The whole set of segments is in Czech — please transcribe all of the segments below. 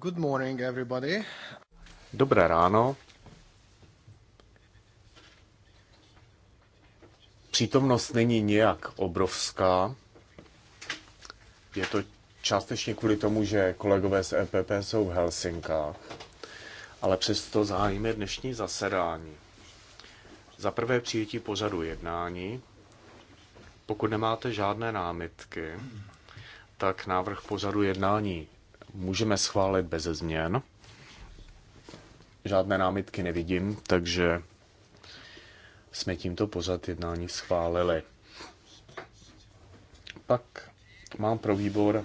Good morning, everybody. Dobré ráno. Přítomnost není nijak obrovská. Je to částečně kvůli tomu, že kolegové z EPP jsou v Helsinkách, ale přesto zájíme dnešní zasedání. Za prvé přijetí pořadu jednání. Pokud nemáte žádné námitky, tak návrh pořadu jednání můžeme schválit bez změn. Žádné námitky nevidím, takže jsme tímto pořad jednání schválili. Pak mám pro výbor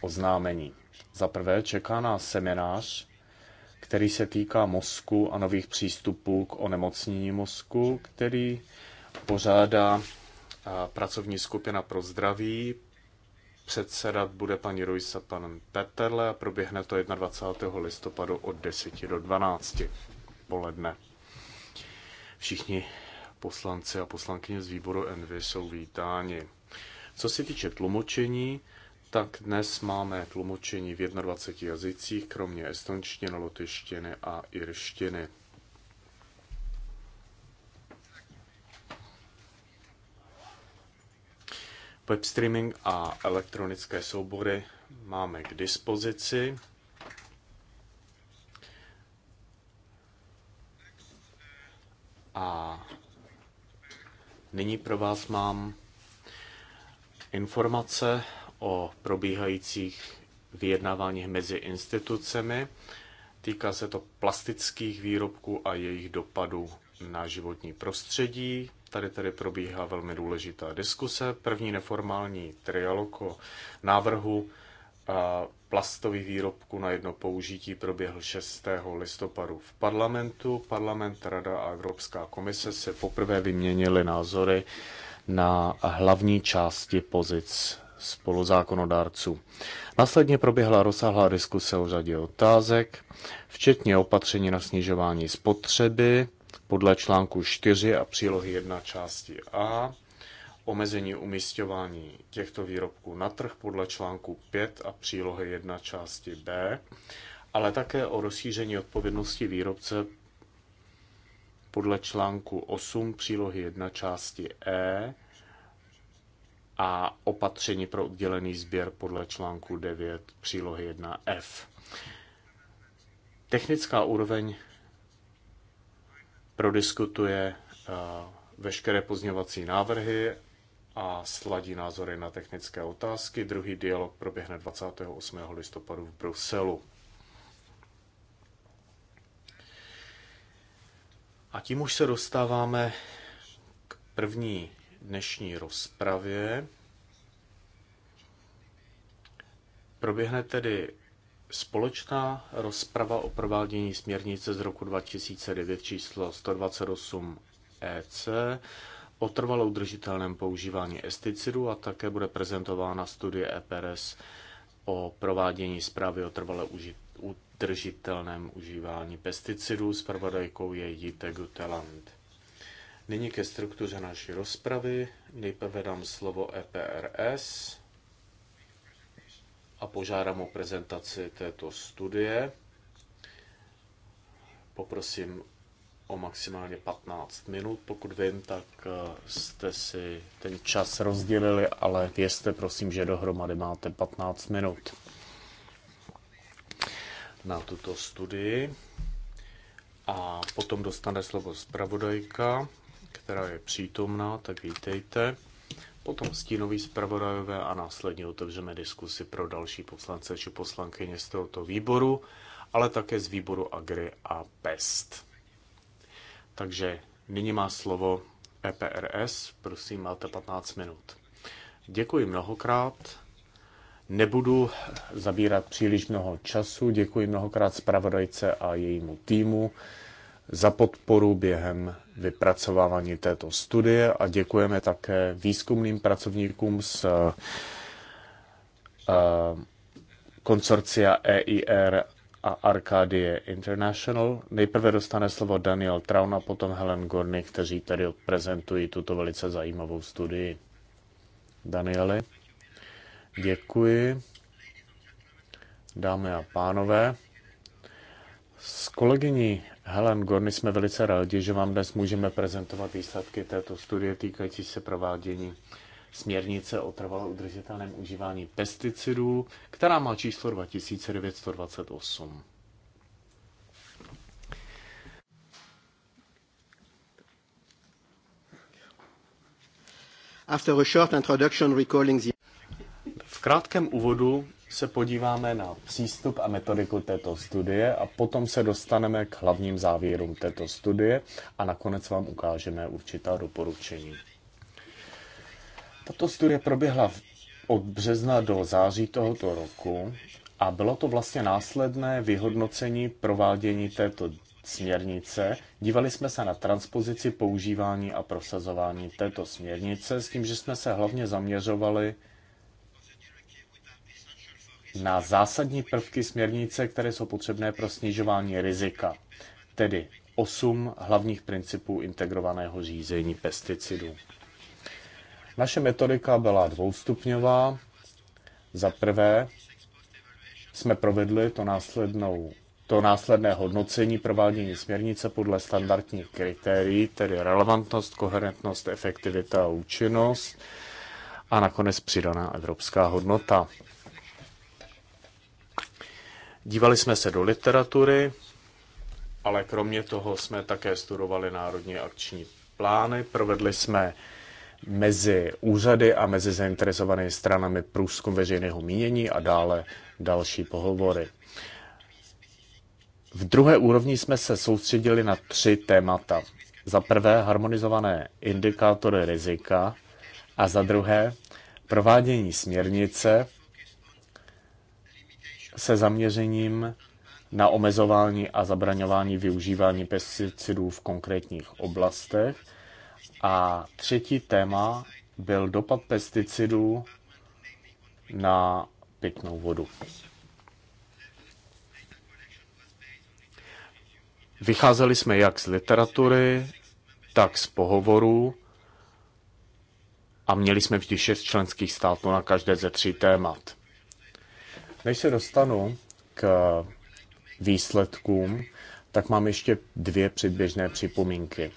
oznámení. Za prvé čeká nás seminář, který se týká mozku a nových přístupů k onemocnění mozku, který pořádá pracovní skupina pro zdraví Předsedat bude paní Ruisa pan Peterle a proběhne to 21. listopadu od 10 do 12 poledne. Všichni poslanci a poslankyně z výboru Envy jsou vítáni. Co se týče tlumočení, tak dnes máme tlumočení v 21 jazycích, kromě estonštiny, lotyštiny a irštiny. Webstreaming a elektronické soubory máme k dispozici. A nyní pro vás mám informace o probíhajících vyjednáváních mezi institucemi. Týká se to plastických výrobků a jejich dopadů na životní prostředí. Tady tedy probíhá velmi důležitá diskuse. První neformální trialog o návrhu plastových výrobků na jedno použití proběhl 6. listopadu v parlamentu. Parlament, Rada a Evropská komise se poprvé vyměnili názory na hlavní části pozic spoluzákonodárců. Následně proběhla rozsáhlá diskuse o řadě otázek, včetně opatření na snižování spotřeby, podle článku 4 a přílohy 1 části A, omezení umistování těchto výrobků na trh podle článku 5 a přílohy 1 části B, ale také o rozšíření odpovědnosti výrobce podle článku 8 přílohy 1 části E a opatření pro oddělený sběr podle článku 9 přílohy 1F. Technická úroveň prodiskutuje eh, veškeré pozměňovací návrhy a sladí názory na technické otázky. Druhý dialog proběhne 28. listopadu v Bruselu. A tím už se dostáváme k první dnešní rozpravě. Proběhne tedy Společná rozprava o provádění směrnice z roku 2009 číslo 128 EC o trvalou udržitelném používání pesticidů a také bude prezentována studie EPRS o provádění zprávy o trvalé udržitelném užívání pesticidů. Spravodajkou je Jitte Guteland. Nyní ke struktuře naší rozpravy. Nejprve dám slovo EPRS a požádám o prezentaci této studie. Poprosím o maximálně 15 minut. Pokud vím, tak eh, jste si ten čas rozdělili, ale vězte prosím, že dohromady máte 15 minut na tuto studii. A potom dostane slovo zpravodajka, která je přítomná, tak vítejte potom stínový zpravodajové a následně otevřeme diskusi pro další poslance či poslankyně z tohoto výboru, ale také z výboru Agri a PEST. Takže nyní má slovo EPRS, prosím, máte 15 minut. Děkuji mnohokrát. Nebudu zabírat příliš mnoho času. Děkuji mnohokrát zpravodajce a jejímu týmu za podporu během vypracovávání této studie a děkujeme také výzkumným pracovníkům z eh, konsorcia EIR a Arcadie International. Nejprve dostane slovo Daniel Traun a potom Helen Gorny, kteří tady prezentují tuto velice zajímavou studii. Danieli, děkuji. Dámy a pánové, s kolegyní Helen Gorny, jsme velice rádi, že vám dnes můžeme prezentovat výsledky této studie týkající se provádění směrnice o trvalo udržitelném užívání pesticidů, která má číslo 2928. After a short introduction recalling the... V krátkém úvodu se podíváme na přístup a metodiku této studie a potom se dostaneme k hlavním závěrům této studie a nakonec vám ukážeme určitá doporučení. Tato studie proběhla od března do září tohoto roku a bylo to vlastně následné vyhodnocení provádění této směrnice. Dívali jsme se na transpozici, používání a prosazování této směrnice s tím, že jsme se hlavně zaměřovali na zásadní prvky směrnice, které jsou potřebné pro snižování rizika, tedy osm hlavních principů integrovaného řízení pesticidů. Naše metodika byla dvoustupňová. Za prvé jsme provedli to, následnou, to následné hodnocení provádění směrnice podle standardních kritérií, tedy relevantnost, koherentnost, efektivita a účinnost a nakonec přidaná evropská hodnota. Dívali jsme se do literatury, ale kromě toho jsme také studovali národní akční plány, provedli jsme mezi úřady a mezi zainteresovanými stranami průzkum veřejného mínění a dále další pohovory. V druhé úrovni jsme se soustředili na tři témata. Za prvé harmonizované indikátory rizika a za druhé provádění směrnice se zaměřením na omezování a zabraňování využívání pesticidů v konkrétních oblastech. A třetí téma byl dopad pesticidů na pitnou vodu. Vycházeli jsme jak z literatury, tak z pohovorů a měli jsme vždy šest členských států na každé ze tří témat. Než se dostanu k výsledkům, tak mám ještě dvě předběžné připomínky.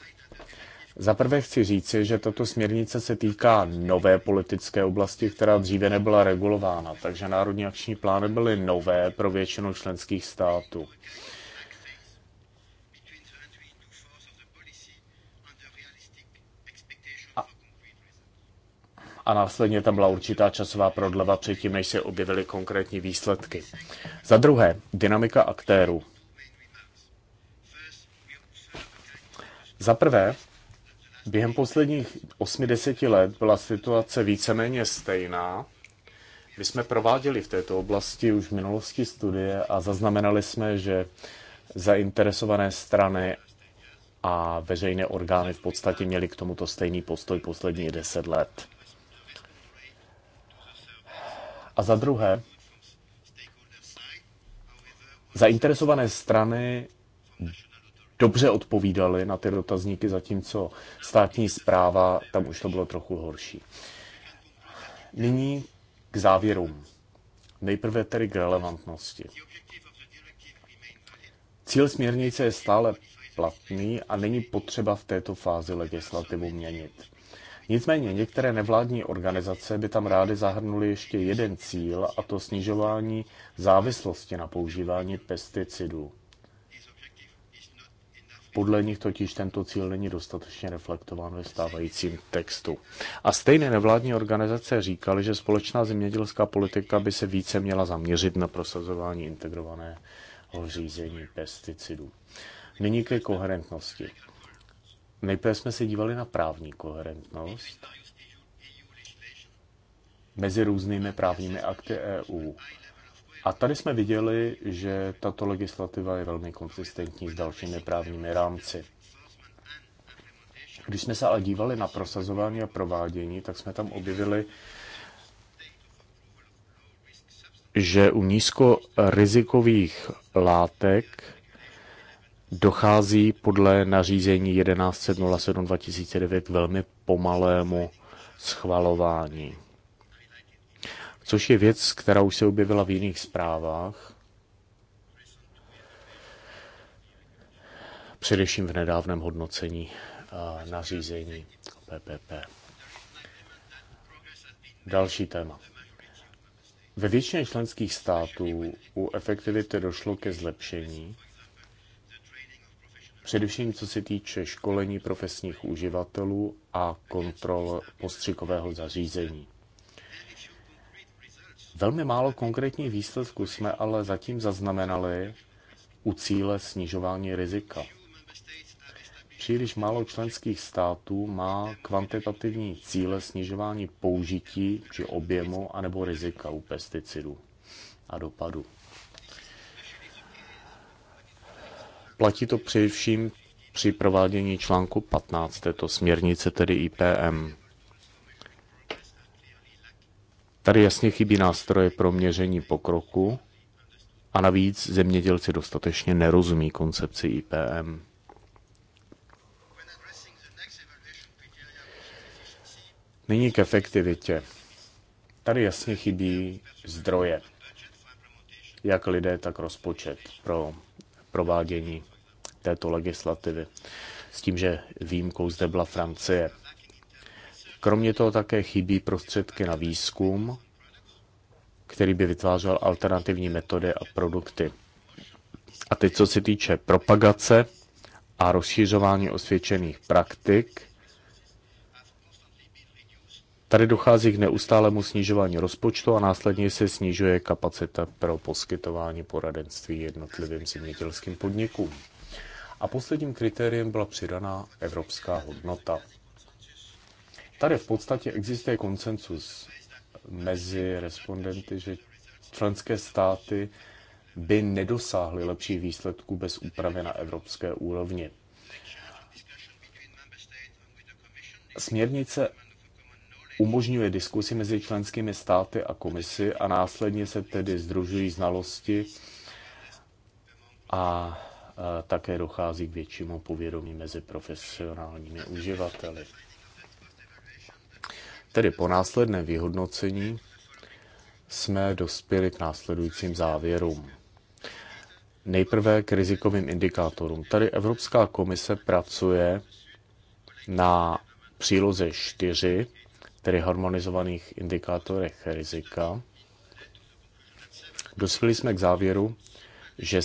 Za prvé chci říci, že tato směrnice se týká nové politické oblasti, která dříve nebyla regulována, takže národní akční plány byly nové pro většinu členských států. a následně tam byla určitá časová prodleva předtím, než se objevily konkrétní výsledky. Za druhé, dynamika aktérů. Za prvé, během posledních 80 let byla situace víceméně stejná. My jsme prováděli v této oblasti už v minulosti studie a zaznamenali jsme, že zainteresované strany a veřejné orgány v podstatě měly k tomuto stejný postoj posledních 10 let. A za druhé, zainteresované strany dobře odpovídaly na ty dotazníky, zatímco státní zpráva, tam už to bylo trochu horší. Nyní k závěrům. Nejprve tedy k relevantnosti. Cíl směrnice je stále platný a není potřeba v této fázi legislativu měnit. Nicméně některé nevládní organizace by tam rády zahrnuly ještě jeden cíl, a to snižování závislosti na používání pesticidů. Podle nich totiž tento cíl není dostatečně reflektován ve stávajícím textu. A stejné nevládní organizace říkaly, že společná zemědělská politika by se více měla zaměřit na prosazování integrovaného řízení pesticidů. Nyní ke koherentnosti. Nejprve jsme se dívali na právní koherentnost mezi různými právními akty EU. A tady jsme viděli, že tato legislativa je velmi konsistentní s dalšími právními rámci. Když jsme se ale dívali na prosazování a provádění, tak jsme tam objevili, že u nízkorizikových látek dochází podle nařízení 1107 2009 velmi pomalému schvalování. Což je věc, která už se objevila v jiných zprávách, především v nedávném hodnocení nařízení PPP. Další téma. Ve většině členských států u efektivity došlo ke zlepšení, Především co se týče školení profesních uživatelů a kontrol postřikového zařízení. Velmi málo konkrétních výsledků jsme ale zatím zaznamenali u cíle snižování rizika. Příliš málo členských států má kvantitativní cíle snižování použití či objemu anebo rizika u pesticidů a dopadu. Platí to především při provádění článku 15 této směrnice, tedy IPM. Tady jasně chybí nástroje pro měření pokroku a navíc zemědělci dostatečně nerozumí koncepci IPM. Nyní k efektivitě. Tady jasně chybí zdroje, jak lidé, tak rozpočet pro provádění této legislativy, s tím, že výjimkou zde byla Francie. Kromě toho také chybí prostředky na výzkum, který by vytvářel alternativní metody a produkty. A teď, co se týče propagace a rozšířování osvědčených praktik, Tady dochází k neustálému snižování rozpočtu a následně se snižuje kapacita pro poskytování poradenství jednotlivým zemědělským podnikům. A posledním kritériem byla přidaná evropská hodnota. Tady v podstatě existuje konsensus mezi respondenty, že členské státy by nedosáhly lepších výsledků bez úpravy na evropské úrovni. Směrnice umožňuje diskusi mezi členskými státy a komisi a následně se tedy združují znalosti a také dochází k většímu povědomí mezi profesionálními uživateli. Tedy po následném vyhodnocení jsme dospěli k následujícím závěrům. Nejprve k rizikovým indikátorům. Tady Evropská komise pracuje na příloze 4 tedy harmonizovaných indikátorech rizika, dospěli jsme k závěru, že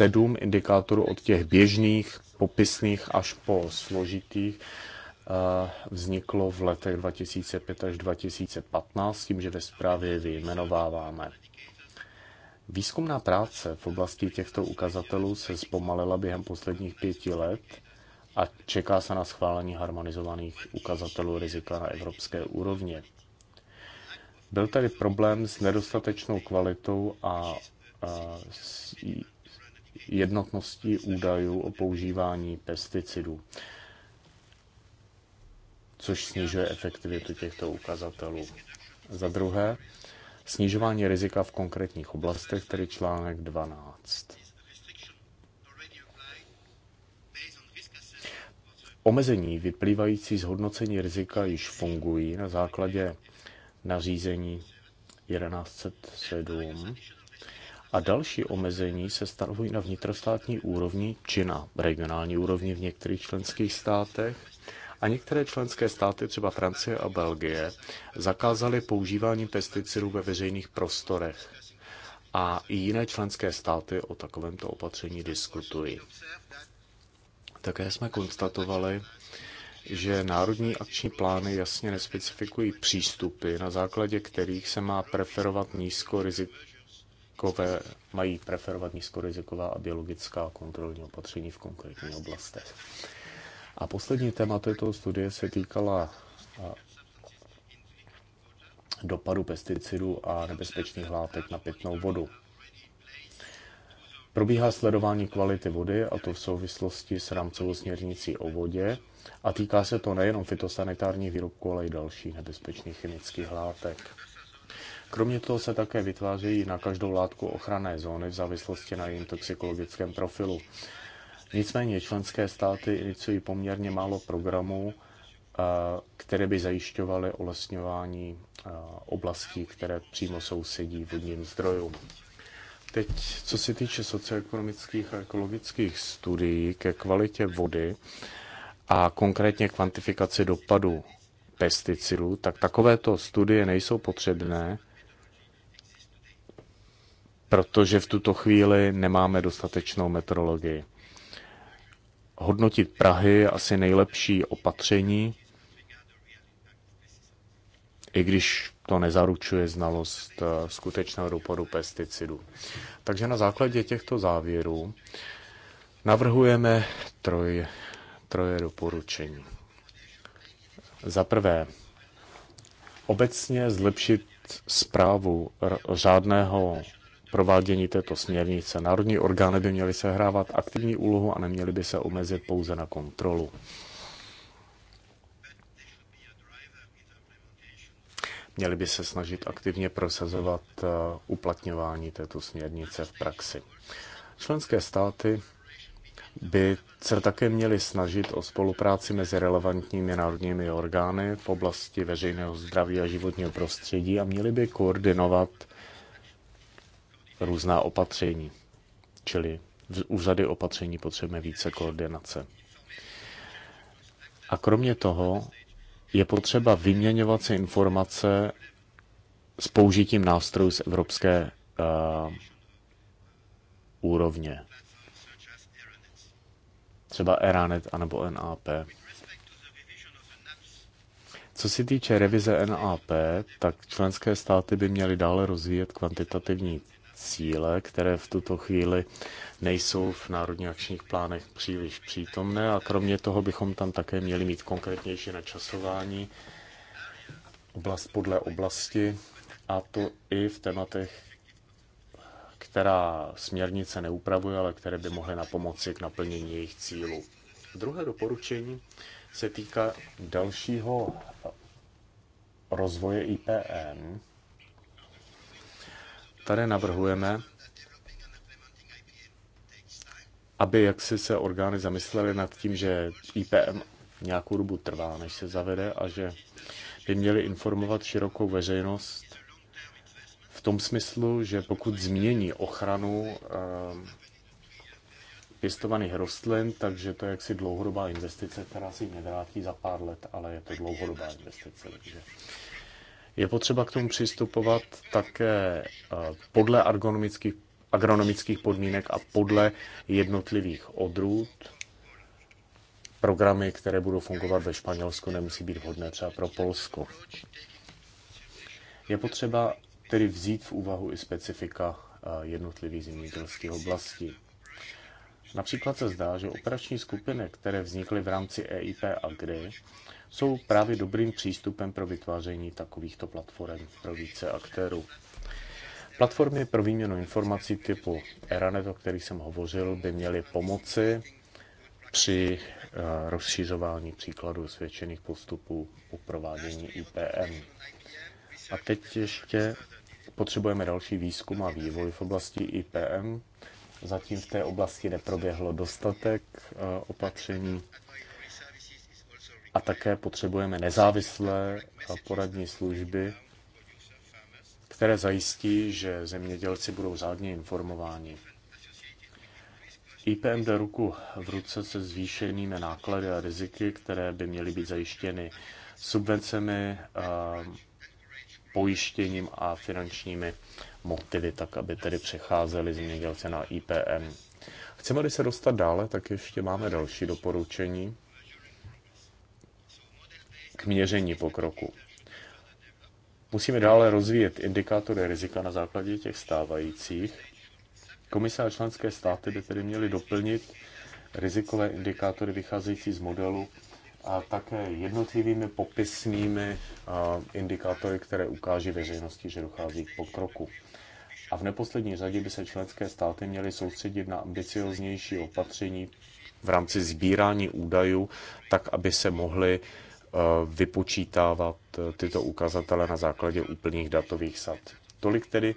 sedm indikátorů od těch běžných, popisných až po složitých eh, vzniklo v letech 2005 až 2015, s tím, že ve zprávě vyjmenováváme. Výzkumná práce v oblasti těchto ukazatelů se zpomalila během posledních pěti let a čeká se na schválení harmonizovaných ukazatelů rizika na evropské úrovni. Byl tady problém s nedostatečnou kvalitou a, a s jednotností údajů o používání pesticidů, což snižuje efektivitu těchto ukazatelů. Za druhé, snižování rizika v konkrétních oblastech, tedy článek 12. Omezení vyplývající z hodnocení rizika již fungují na základě nařízení 1107 a další omezení se stanovují na vnitrostátní úrovni či na regionální úrovni v některých členských státech a některé členské státy, třeba Francie a Belgie, zakázaly používání pesticidů ve veřejných prostorech. A i jiné členské státy o takovémto opatření diskutují. Také jsme konstatovali, že národní akční plány jasně nespecifikují přístupy, na základě kterých se má preferovat nízkorizikové, mají preferovat nízkoriziková a biologická kontrolní opatření v konkrétních oblastech. A poslední téma této studie se týkala dopadu pesticidů a nebezpečných látek na pitnou vodu. Probíhá sledování kvality vody, a to v souvislosti s rámcovou směrnicí o vodě, a týká se to nejenom fitosanitárních výrobků, ale i dalších nebezpečných chemických látek. Kromě toho se také vytvářejí na každou látku ochranné zóny v závislosti na jejím toxikologickém profilu. Nicméně členské státy iniciují poměrně málo programů, eh, které by zajišťovaly olesňování eh, oblastí, které přímo sousedí vodním zdrojům. Teď, co se týče socioekonomických a ekologických studií ke kvalitě vody a konkrétně kvantifikaci dopadu pesticidů, tak takovéto studie nejsou potřebné, protože v tuto chvíli nemáme dostatečnou metrologii. Hodnotit Prahy je asi nejlepší opatření, i když to nezaručuje znalost eh, skutečného dopadu pesticidů. Takže na základě těchto závěrů navrhujeme troj, troje doporučení. Za prvé, obecně zlepšit zprávu řádného provádění této směrnice. Národní orgány by měly sehrávat aktivní úlohu a neměly by se omezit pouze na kontrolu. Měli by se snažit aktivně prosazovat eh, uplatňování této směrnice v praxi. Členské státy by se také měly snažit o spolupráci mezi relevantními národními orgány v oblasti veřejného zdraví a životního prostředí a měly by koordinovat různá opatření, čili v úřady opatření potřebujeme více koordinace. A kromě toho je potřeba vyměňovat si informace s použitím nástrojů z evropské uh, úrovně. Třeba ERANET anebo NAP. Co se týče revize NAP, tak členské státy by měly dále rozvíjet kvantitativní cíle, které v tuto chvíli nejsou v národních akčních plánech příliš přítomné a kromě toho bychom tam také měli mít konkrétnější načasování oblast podle oblasti a to i v tématech, která směrnice neupravuje, ale které by mohly na pomoci k naplnění jejich cílů. Druhé doporučení se týká dalšího rozvoje IPM, Tady navrhujeme, aby jaksi se orgány zamyslely nad tím, že IPM nějakou dobu trvá, než se zavede a že by měli informovat širokou veřejnost v tom smyslu, že pokud změní ochranu ehm, pěstovaných rostlin, takže to je jaksi dlouhodobá investice, která si nevrátí za pár let, ale je to dlouhodobá investice. Takže je potřeba k tomu přistupovat také eh, podle agronomických, agronomických podmínek a podle jednotlivých odrůd. Programy, které budou fungovat ve Španělsku, nemusí být vhodné třeba pro Polsko. Je potřeba tedy vzít v úvahu i specifika eh, jednotlivých zemědělských oblastí. Například se zdá, že operační skupiny, které vznikly v rámci EIP kdy jsou právě dobrým přístupem pro vytváření takovýchto platform pro více aktérů. Platformy pro výměnu informací typu Eranet, o kterých jsem hovořil, by měly pomoci při eh, rozšířování příkladů svědčených postupů u provádění IPM. A teď ještě potřebujeme další výzkum a vývoj v oblasti IPM. Zatím v té oblasti neproběhlo dostatek eh, opatření a také potřebujeme nezávislé poradní služby, které zajistí, že zemědělci budou řádně informováni. IPM jde ruku v ruce se zvýšenými náklady a riziky, které by měly být zajištěny subvencemi, pojištěním a finančními motivy, tak aby tedy přecházeli zemědělci na IPM. Chceme-li se dostat dále, tak ještě máme další doporučení k měření pokroku. Musíme dále rozvíjet indikátory rizika na základě těch stávajících. Komise a členské státy by tedy měly doplnit rizikové indikátory vycházející z modelu a také jednotlivými popisnými indikátory, které ukáží veřejnosti, že dochází k pokroku. A v neposlední řadě by se členské státy měly soustředit na ambicioznější opatření v rámci sbírání údajů, tak aby se mohly Eh, vypočítávat eh, tyto ukazatele na základě úplných datových sad. Tolik tedy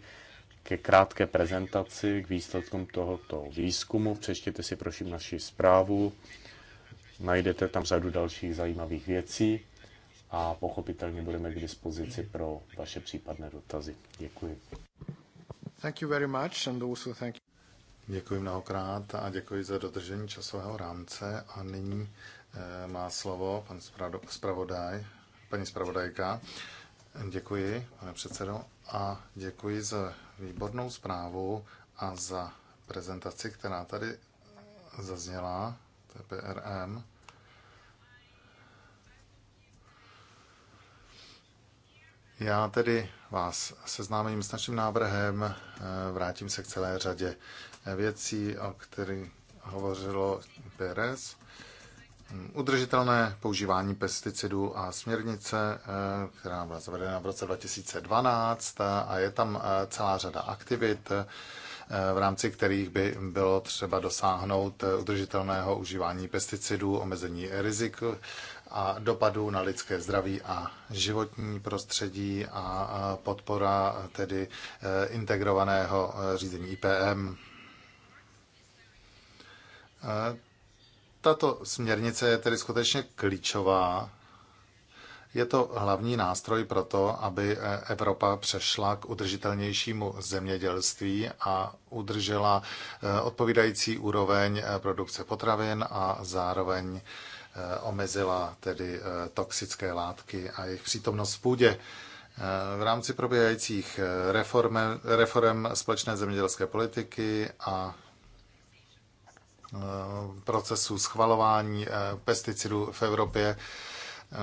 ke krátké prezentaci, k výsledkům tohoto výzkumu. Přečtěte si prosím naši zprávu, najdete tam řadu dalších zajímavých věcí a pochopitelně budeme k dispozici pro vaše případné dotazy. Děkuji. Thank you very much and also thank you. Děkuji mnohokrát a děkuji za dodržení časového rámce a nyní Eh, má slovo pan zpravodaj, paní zpravodajka. Děkuji, pane předsedo, a děkuji za výbornou zprávu a za prezentaci, která tady zazněla, TPRM. Já tedy vás seznámím s naším návrhem, eh, vrátím se k celé řadě eh, věcí, o kterých hovořilo Pérez udržitelné používání pesticidů a směrnice, eh, která byla zavedena v roce 2012 eh, a je tam eh, celá řada aktivit, v rámci kterých by bylo třeba dosáhnout udržitelného užívání pesticidů, omezení rizik a dopadů na lidské zdraví a životní prostředí a podpora tedy integrovaného řízení IPM. Tato směrnice je tedy skutečně klíčová. Je to hlavní nástroj pro to, aby Evropa přešla k udržitelnějšímu zemědělství a udržela eh, odpovídající úroveň eh, produkce potravin a zároveň eh, omezila tedy toxické látky a jejich přítomnost v půdě. V rámci probíhajících reform, reform společné zemědělské politiky a Eh, procesu schvalování eh, pesticidů v Evropě. Eh,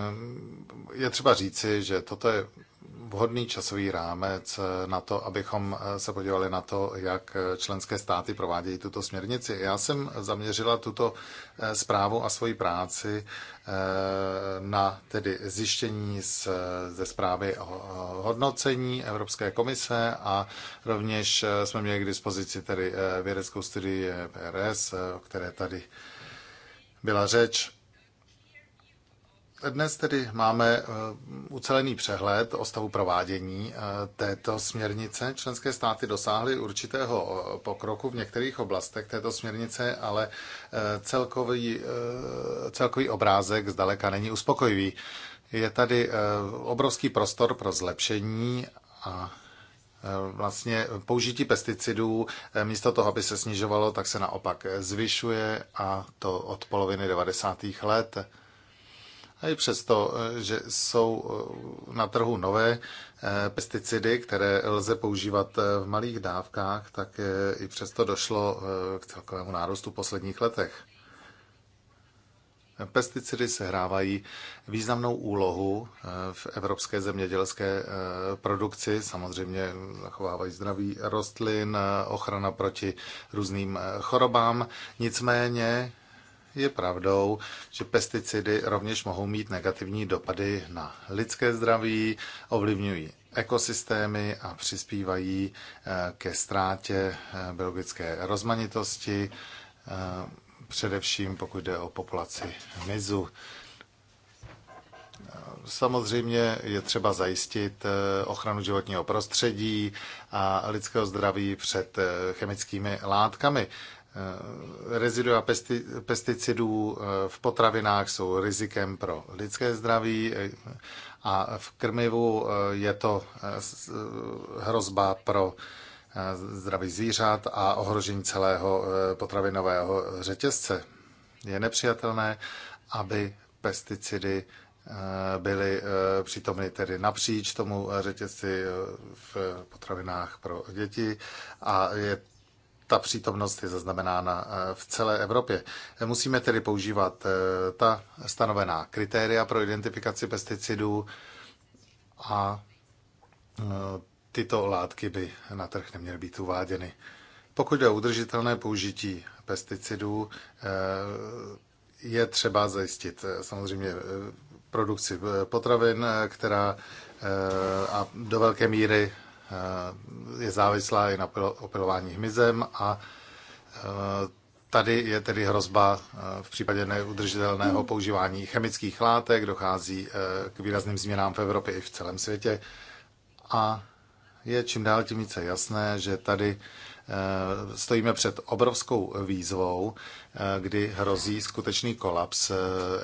je třeba říci, že toto je vhodný časový rámec na to, abychom se podívali na to, jak členské státy provádějí tuto směrnici. Já jsem zaměřila tuto eh, zprávu a svoji práci eh, na tedy zjištění z, ze zprávy o hodnocení Evropské komise a rovněž eh, jsme měli k dispozici tedy vědeckou studii e PRS, o které tady byla řeč. Dnes tedy máme eh, ucelený přehled o stavu provádění eh, této směrnice. Členské státy dosáhly určitého eh, pokroku v některých oblastech této směrnice, ale celkový, celkový obrázek zdaleka není uspokojivý. Je tady obrovský prostor pro zlepšení a vlastně použití pesticidů místo toho, aby se snižovalo, tak se naopak zvyšuje a to od poloviny 90. let. A i přesto, eh, že jsou eh, na trhu nové eh, pesticidy, které lze používat v malých dávkách, tak i přesto došlo k celkovému nárůstu v posledních letech. Pesticidy sehrávají významnou úlohu v evropské zemědělské produkci. Samozřejmě zachovávají zdraví rostlin, ochrana proti různým chorobám. Nicméně je pravdou, že pesticidy rovněž mohou mít negativní dopady na lidské zdraví, ovlivňují ekosystémy a přispívají eh, ke ztrátě eh, biologické rozmanitosti, eh, především pokud jde o populaci mizu. Samozřejmě je třeba zajistit ochranu životního prostředí a lidského zdraví před chemickými látkami. Eh, Rezidua pesticidů eh, v potravinách jsou rizikem pro lidské zdraví eh, a v krmivu je to hrozba pro zdraví zvířat a ohrožení celého potravinového řetězce. Je nepřijatelné, aby pesticidy byly přítomny tedy napříč tomu řetězci v potravinách pro děti a je ta přítomnost je zaznamenána eh, v celé Evropě. Eh, musíme tedy používat eh, ta stanovená kritéria pro identifikaci pesticidů a tyto látky by na trh neměly být uváděny. Pokud je o udržitelné použití pesticidů, je třeba zajistit samozřejmě produkci potravin, která a do velké míry je závislá i na opilování hmyzem a e, tady je tedy hrozba e, v případě neudržitelného používání chemických látek, dochází e, k výrazným změnám v Evropě i v celém světě a je čím dál tím více jasné, že tady stojíme před obrovskou výzvou, kdy hrozí skutečný kolaps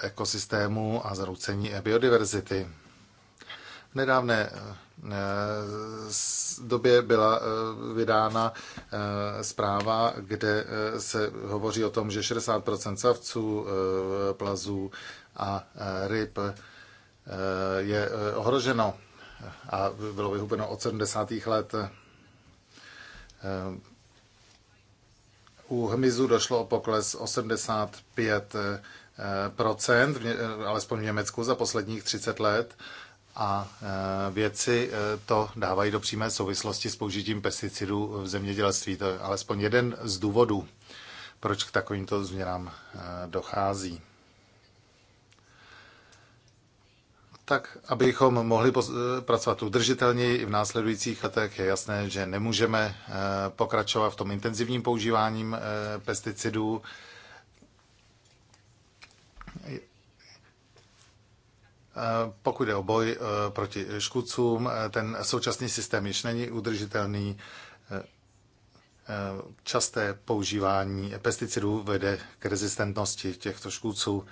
ekosystému a zroucení biodiverzity. V nedávné eh, době byla eh, vydána eh, zpráva, kde se hovoří o tom, že 60 savců, plazů a ryb je ohroženo a bylo vyhubeno od 70. let. U hmyzu došlo o pokles 85 procent, alespoň v Německu za posledních 30 let a e, věci e, to dávají do přímé souvislosti s použitím pesticidů v zemědělství. To je alespoň jeden z důvodů, proč k takovýmto změnám e, dochází. tak, abychom mohli pracovat udržitelněji i v následujících letech, je jasné, že nemůžeme pokračovat v tom intenzivním používáním pesticidů. Eh, pokud je o boj eh, proti škůdcům, eh, ten současný systém již není udržitelný. Časté používání pesticidů vede k rezistentnosti těchto škůdců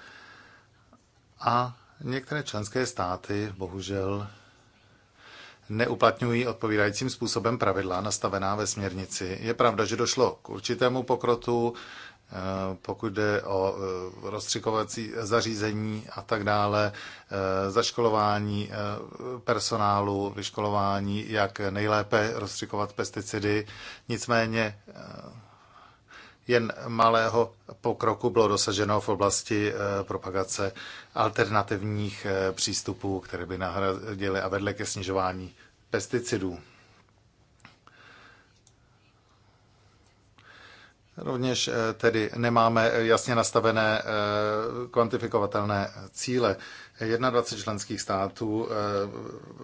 a některé členské státy bohužel neuplatňují odpovídajícím způsobem pravidla nastavená ve směrnici. Je pravda, že došlo k určitému pokrotu, Eh, pokud jde o eh, rozstřikovací zařízení a tak dále, eh, zaškolování personálu, vyškolování, jak nejlépe rozstřikovat pesticidy. Nicméně jen malého pokroku bylo dosaženo v oblasti propagace alternativních přístupů, které by nahradily a vedly ke snižování pesticidů. Rovněž eh, tedy nemáme eh, jasně nastavené eh, kvantifikovatelné cíle. 21 členských států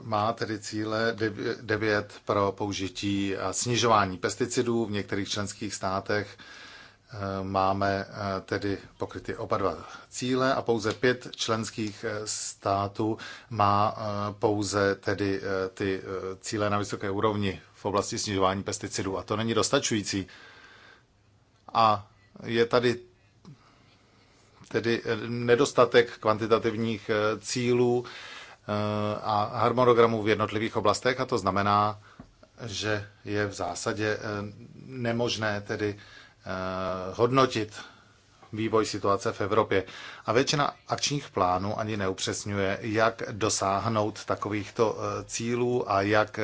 má tedy cíle 9 pro použití a snižování pesticidů. V některých členských státech máme tedy pokryty oba dva cíle a pouze pět členských států má pouze tedy ty cíle na vysoké úrovni v oblasti snižování pesticidů. A to není dostačující. A je tady tedy nedostatek kvantitativních eh, cílů eh, a harmonogramů v jednotlivých oblastech a to znamená, že je v zásadě eh, nemožné tedy hodnotit vývoj situace v Evropě. A většina akčních plánů ani neupřesňuje, jak dosáhnout takovýchto cílů a jak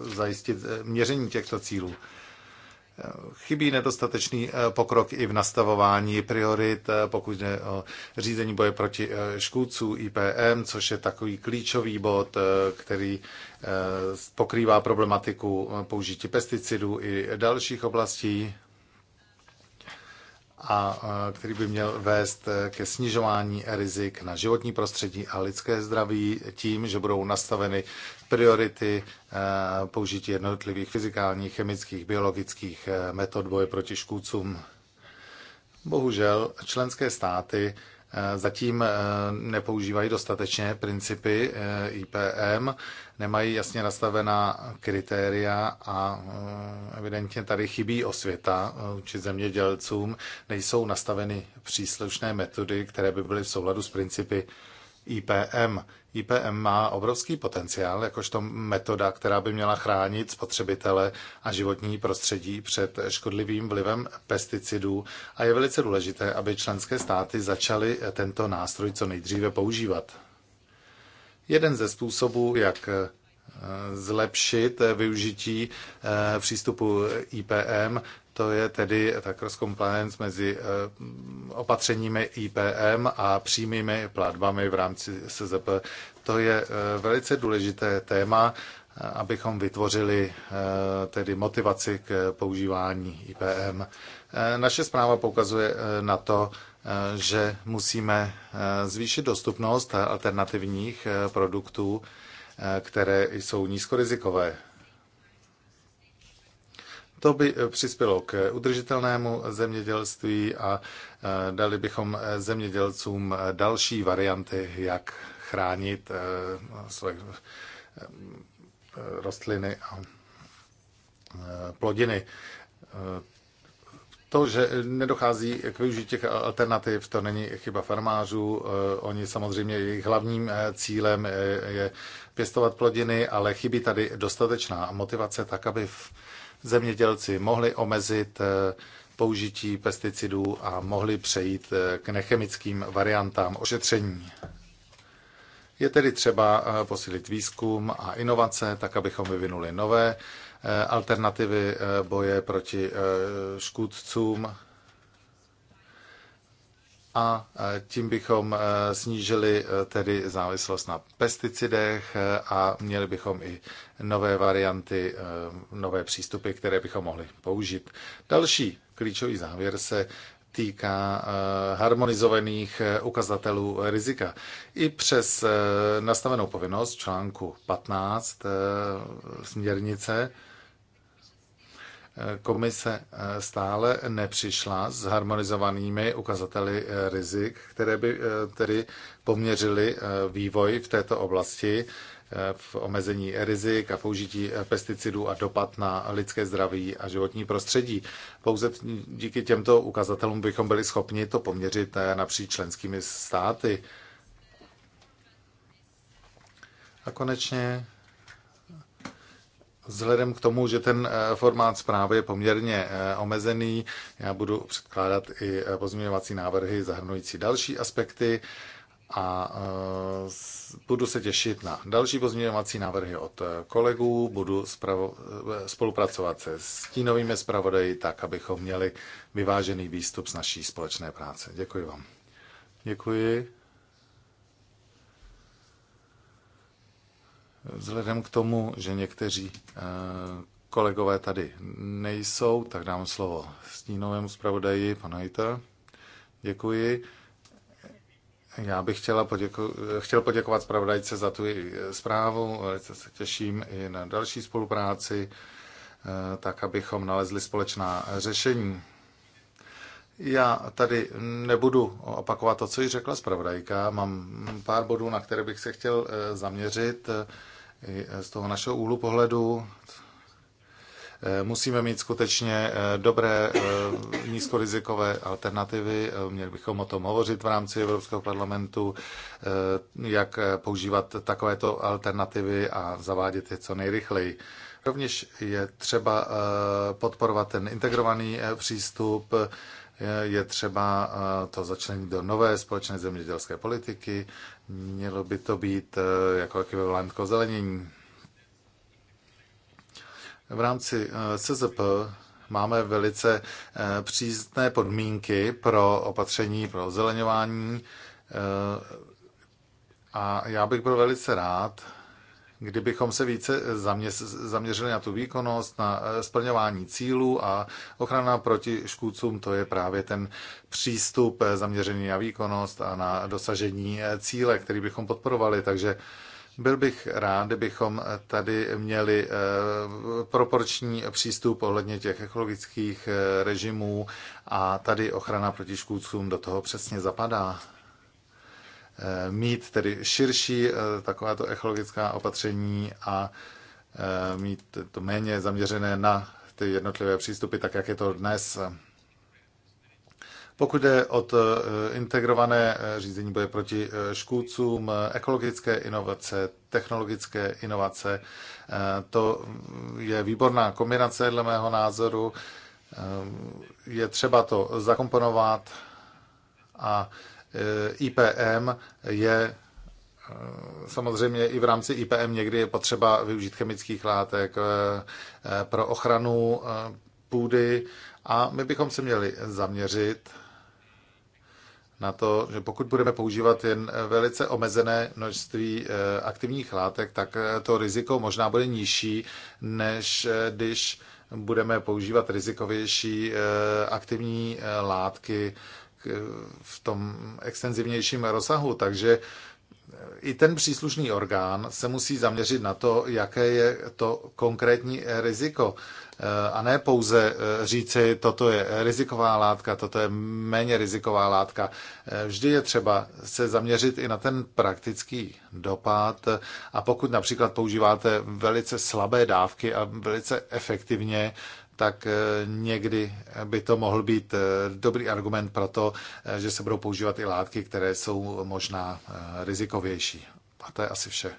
zajistit měření těchto cílů. Chybí nedostatečný eh, pokrok i v nastavování priorit, eh, pokud jde o řízení boje proti eh, škůdců IPM, což je takový klíčový bod, který pokrývá problematiku použití pesticidů i dalších oblastí a který by měl vést eh, ke snižování rizik na životní prostředí a lidské zdraví tím, že budou nastaveny priority eh, použití jednotlivých fyzikálních, chemických, biologických eh, metod boje proti škůdcům. Bohužel členské státy zatím eh, nepoužívají dostatečně principy eh, IPM, nemají jasně nastavená kritéria a eh, evidentně tady chybí osvěta či zemědělcům, nejsou nastaveny příslušné metody, které by byly v souladu s principy IPM. IPM má obrovský potenciál jakožto metoda, která by měla chránit spotřebitele a životní prostředí před škodlivým vlivem pesticidů a je velice důležité, aby členské státy začaly tento nástroj co nejdříve používat. Jeden ze způsobů, jak zlepšit využití eh, přístupu IPM, to je tedy ta cross compliance mezi eh, opatřeními IPM a přímými platbami v rámci SZP. To je eh, velice důležité téma, abychom vytvořili tedy motivaci k používání IPM. Naše zpráva poukazuje na to, že musíme zvýšit dostupnost alternativních produktů Eh, které jsou nízkorizikové. To by eh, přispělo k udržitelnému zemědělství a eh, dali bychom zemědělcům další varianty, jak chránit své rostliny a plodiny. To, že nedochází k využití těch alternativ, to není chyba farmářů. Eh, oni samozřejmě, jejich hlavním eh, cílem eh, je pěstovat plodiny, ale chybí tady dostatečná motivace tak, aby zemědělci mohli omezit použití pesticidů a mohli přejít k nechemickým variantám ošetření. Je tedy třeba posílit výzkum a inovace, tak abychom vyvinuli nové Eh, alternativy eh, boje proti eh, škůdcům a tím bychom snížili tedy závislost na pesticidech a měli bychom i nové varianty, nové přístupy, které bychom mohli použít. Další klíčový závěr se týká harmonizovaných ukazatelů rizika. I přes nastavenou povinnost článku 15 směrnice komise eh, stále nepřišla s harmonizovanými ukazateli eh, rizik, které by eh, tedy poměřily vývoj v této oblasti v omezení rizik a použití pesticidů a dopad na lidské zdraví a životní prostředí. Pouze díky těmto ukazatelům bychom byli schopni to poměřit napříč členskými státy. A konečně Vzhledem k tomu, že ten eh, formát zprávy je poměrně eh, omezený, já budu předkládat i eh, pozměňovací návrhy zahrnující další aspekty a budu se těšit na další pozměňovací návrhy od kolegů, budu spolupracovat se stínovými zpravodaji tak, abychom měli vyvážený výstup z naší společné práce. Děkuji vám. Děkuji. Vzhledem k tomu, že někteří eh, kolegové tady nejsou, tak dám slovo stínovému zpravodaji, pana Hejta. Děkuji. Já bych chtěla poděku- chtěl poděkovat zpravodajce za tu eh, zprávu. Velice se těším i na další spolupráci, eh, tak abychom nalezli společná řešení. Já tady nebudu opakovat to, co ji řekla zpravodajka. Mám pár bodů, na které bych se chtěl zaměřit z toho našeho úhlu pohledu eh, musíme mít skutečně eh, dobré eh, nízkorizikové alternativy. Měli bychom o tom hovořit v rámci Evropského parlamentu, jak používat takovéto alternativy a zavádět je co nejrychleji. Rovněž je třeba podporovat ten integrovaný přístup Eh, je třeba eh, to začlenit do nové společné zemědělské politiky. Mělo by to být eh, jako ekvivalent kozelenění. V rámci CZP máme velice přísné podmínky pro opatření pro ozeleňování a já bych byl velice rád, kdybychom se více zaměřili na tu výkonnost, na eh, splňování cílů a ochrana proti škůdcům, to je právě ten přístup eh, zaměřený na výkonnost a na dosažení eh, cíle, který bychom podporovali. Takže byl bych rád, kdybychom tady měli proporční přístup ohledně těch ekologických režimů a tady ochrana proti škůdcům do toho přesně zapadá. Eh, mít tedy širší eh, takováto ekologická opatření a eh, mít to méně zaměřené na ty jednotlivé přístupy, tak jak je to dnes. Pokud jde o integrované řízení boje proti škůdcům, ekologické inovace, technologické inovace, to je výborná kombinace dle mého názoru. Je třeba to zakomponovat a Eh, IPM je eh, samozřejmě i v rámci IPM někdy je potřeba využít chemických látek eh, pro ochranu půdy a my bychom se měli zaměřit na to, že pokud budeme používat jen velice omezené množství aktivních látek, tak to riziko možná bude nižší, než když budeme používat rizikovější aktivní látky v tom extenzivnějším rozsahu, takže e, i ten příslušný orgán se musí zaměřit na to, jaké je to konkrétní riziko. E, a ne pouze e, říci, toto je riziková látka, toto je méně riziková látka. Vždy je třeba se zaměřit i na ten praktický dopad. A pokud například používáte velice slabé dávky a velice efektivně, tak eh, někdy by to mohl být eh, dobrý argument pro to, eh, že se budou používat i látky, které jsou možná rizikovější. A to je asi vše.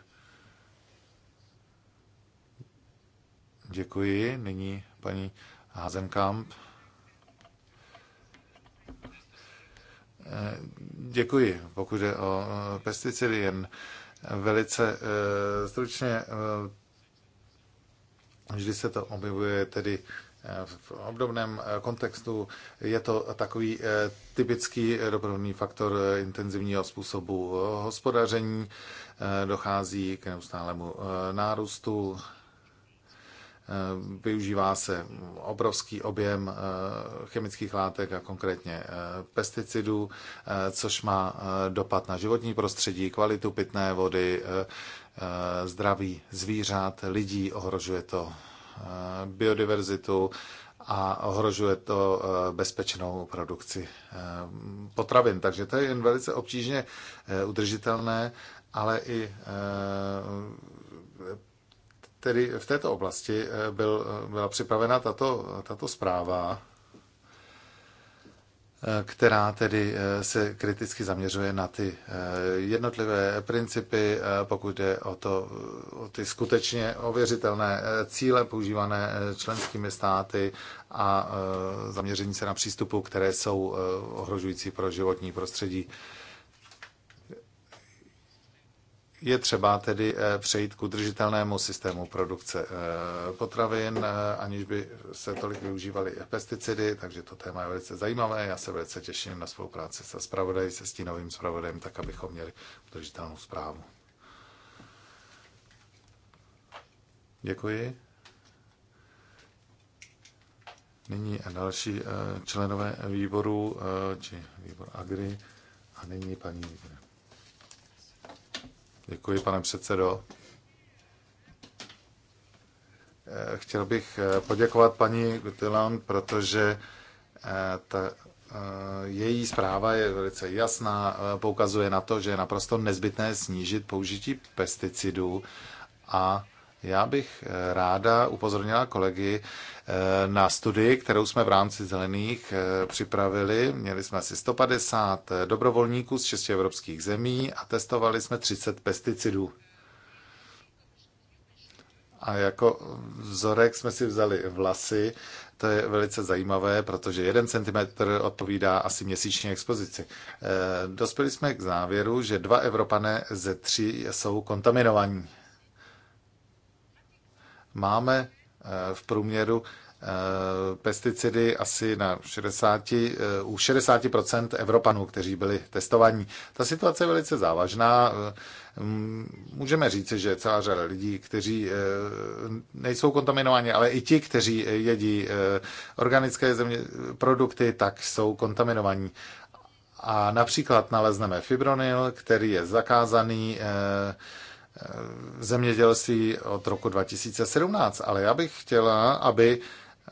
Děkuji. Nyní paní Hazenkamp. Děkuji. Pokud jde o pesticidy, jen velice stručně, vždy se to objevuje tedy v obdobném eh, kontextu je to takový eh, typický eh, doprovodný faktor intenzivního způsobu hospodaření. Dochází k neustálému nárůstu. Využívá se obrovský objem chemických látek a konkrétně pesticidů, což má dopad na životní prostředí, kvalitu pitné vody, zdraví zvířat, lidí, ohrožuje to Eh, biodiverzitu a ohrožuje to eh, bezpečnou produkci eh, potravin. Takže to je jen velice obtížně udržitelné, ale i tedy v této oblasti byl, byla připravena tato, tato zpráva Eh, která tedy eh, se kriticky zaměřuje na ty eh, jednotlivé principy, pokud jde o, to, o ty skutečně ověřitelné cíle používané členskými státy a zaměření se na přístupu, které jsou ohrožující pro životní prostředí. Je třeba tedy eh, přejít k udržitelnému systému produkce eh, potravin, eh, aniž by se tolik využívaly pesticidy, takže to téma je velice zajímavé. Já se velice těším na spolupráci se zpravodají, se stínovým zpravodajem, tak abychom měli udržitelnou zprávu. Děkuji. Nyní další členové výboru, či výbor Agri, a nyní paní Vigre. Děkuji, pane předsedo. Eh, chtěl bych eh, poděkovat paní Gutilan, protože eh, ta její zpráva je velice jasná, poukazuje na to, že je naprosto nezbytné snížit použití pesticidů a já bych eh, ráda upozornila kolegy eh, na studii, kterou jsme v rámci Zelených eh, připravili. Měli jsme asi 150 dobrovolníků z šesti evropských zemí a testovali jsme 30 pesticidů. A jako vzorek jsme si vzali vlasy. To je velice zajímavé, protože jeden centimetr odpovídá asi měsíční expozici. Dospěli jsme k závěru, že dva Evropané ze tří jsou kontaminovaní máme eh, v průměru eh, pesticidy asi na 60, eh, u 60% Evropanů, kteří byli testovaní. Ta situace je velice závažná. Můžeme říci, že celá řada lidí, kteří nejsou kontaminováni, ale i ti, kteří jedí organické země, produkty, tak jsou kontaminovaní. A například nalezneme fibronil, který je zakázaný Eh, zemědělství od roku 2017, ale já bych chtěla, aby eh,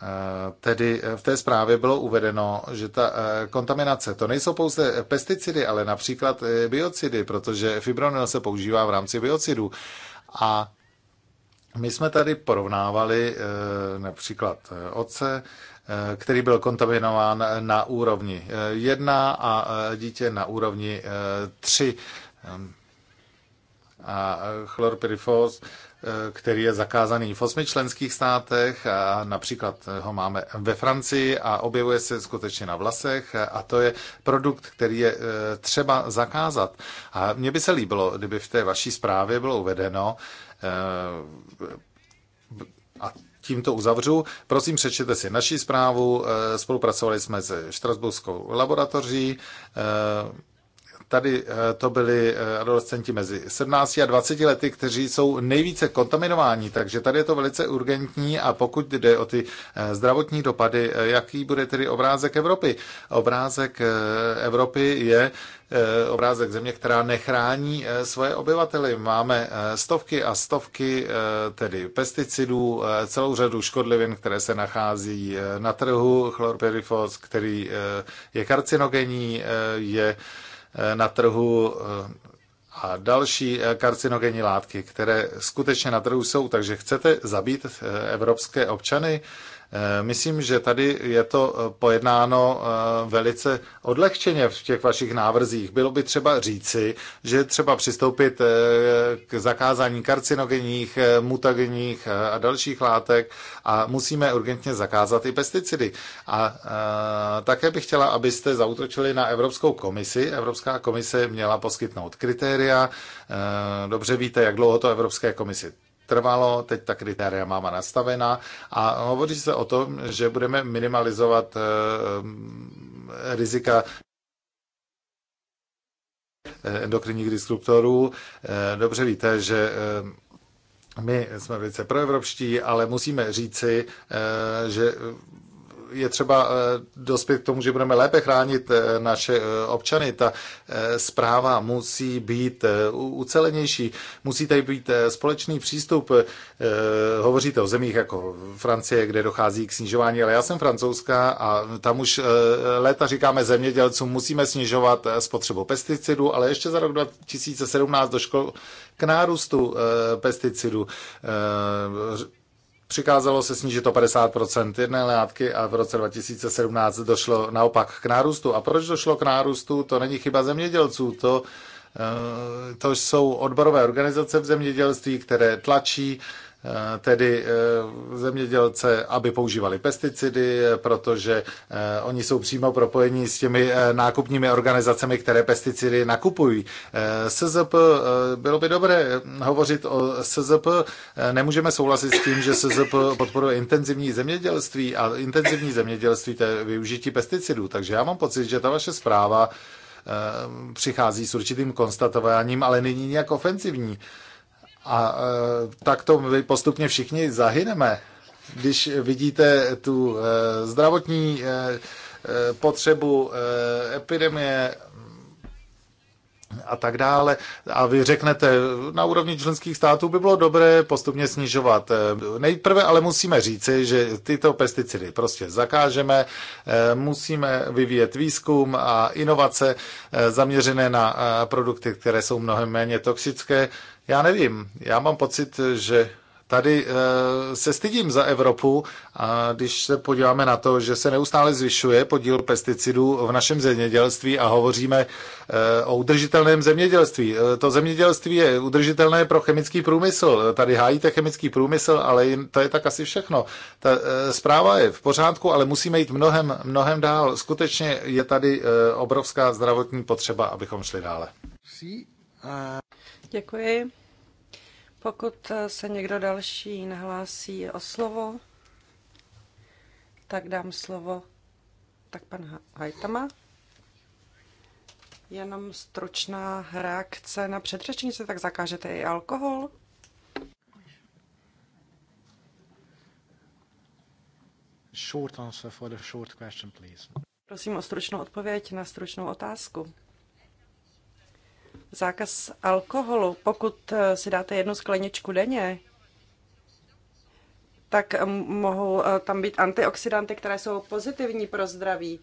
Tedy eh, v té zprávě bylo uvedeno, že ta kontaminace, to nejsou pouze pesticidy, ale například biocidy, protože fibronil se používá v rámci biocidů. A my jsme tady porovnávali například oce, který byl kontaminován na úrovni 1 a dítě na úrovni 3 a chlorpyrifos, eh, který je zakázaný v osmi členských státech, a například ho máme ve Francii a objevuje se skutečně na vlasech a to je produkt, který je eh, třeba zakázat. A mně by se líbilo, kdyby v té vaší zprávě bylo uvedeno, eh, a tímto uzavřu. Prosím, přečtěte si naši zprávu. Spolupracovali jsme se Štrasburskou laboratoří Tady eh, to byli eh, adolescenti mezi 17 a 20 lety, kteří jsou nejvíce kontaminováni, takže tady je to velice urgentní a pokud jde o ty eh, zdravotní dopady, jaký bude tedy obrázek Evropy? Obrázek Evropy je obrázek země, která nechrání svoje obyvatele. Máme stovky a stovky tedy pesticidů, celou řadu škodlivin, které se nachází na trhu, chlorpyrifos, který je karcinogenní, je Eh, na trhu eh, a další eh, karcinogenní látky, které skutečně na trhu jsou. Takže chcete zabít evropské občany? Eh, myslím, že tady je to eh, pojednáno eh, velice odlehčeně v těch vašich návrzích. Bylo by třeba říci, že třeba přistoupit k zakázání karcinogenních, mutagenních a dalších látek a musíme urgentně zakázat i pesticidy. A také bych chtěla, abyste zautočili na Evropskou komisi. Evropská komise měla poskytnout kritéria. Dobře víte, jak dlouho to Evropské komisi trvalo, teď ta kritéria máme nastavená a hovoří se o tom, že budeme minimalizovat eh, eh, rizika eh, endokrinních disruptorů. Dobře víte, že my jsme velice proevropští, ale musíme říci, že je třeba eh, dospět k tomu, že budeme lépe chránit eh, naše eh, občany. Ta zpráva musí být ucelenější, musí tady být společný přístup. Hovoříte o zemích jako Francie, kde dochází k snižování, ale já jsem francouzská a tam už léta říkáme zemědělcům, musíme snižovat spotřebu pesticidů, ale ještě za rok 2017 došlo k nárůstu pesticidů Přikázalo se snížit o 50% jedné látky a v roce 2017 došlo naopak k nárůstu. A proč došlo k nárůstu? To není chyba zemědělců, to, eh, to jsou odborové organizace v zemědělství, které tlačí Eh, tedy eh, zemědělce, aby používali pesticidy, protože eh, oni jsou přímo propojení s těmi nákupními organizacemi, které pesticidy nakupují. SZP, bylo by dobré hovořit o SZP. Nemůžeme souhlasit s tím, že SZP podporuje intenzivní zemědělství a intenzivní zemědělství to je využití pesticidů. Takže já mám pocit, že ta vaše zpráva přichází s určitým konstatováním, ale není nějak ofenzivní. A e, tak to my postupně všichni zahyneme. Když vidíte tu e, zdravotní e, potřebu epidemie a tak dále. A vy řeknete, na úrovni členských států by bylo dobré postupně snižovat. Nejprve ale musíme říci, že tyto pesticidy prostě zakážeme, musíme vyvíjet výzkum a inovace zaměřené na produkty, které jsou mnohem méně toxické, já nevím, já mám pocit, že tady eh, se stydím za Evropu, a když se podíváme na to, že se neustále zvyšuje podíl pesticidů v našem zemědělství a hovoříme eh, o udržitelném zemědělství. Eh, to zemědělství je udržitelné pro chemický průmysl. Tady hájíte chemický průmysl, ale to je tak asi všechno. Ta zpráva je v pořádku, ale musíme jít mnohem, mnohem dál. Skutečně je tady obrovská zdravotní potřeba, abychom šli dále. Děkuji. Pokud eh, se někdo další nahlásí o slovo, tak dám slovo tak pan Hajtama. Jenom stručná reakce na předřečnice, tak zakážete i alkohol? Short answer for the short question, please. Prosím o stručnou odpověď na stručnou otázku zákaz alkoholu, pokud eh, si dáte jednu skleničku denně, tak mohou eh, tam být antioxidanty, které jsou pozitivní pro zdraví.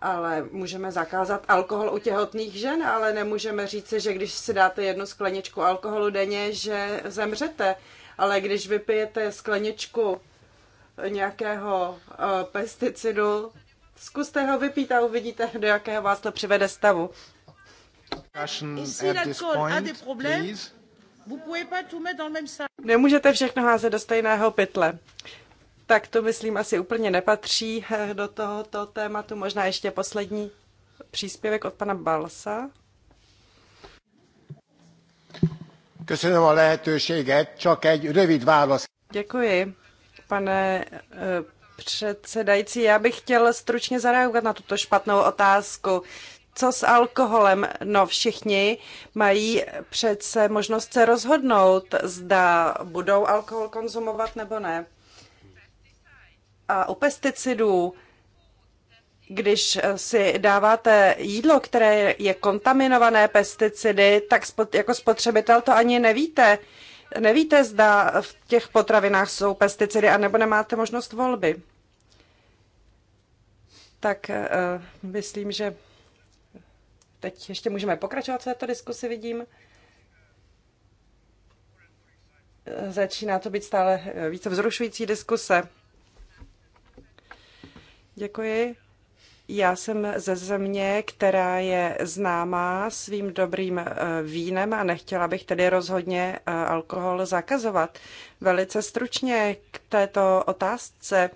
Ale můžeme zakázat alkohol u těhotných žen, ale nemůžeme říci, že když si dáte jednu skleničku alkoholu denně, že zemřete. Ale když vypijete skleničku nějakého eh, pesticidu, zkuste ho vypít a uvidíte, do jakého vás to přivede stavu. Nemůžete všechno házet do stejného pytle. Tak to myslím asi úplně nepatří eh, do tohoto tématu. Možná ještě poslední příspěvek od pana Balsa. Děkuji, pane eh, předsedající. Já bych chtěl stručně zareagovat na tuto špatnou otázku co s alkoholem? No všichni mají přece možnost se rozhodnout, zda budou alkohol konzumovat nebo ne. A u pesticidů, když si dáváte jídlo, které je kontaminované pesticidy, tak jako spotřebitel to ani nevíte. Nevíte, zda v těch potravinách jsou pesticidy, anebo nemáte možnost volby. Tak uh, myslím, že Teď ještě můžeme pokračovat v této diskusi, vidím. Začíná to být stále více vzrušující diskuse. Děkuji. Já jsem ze země, která je známá svým dobrým eh, vínem a nechtěla bych tedy rozhodně eh, alkohol zakazovat. Velice stručně k této otázce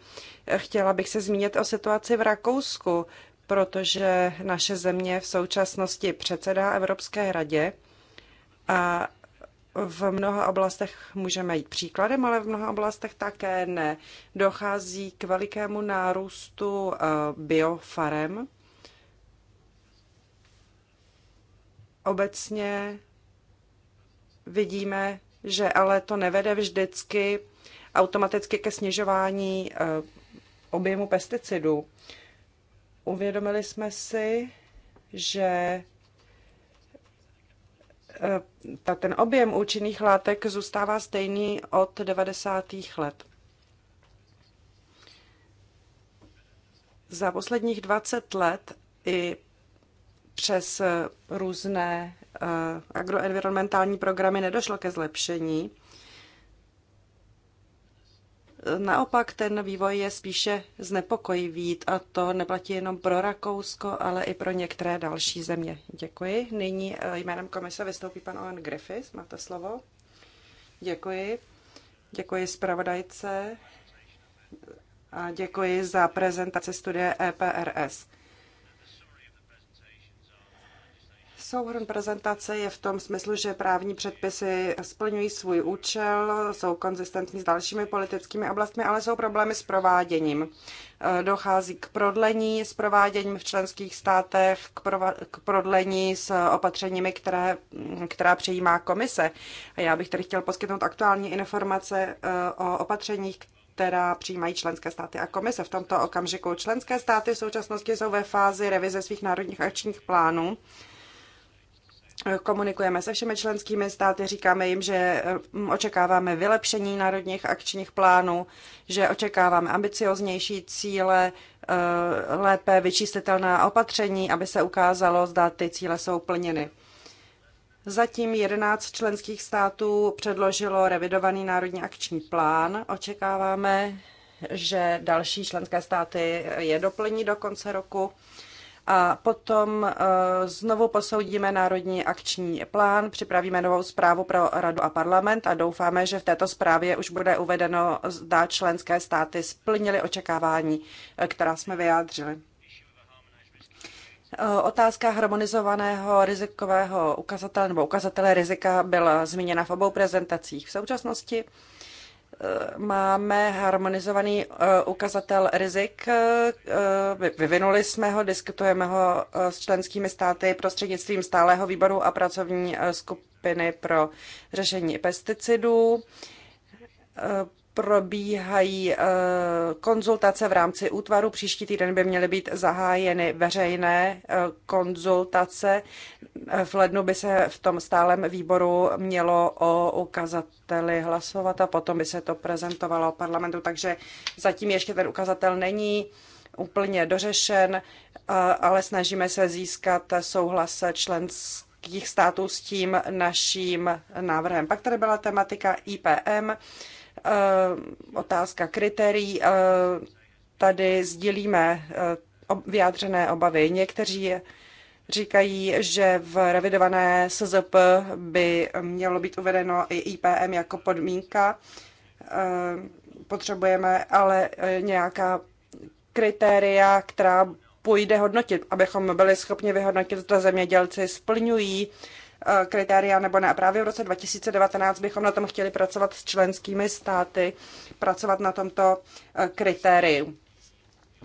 chtěla bych se zmínit o situaci v Rakousku protože naše země v současnosti předsedá Evropské radě a v mnoha oblastech můžeme jít příkladem, ale v mnoha oblastech také ne. Dochází k velikému nárůstu eh, biofarem. Obecně vidíme, že ale to nevede vždycky automaticky ke snižování eh, objemu pesticidů. Uvědomili jsme si, že eh, ten objem účinných látek zůstává stejný od 90. let. Za posledních 20 let i přes různé eh, agroenvironmentální programy nedošlo ke zlepšení. Naopak ten vývoj je spíše znepokojivý a to neplatí jenom pro Rakousko, ale i pro některé další země. Děkuji. Nyní eh, jménem komise vystoupí pan Owen Griffiths. Máte slovo. Děkuji. Děkuji zpravodajce a děkuji za prezentaci studie EPRS. Souhrn prezentace je v tom smyslu, že právní předpisy splňují svůj účel, jsou konzistentní s dalšími politickými oblastmi, ale jsou problémy s prováděním. Eh, dochází k prodlení s prováděním v členských státech, k, prova- k prodlení s opatřeními, které, mm, která přijímá komise. A já bych tedy chtěl poskytnout aktuální informace eh, o opatřeních, která přijímají členské státy a komise. V tomto okamžiku členské státy v současnosti jsou ve fázi revize svých národních akčních plánů Komunikujeme se všemi členskými státy, říkáme jim, že mm, očekáváme vylepšení národních akčních plánů, že očekáváme ambicioznější cíle, eh, lépe vyčíslitelná opatření, aby se ukázalo, zda ty cíle jsou plněny. Zatím 11 členských států předložilo revidovaný národní akční plán. Očekáváme, že další členské státy je doplní do konce roku a potom eh, znovu posoudíme národní akční plán, připravíme novou zprávu pro radu a parlament a doufáme, že v této zprávě už bude uvedeno, zda členské státy splnily očekávání, eh, která jsme vyjádřili. Eh, otázka harmonizovaného rizikového ukazatele nebo ukazatele rizika byla zmíněna v obou prezentacích. V současnosti máme harmonizovaný eh, ukazatel rizik. Eh, eh, vyvinuli jsme ho, diskutujeme ho s členskými státy prostřednictvím stálého výboru a pracovní skupiny pro řešení pesticidů probíhají eh, konzultace v rámci útvaru. Příští týden by měly být zahájeny veřejné eh, konzultace. V lednu by se v tom stálem výboru mělo o ukazateli hlasovat a potom by se to prezentovalo parlamentu. Takže zatím ještě ten ukazatel není úplně dořešen, eh, ale snažíme se získat souhlas členských států s tím naším návrhem. Pak tady byla tematika IPM Eh, otázka kritérií. Eh, tady sdílíme eh, vyjádřené obavy. Někteří říkají, že v revidované SZP by mělo být uvedeno i IPM jako podmínka. Potřebujeme ale nějaká kritéria, která půjde hodnotit, abychom byli schopni vyhodnotit, zda zemědělci splňují Eh, kritéria nebo ne. A právě v roce 2019 bychom na tom chtěli pracovat s členskými státy, pracovat na tomto eh, kritériu.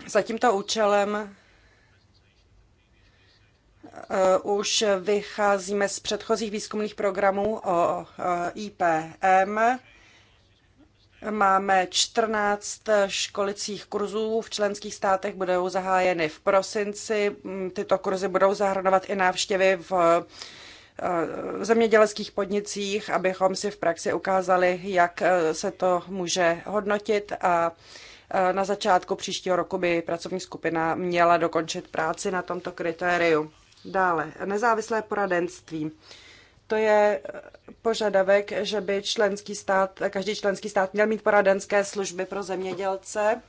Za tímto účelem eh, už vycházíme z předchozích výzkumných programů o IPM. Máme 14 školicích kurzů v členských státech, budou zahájeny v prosinci. Mm, tyto kurzy budou zahrnovat i návštěvy v Eh, zemědělských podnicích, abychom si v praxi ukázali, jak eh, se to může hodnotit a eh, na začátku příštího roku by pracovní skupina měla dokončit práci na tomto kritériu. Dále, nezávislé poradenství. To je požadavek, že by členský stát, každý členský stát měl mít poradenské služby pro zemědělce,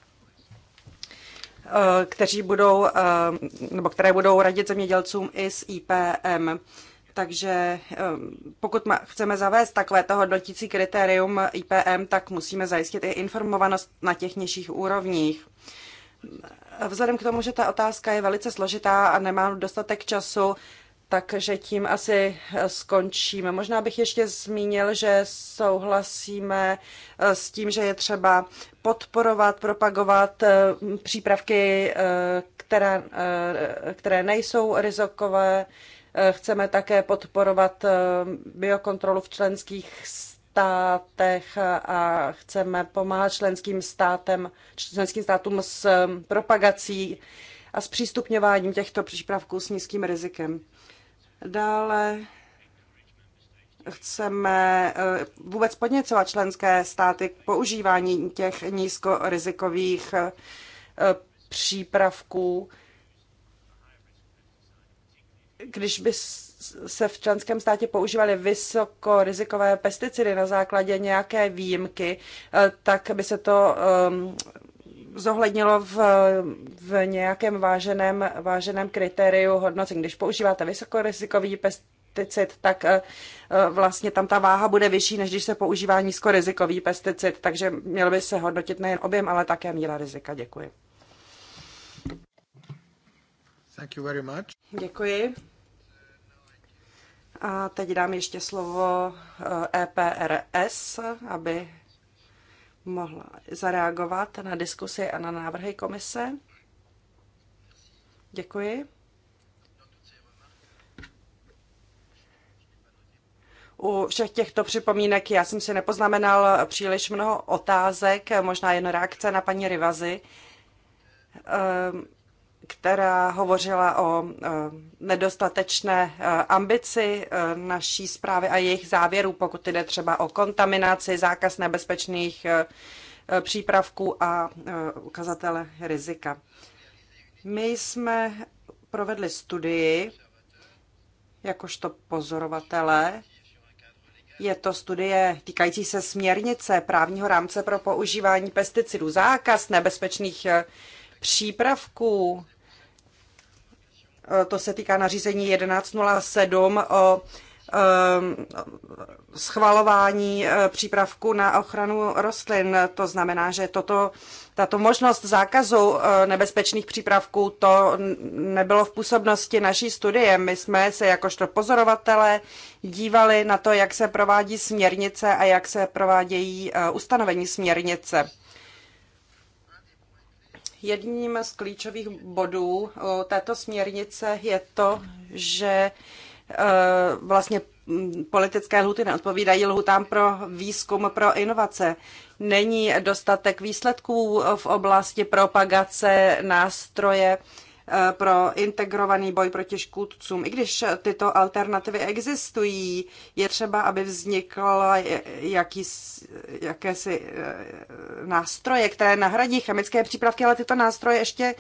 kteří budou, nebo které budou radit zemědělcům i s IPM. Takže ehm, pokud chceme zavést takové toho hodnotící kritérium IPM, tak musíme zajistit i informovanost na těch nižších úrovních. Vzhledem k tomu, že ta otázka je velice složitá a nemám dostatek času, takže tím asi eh, skončíme. Možná bych ještě zmínil, že souhlasíme eh, s tím, že je třeba podporovat, propagovat eh, přípravky, které, které nejsou rizikové, Chceme také podporovat eh, biokontrolu v členských státech a chceme pomáhat členským, státem, členským státům s eh, propagací a s přístupňováním těchto přípravků s nízkým rizikem. Dále chceme eh, vůbec podněcovat členské státy k používání těch nízkorizikových přípravků když by se v členském státě používaly vysokorizikové pesticidy na základě nějaké výjimky, eh, tak by se to ehm, zohlednilo v, v nějakém váženém, váženém kritériu hodnocení. Když používáte vysokorizikový pesticid, tak eh, eh, vlastně tam ta váha bude vyšší, než když se používá nízkorizikový pesticid, takže měl by se hodnotit nejen objem, ale také míra rizika. Děkuji. Thank you very much. Děkuji. A teď dám ještě slovo EPRS, eh, e aby mohla zareagovat na diskusi a na návrhy komise. Děkuji. U všech těchto připomínek já jsem si nepoznamenal příliš mnoho otázek, možná jen reakce na paní Rivazy. Um, která hovořila o eh, nedostatečné eh, ambici eh, naší zprávy a jejich závěrů, pokud jde třeba o kontaminaci, zákaz nebezpečných přípravků a ukazatele rizika. My jsme provedli studii jakožto pozorovatele. Je to studie týkající se směrnice právního rámce pro používání pesticidů, zákaz nebezpečných přípravků Eh, to se týká nařízení 1107 o ehm, schvalování eh, přípravku na ochranu rostlin. To znamená, že toto, tato možnost zákazu eh, nebezpečných přípravků, to nebylo v působnosti naší studie. My jsme se jakožto pozorovatele dívali na to, jak se provádí směrnice a jak se provádějí ustanovení směrnice. Jedním z klíčových bodů této směrnice je to, že e, vlastně politické lhuty neodpovídají lhutám pro výzkum, pro inovace. Není dostatek výsledků v oblasti propagace nástroje Eh, pro integrovaný boj proti škůdcům. I když tyto alternativy existují, je třeba, aby vznikla jaký, jakési eh, nástroje, které nahradí chemické přípravky, ale tyto nástroje ještě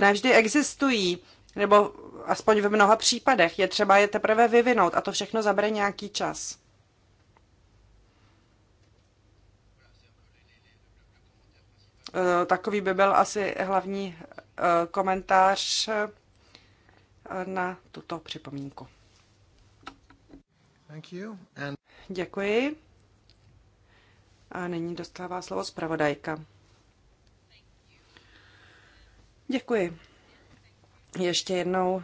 nevždy existují nebo aspoň v mnoha případech je třeba je teprve vyvinout a to všechno zabere nějaký čas. Eh, takový by byl asi hlavní Eh, komentář eh, na tuto připomínku. Thank you. And... Děkuji. A nyní dostává slovo zpravodajka. Děkuji. Ještě jednou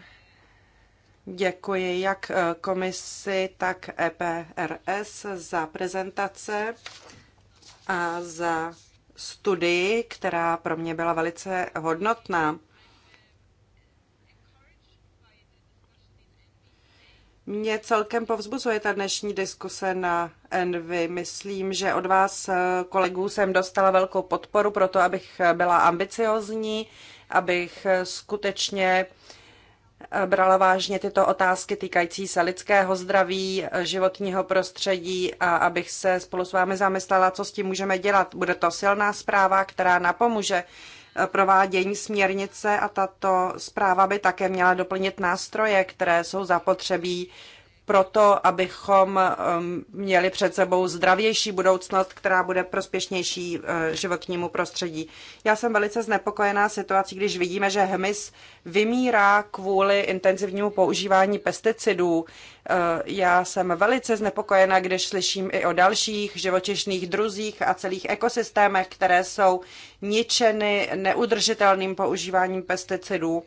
děkuji jak eh, komisi, tak EPRS za prezentace a za studii, která pro mě byla velice hodnotná. Mě celkem povzbuzuje ta dnešní diskuse na Envy. Myslím, že od vás, eh, kolegů, jsem dostala velkou podporu pro to, abych byla ambiciozní, abych eh, skutečně uh, brala vážně tyto otázky týkající se lidského zdraví, životního prostředí a abych se spolu s vámi zamyslela, co s tím můžeme dělat. Bude to silná zpráva, která napomůže provádění směrnice a tato zpráva by také měla doplnit nástroje, které jsou zapotřebí proto, abychom um, měli před sebou zdravější budoucnost, která bude prospěšnější uh, životnímu prostředí. Já jsem velice znepokojená situací, když vidíme, že hmyz vymírá kvůli intenzivnímu používání pesticidů. Uh, já jsem velice znepokojená, když slyším i o dalších živočišných druzích a celých ekosystémech, které jsou ničeny neudržitelným používáním pesticidů.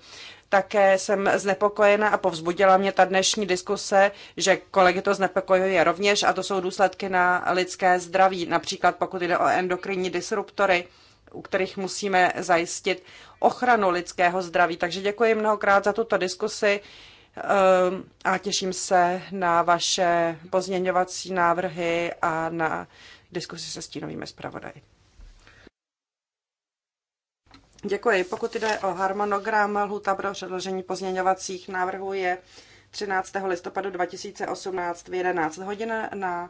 Také jsem znepokojena a povzbudila mě ta dnešní diskuse, že kolegy to znepokojuje rovněž a to jsou důsledky na lidské zdraví, například pokud jde o endokrinní disruptory, u kterých musíme zajistit ochranu lidského zdraví. Takže děkuji mnohokrát za tuto diskusi ehm, a těším se na vaše pozměňovací návrhy a na diskusi se stínovými zpravodaji. Děkuji. Pokud jde o harmonogram, lhuta pro předložení pozměňovacích návrhů je 13. listopadu 2018 v 11 hodin na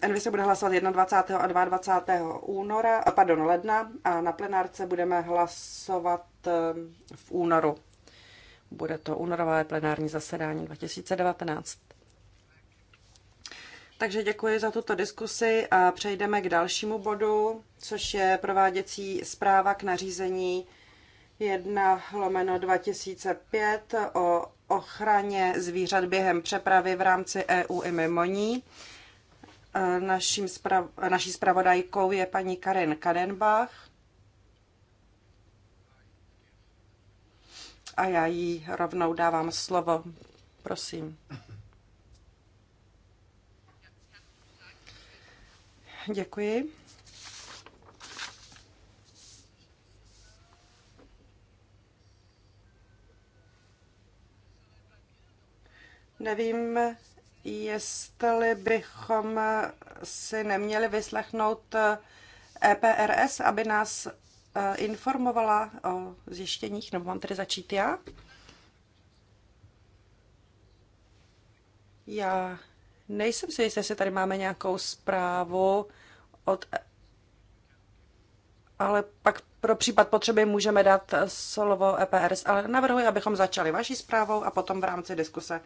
Envy eh, eh, se bude hlasovat 21. a 22. února, eh, pardon, ledna a na plenárce budeme hlasovat v únoru. Bude to únorové plenární zasedání 2019. Takže děkuji za tuto diskusi a přejdeme k dalšímu bodu, což je prováděcí zpráva k nařízení 1 lomeno 2005 o ochraně zvířat během přepravy v rámci EU i mimo ní. E, naším naší spravodajkou je paní Karin Kadenbach. A já jí rovnou dávám slovo. Prosím. Děkuji. Nevím, jestli bychom si neměli vyslechnout EPRS, eh, e aby nás eh, informovala o zjištěních, nebo mám tedy začít já? Já Nejsem si jistá, jestli tady máme nějakou zprávu od ale pak pro případ potřeby můžeme dát slovo EPRS, ale navrhuji, abychom začali vaší zprávou a potom v rámci diskuse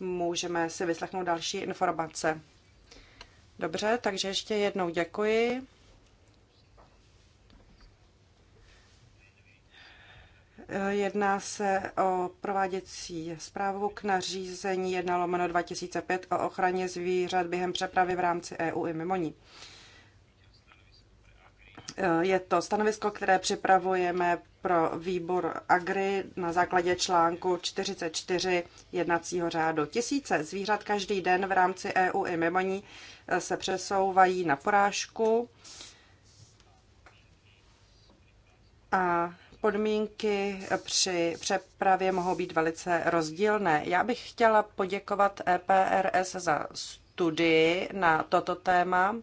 můžeme si vyslechnout další informace. Dobře, takže ještě jednou děkuji. Jedná se o prováděcí zprávu k nařízení 1 lomeno 2005 o ochraně zvířat během přepravy v rámci EU i mimo ní. Je to stanovisko, které připravujeme pro výbor Agri na základě článku 44 jednacího řádu. Tisíce zvířat každý den v rámci EU i mimo ní se přesouvají na porážku a podmínky při přepravě mohou být velice rozdílné. Já bych chtěla poděkovat EPRS za studii na toto téma.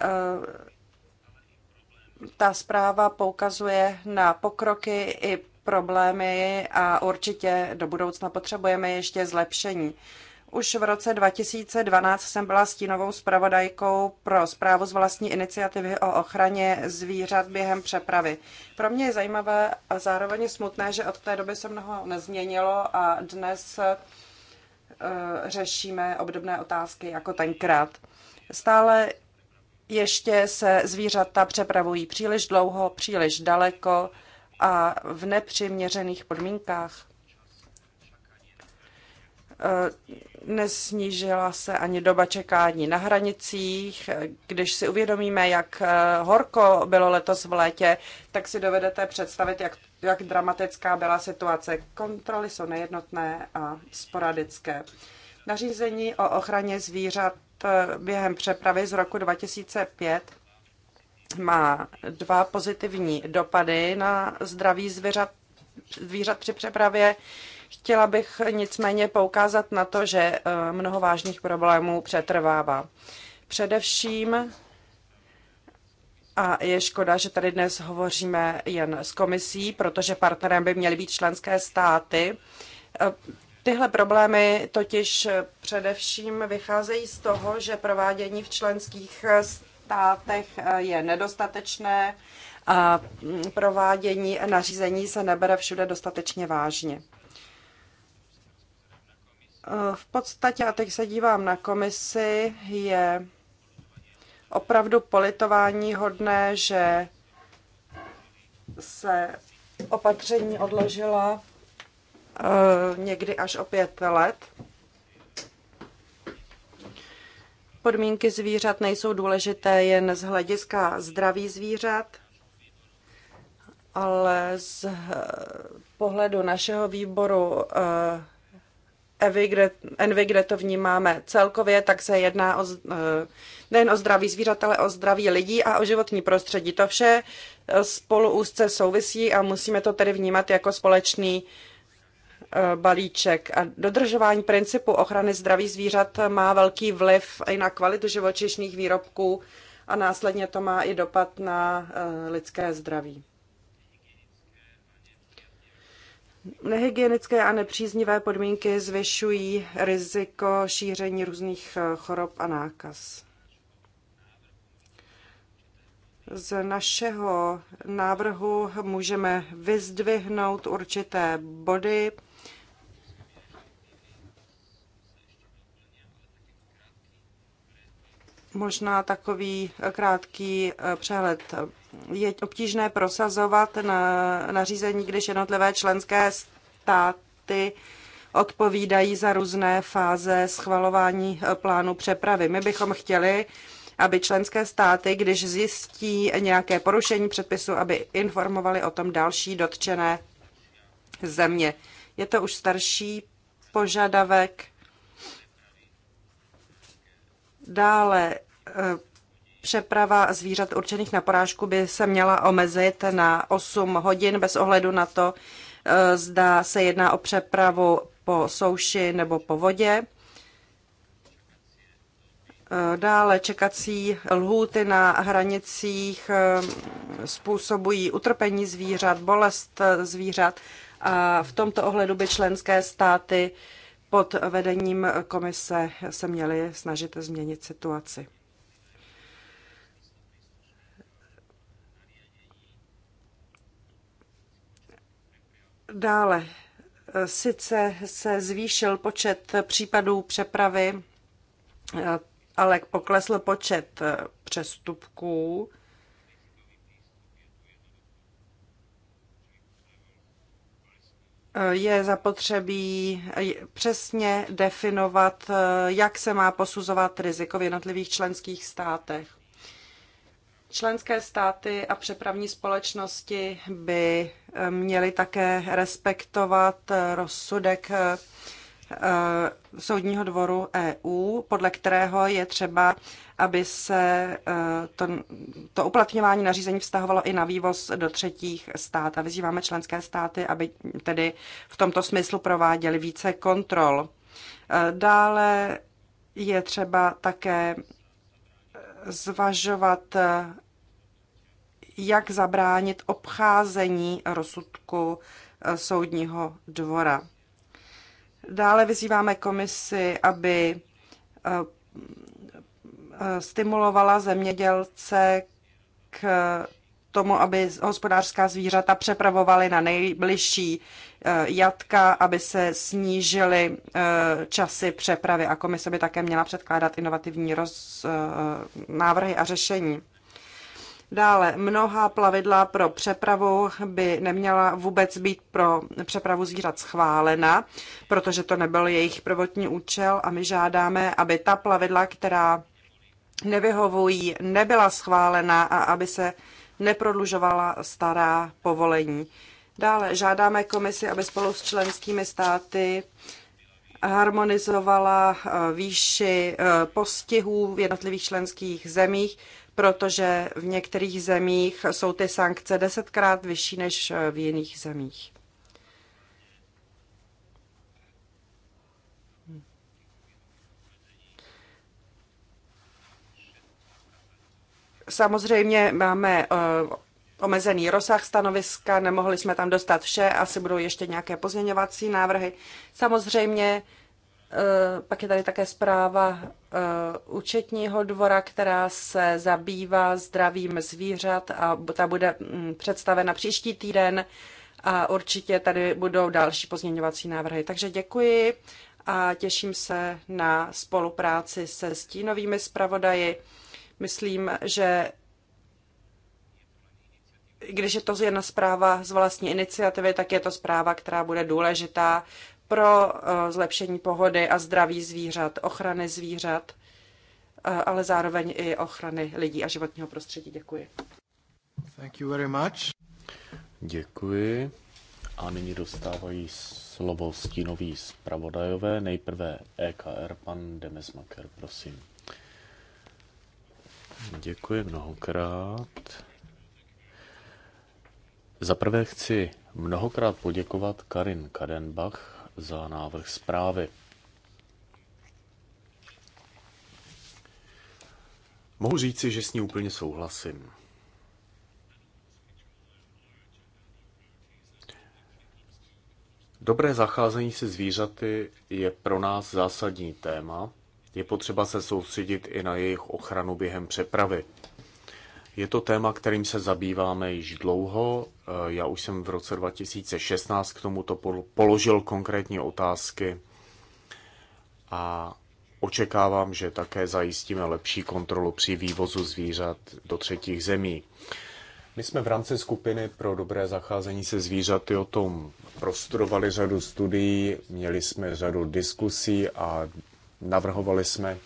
E, ta zpráva poukazuje na pokroky i problémy a určitě do budoucna potřebujeme ještě zlepšení. Už v roce 2012 jsem byla stínovou zpravodajkou pro zprávu z vlastní iniciativy o ochraně zvířat během přepravy. Pro mě je zajímavé a zároveň smutné, že od té doby se mnoho nezměnilo a dnes eh, řešíme obdobné otázky jako tenkrát. Stále ještě se zvířata přepravují příliš dlouho, příliš daleko a v nepřiměřených podmínkách. Eh, nesnížila se ani doba čekání na hranicích. Když si uvědomíme, jak eh, horko bylo letos v létě, tak si dovedete představit, jak, jak dramatická byla situace. Kontroly jsou nejednotné a sporadické. Nařízení o ochraně zvířat eh, během přepravy z roku 2005 má dva pozitivní dopady na zdraví zvířat, zvířat při přepravě. Chtěla bych nicméně poukázat na to, že eh, mnoho vážných problémů přetrvává. Především a je škoda, že tady dnes hovoříme jen s komisí, protože partnerem by měly být členské státy. Eh, tyhle problémy totiž eh, především vycházejí z toho, že provádění v členských státech je nedostatečné a mm, provádění nařízení se nebere všude dostatečně vážně v podstatě, a teď se dívám na komisi, je opravdu politování hodné, že se opatření odložila eh, někdy až o pět let. Podmínky zvířat nejsou důležité jen z hlediska zdraví zvířat, ale z eh, pohledu našeho výboru eh, Envy, kde to vnímáme celkově, tak se jedná o, eh, nejen o zdraví zvířat, ale o zdraví lidí a o životní prostředí. To vše eh, spolu úzce souvisí a musíme to tedy vnímat jako společný eh, balíček. A dodržování principu ochrany zdraví zvířat má velký vliv i na kvalitu živočišných výrobků a následně to má i dopad na lidské zdraví. Nehygienické a nepříznivé podmínky zvyšují riziko šíření různých eh, chorob a nákaz. Z našeho návrhu můžeme vyzdvihnout určité body, Možná takový krátký eh, přehled. Je obtížné prosazovat na nařízení, když jednotlivé členské státy odpovídají za různé fáze schvalování eh, plánu přepravy. My bychom chtěli, aby členské státy, když zjistí nějaké porušení předpisu, aby informovali o tom další dotčené země. Je to už starší požadavek. Dále přeprava zvířat určených na porážku by se měla omezit na 8 hodin bez ohledu na to, eh, zda se jedná o přepravu po souši nebo po vodě. Eh, dále čekací lhůty na hranicích eh, způsobují utrpení zvířat, bolest zvířat a v tomto ohledu by členské státy pod vedením komise se měly snažit změnit situaci. Dále, eh, sice se zvýšil počet případů přepravy, eh, ale poklesl počet eh, přestupků. je zapotřebí přesně definovat, jak se má posuzovat riziko v jednotlivých členských státech. Členské státy a přepravní společnosti by eh, měly také respektovat eh, rozsudek eh, Soudního dvoru EU, podle kterého je třeba, aby se to, to uplatňování nařízení vztahovalo i na vývoz do třetích stát. A vyzýváme členské státy, aby tedy v tomto smyslu prováděli více kontrol. Dále je třeba také zvažovat, jak zabránit obcházení rozsudku eh, soudního dvora. Dále vyzýváme komisi, aby eh, eh, stimulovala zemědělce k tomu, aby hospodářská zvířata přepravovali na nejbližší Eh, jatka, aby se snížily eh, časy přepravy a komise by také měla předkládat inovativní roz, eh, návrhy a řešení. Dále, mnoha plavidla pro přepravu by neměla vůbec být pro přepravu zvířat schválena, protože to nebyl jejich prvotní účel a my žádáme, aby ta plavidla, která nevyhovují, nebyla schválena a aby se neprodlužovala stará povolení. Dále žádáme komisi, aby spolu s členskými státy harmonizovala eh, výši eh, postihů v jednotlivých členských zemích, protože v některých zemích jsou ty sankce desetkrát vyšší než eh, v jiných zemích. Samozřejmě máme omezený rozsah stanoviska, nemohli jsme tam dostat vše, asi budou ještě nějaké pozměňovací návrhy. Samozřejmě eh, pak je tady také zpráva eh, účetního dvora, která se zabývá zdravím zvířat a ta bude mm, představena příští týden a určitě tady budou další pozměňovací návrhy. Takže děkuji a těším se na spolupráci se stínovými zpravodaji. Myslím, že když je to jedna zpráva z vlastní iniciativy, tak je to zpráva, která bude důležitá pro eh, zlepšení pohody a zdraví zvířat, ochrany zvířat, eh, ale zároveň i ochrany lidí a životního prostředí. Děkuji. Thank you very much. Děkuji. A nyní dostávají slovo stínoví zpravodajové. Nejprve EKR, pan Demesmaker, prosím. Děkuji mnohokrát. Za prvé chci mnohokrát poděkovat Karin Kadenbach za návrh zprávy. Mohu říci, že s ní úplně souhlasím. Dobré zacházení se zvířaty je pro nás zásadní téma. Je potřeba se soustředit i na jejich ochranu během přepravy. Je to téma, kterým se zabýváme již dlouho. Eh, já už jsem v roce 2016 k tomuto položil konkrétní otázky a očekávám, že také zajistíme lepší kontrolu při vývozu zvířat do třetích zemí. My jsme v rámci skupiny pro dobré zacházení se zvířaty o tom prostudovali řadu studií, měli jsme řadu diskusí a navrhovali jsme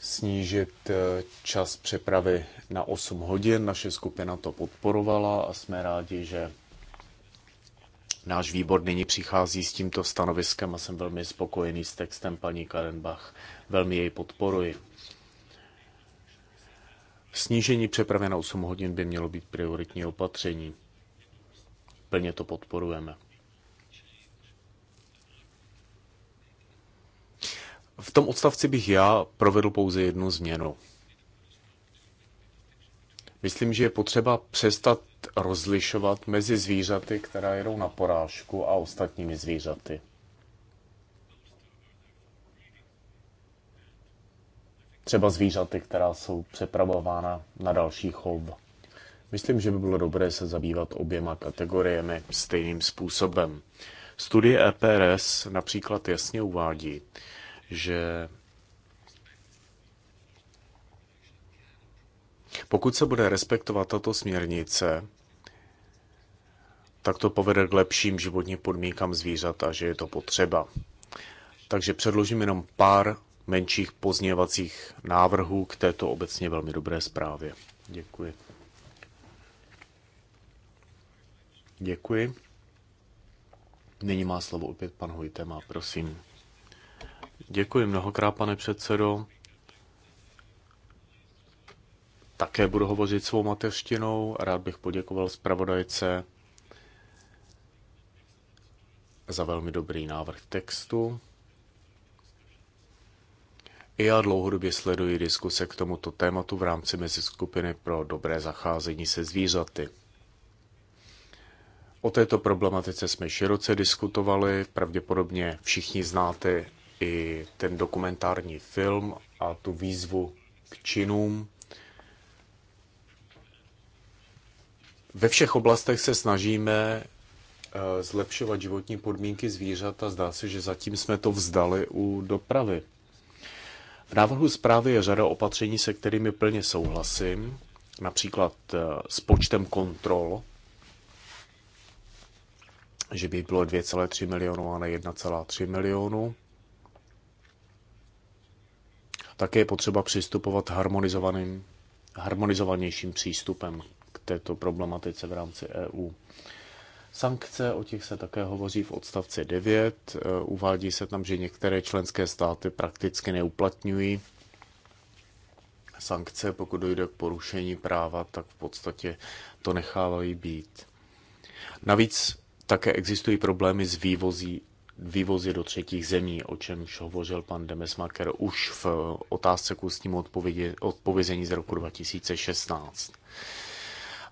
snížit eh, čas přepravy na 8 hodin. Naše skupina to podporovala a jsme rádi, že náš výbor nyní přichází s tímto stanoviskem a jsem velmi spokojený s textem paní Karenbach. Velmi jej podporuji. Snížení přepravy na 8 hodin by mělo být prioritní opatření. Plně to podporujeme. V tom odstavci bych já provedl pouze jednu změnu. Myslím, že je potřeba přestat rozlišovat mezi zvířaty, která jedou na porážku, a ostatními zvířaty. Třeba zvířaty, která jsou přepravována na další chov. Myslím, že by bylo dobré se zabývat oběma kategoriemi stejným způsobem. Studie EPRS například jasně uvádí, že pokud se bude respektovat tato směrnice, tak to povede k lepším životním podmínkám zvířat a že je to potřeba. Takže předložím jenom pár menších pozněvacích návrhů k této obecně velmi dobré zprávě. Děkuji. Děkuji. Nyní má slovo opět pan Hojtema, prosím. Děkuji mnohokrát, pane předsedo. Také budu hovořit svou mateřštinou. Rád bych poděkoval zpravodajce za velmi dobrý návrh textu. I já dlouhodobě sleduji diskuse k tomuto tématu v rámci meziskupiny pro dobré zacházení se zvířaty. O této problematice jsme široce diskutovali, pravděpodobně všichni znáte i ten dokumentární film a tu výzvu k činům. Ve všech oblastech se snažíme eh, zlepšovat životní podmínky zvířat a zdá se, že zatím jsme to vzdali u dopravy. V návrhu zprávy je řada opatření, se kterými plně souhlasím, například eh, s počtem kontrol, že by bylo 2,3 milionu a ne 1,3 milionu. Také je potřeba přistupovat harmonizovaným, harmonizovanějším přístupem k této problematice v rámci EU. Sankce, o těch se také hovoří v odstavci 9. E, uvádí se tam, že některé členské státy prakticky neuplatňují sankce, pokud dojde k porušení práva, tak v podstatě to nechávají být. Navíc také existují problémy s vývozí vývozy do třetích zemí, o čemž hovořil pan Demesmaker už v otázce k ústnímu odpovězení z roku 2016.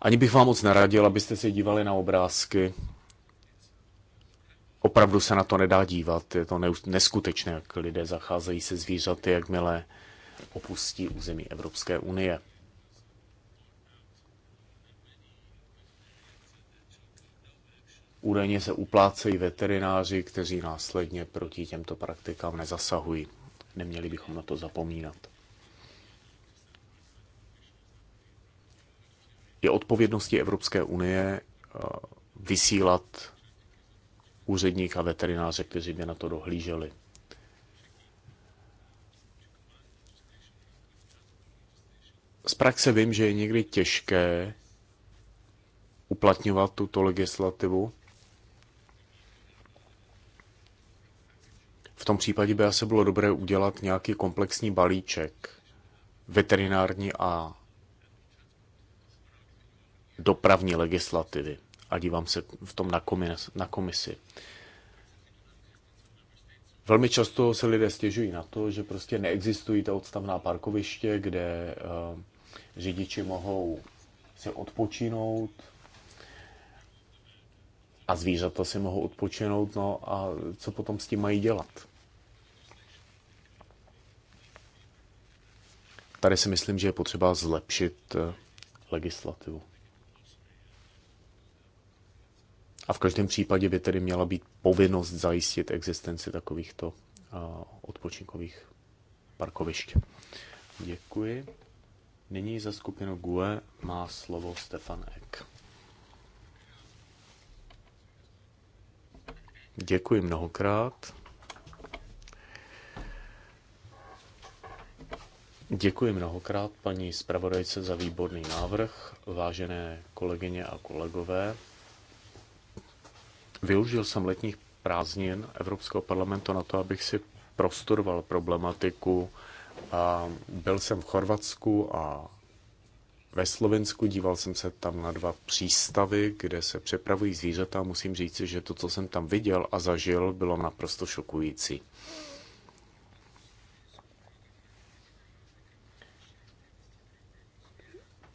Ani bych vám moc naradil, abyste se dívali na obrázky. Opravdu se na to nedá dívat. Je to neskutečné, jak lidé zacházejí se zvířaty, jakmile opustí území Evropské unie. Údajně se uplácejí veterináři, kteří následně proti těmto praktikám nezasahují. Neměli bychom na to zapomínat. Je odpovědností Evropské unie eh, vysílat úředníka veterináře, kteří by na to dohlíželi. Z praxe vím, že je někdy těžké uplatňovat tuto legislativu, V tom případě by asi bylo dobré udělat nějaký komplexní balíček veterinární a dopravní legislativy. A dívám se v tom na, komis, na komisi. Velmi často se lidé stěžují na to, že prostě neexistují ta odstavná parkoviště, kde uh, řidiči mohou si odpočinout a zvířata si mohou odpočinout, no a co potom s tím mají dělat? Tady si myslím, že je potřeba zlepšit eh, legislativu. A v každém případě by tedy měla být povinnost zajistit existenci takovýchto eh, odpočinkových parkovišť. Děkuji. Nyní za skupinu GUE má slovo Stefan Ek. Děkuji mnohokrát. Děkuji mnohokrát paní zpravodajce za výborný návrh, vážené kolegyně a kolegové. Využil jsem letních prázdnin Evropského parlamentu na to, abych si prostudoval problematiku. A byl jsem v Chorvatsku a ve Slovensku, díval jsem se tam na dva přístavy, kde se přepravují zvířata. Musím říci, že to, co jsem tam viděl a zažil, bylo naprosto šokující.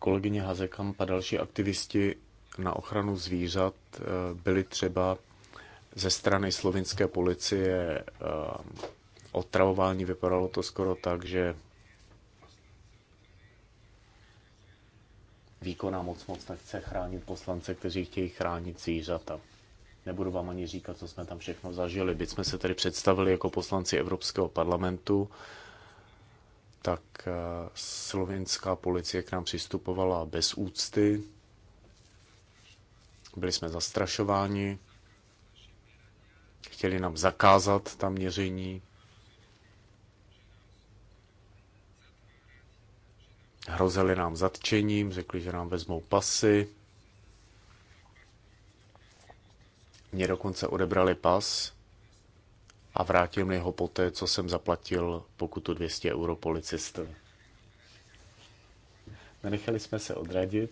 kolegyně Hazekamp a další aktivisti na ochranu zvířat eh, byli třeba ze strany slovinské policie eh, otravování. Vypadalo to skoro tak, že výkonná moc moc nechce chránit poslance, kteří chtějí chránit zvířata. Nebudu vám ani říkat, co jsme tam všechno zažili. Byť jsme se tady představili jako poslanci Evropského parlamentu, tak eh, slovenská policie k nám přistupovala bez úcty. Byli jsme zastrašováni. Chtěli nám zakázat tam měření. Hrozili nám zatčením, řekli, že nám vezmou pasy. Mě dokonce odebrali pas, a vrátil mi ho poté, co jsem zaplatil pokutu 200 euro policistovi. Nenechali jsme se odradit.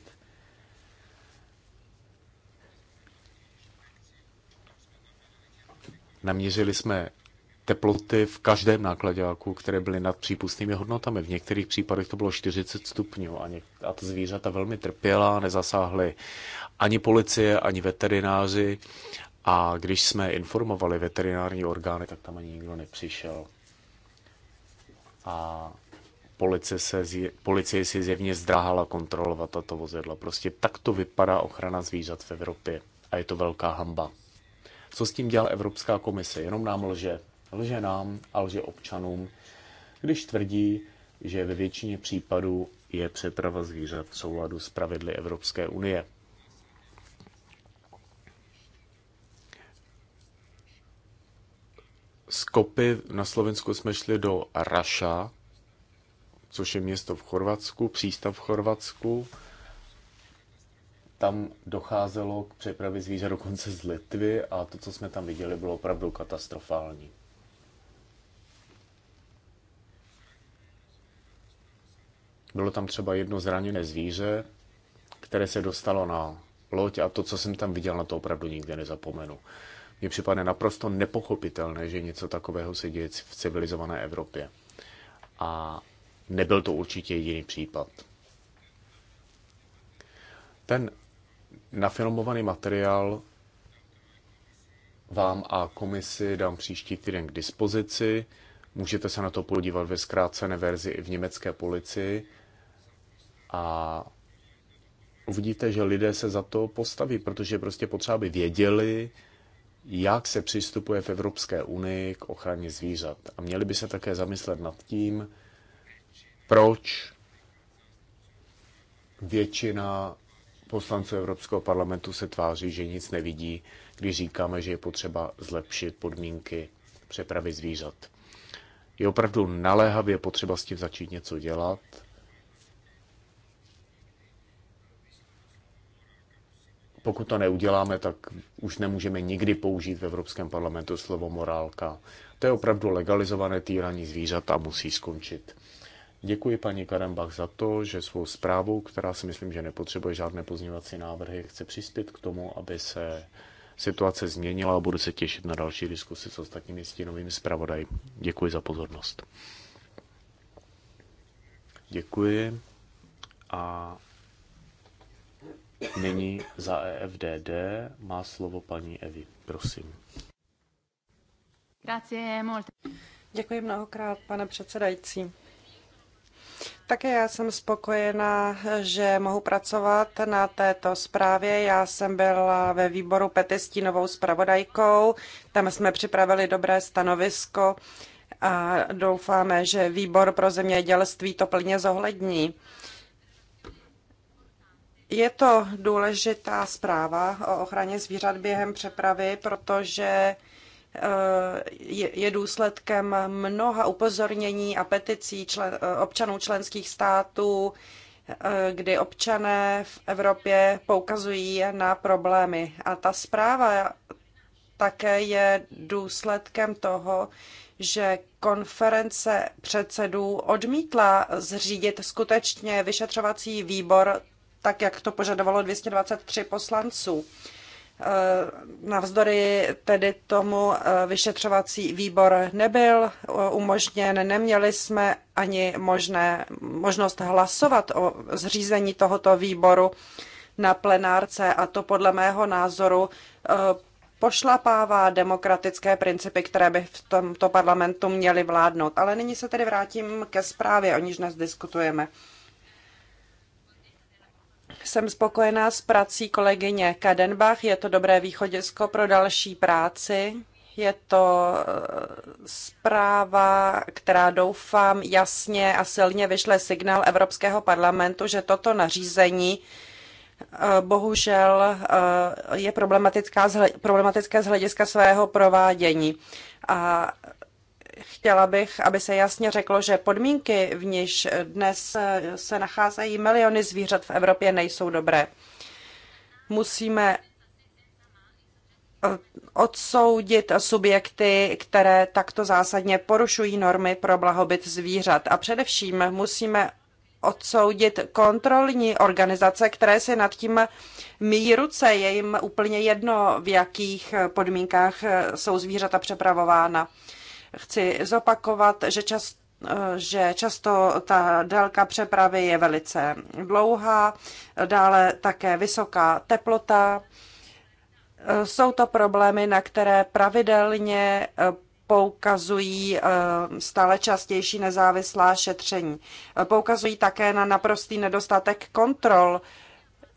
Naměřili jsme teploty v každém nákladáku, které byly nad přípustnými hodnotami. V některých případech to bylo 40 stupňů a, něk- a ta zvířata velmi trpěla, nezasáhly ani policie, ani veterináři a když jsme informovali veterinární orgány, tak tam ani nikdo nepřišel. A policie, se, policie si zjevně zdráhala kontrolovat tato vozidla. Prostě tak to vypadá ochrana zvířat v Evropě. A je to velká hamba. Co s tím dělá Evropská komise? Jenom nám lže. Lže nám a lže občanům, když tvrdí, že ve většině případů je přeprava zvířat v souladu s pravidly Evropské unie. z Kopy na Slovensku jsme šli do Raša, což je město v Chorvatsku, přístav v Chorvatsku. Tam docházelo k přepravě zvířat dokonce z Litvy a to, co jsme tam viděli, bylo opravdu katastrofální. Bylo tam třeba jedno zraněné zvíře, které se dostalo na loď a to, co jsem tam viděl, na to opravdu nikdy nezapomenu. Mně připadne naprosto nepochopitelné, že něco takového se děje v civilizované Evropě. A nebyl to určitě jediný případ. Ten nafilmovaný materiál vám a komisi dám příští týden k dispozici. Můžete se na to podívat ve zkrácené verzi i v německé policii a uvidíte, že lidé se za to postaví, protože prostě potřeba by věděli, jak se přistupuje v Evropské unii k ochraně zvířat. A měli by se také zamyslet nad tím, proč většina poslanců Evropského parlamentu se tváří, že nic nevidí, když říkáme, že je potřeba zlepšit podmínky přepravy zvířat. Je opravdu naléhavě potřeba s tím začít něco dělat Pokud to neuděláme, tak už nemůžeme nikdy použít v Evropském parlamentu slovo morálka. To je opravdu legalizované týraní zvířat a musí skončit. Děkuji paní Karembach za to, že svou zprávou, která si myslím, že nepotřebuje žádné pozměňovací návrhy, chce přispět k tomu, aby se situace změnila a budu se těšit na další diskusy s ostatními stínovými zpravodaji. Děkuji za pozornost. Děkuji a Nyní za EFDD má slovo paní Evi. Prosím. Děkuji mnohokrát, pane předsedající. Také já jsem spokojená, že mohu pracovat na této zprávě. Já jsem byla ve výboru Petestí novou zpravodajkou. Tam jsme připravili dobré stanovisko a doufáme, že výbor pro zemědělství to plně zohlední. Je to důležitá zpráva o ochraně zvířat během přepravy, protože eh, je důsledkem mnoha upozornění a peticí člen, eh, občanů členských států, eh, kdy občané v Evropě poukazují na problémy. A ta zpráva také je důsledkem toho, že konference předsedů odmítla zřídit skutečně vyšetřovací výbor tak jak to požadovalo 223 poslanců. Eh, navzdory tedy tomu eh, vyšetřovací výbor nebyl eh, umožněn, neměli jsme ani možné, možnost hlasovat o zřízení tohoto výboru na plenárce a to podle mého názoru pošlapává demokratické principy, které by v tomto parlamentu měly vládnout. Ale nyní se tedy vrátím ke zprávě, o níž dnes diskutujeme. Jsem spokojená s prací kolegyně Kadenbach, je to dobré východisko pro další práci. Je to eh, zpráva, která doufám jasně a silně vyšle signál Evropského parlamentu, že toto nařízení eh, bohužel eh, je problematická, problematické z hlediska svého provádění. A chtěla bych, aby se jasně řeklo, že podmínky, v níž dnes se nacházejí miliony zvířat v Evropě, nejsou dobré. Musíme eh, odsoudit subjekty, které takto zásadně porušují normy pro blahobyt zvířat. A především musíme odsoudit kontrolní organizace, které si nad tím míjí ruce. Je jim úplně jedno, v jakých podmínkách jsou zvířata přepravována. Chci zopakovat, že čas, že často ta délka přepravy je velice dlouhá, dále také vysoká teplota. Jsou to problémy, na které pravidelně poukazují eh, stále častější nezávislá šetření. Poukazují také na naprostý nedostatek kontrol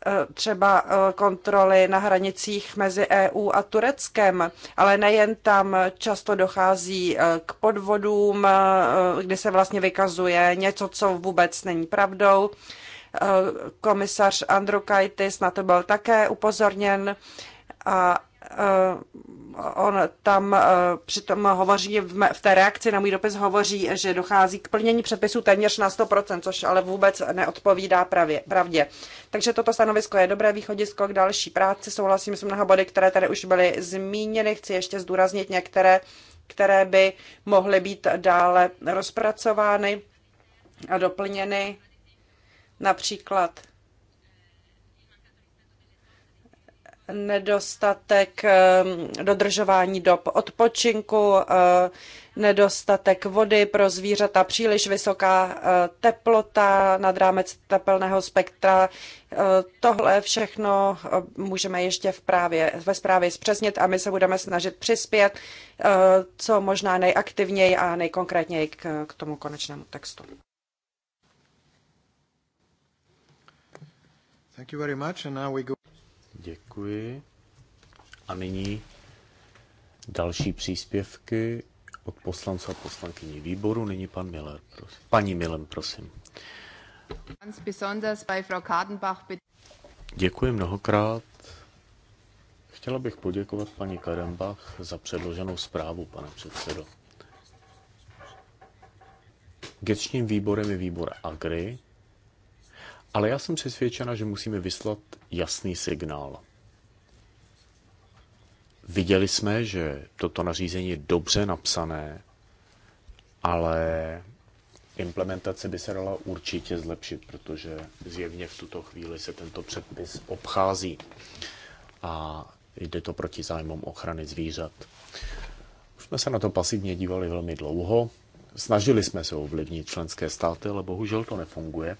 Eh, třeba eh, kontroly na hranicích mezi EU a Tureckem, ale nejen tam často dochází eh, k podvodům, kdy se vlastně vykazuje něco, co vůbec není pravdou. Komisař Andrukaitis na to byl také upozorněn a Eh, on tam eh, přitom hovoří, v té reakci na můj dopis hovoří, že dochází k plnění předpisů téměř na 100%, což ale vůbec neodpovídá pravě, pravdě. Takže toto stanovisko je dobré východisko k další práci. Souhlasím s mnoha body, které tady už byly zmíněny. Chci ještě zdůraznit některé, které by mohly být dále rozpracovány a doplněny. Například nedostatek ehm, dodržování dob odpočinku, ehm, nedostatek vody pro zvířata, příliš vysoká ehm, teplota nad rámec tepelného spektra. Tohle všechno můžeme ještě v právě, ve zprávě zpřesnit a my se budeme snažit přispět co možná nejaktivněji a nejkonkrétněji k, k tomu konečnému textu. Thank you very much and now we go Děkuji. A nyní další příspěvky od poslanců a poslankyní výboru. Nyní pan Miller, prosím. Paní Milem, prosím. Děkuji mnohokrát. Chtěla bych poděkovat paní Karembach za předloženou zprávu, pane předsedo. Gečním výborem je výbor Agri ale já jsem přesvědčena, že musíme vyslat jasný signál. Viděli jsme, že toto nařízení je dobře napsané, ale implementace by se dala určitě zlepšit, protože zjevně v tuto chvíli se tento předpis obchází a jde to proti zájmům ochrany zvířat. Už jsme se na to pasivně dívali velmi dlouho, snažili jsme se ovlivnit členské státy, ale bohužel to nefunguje.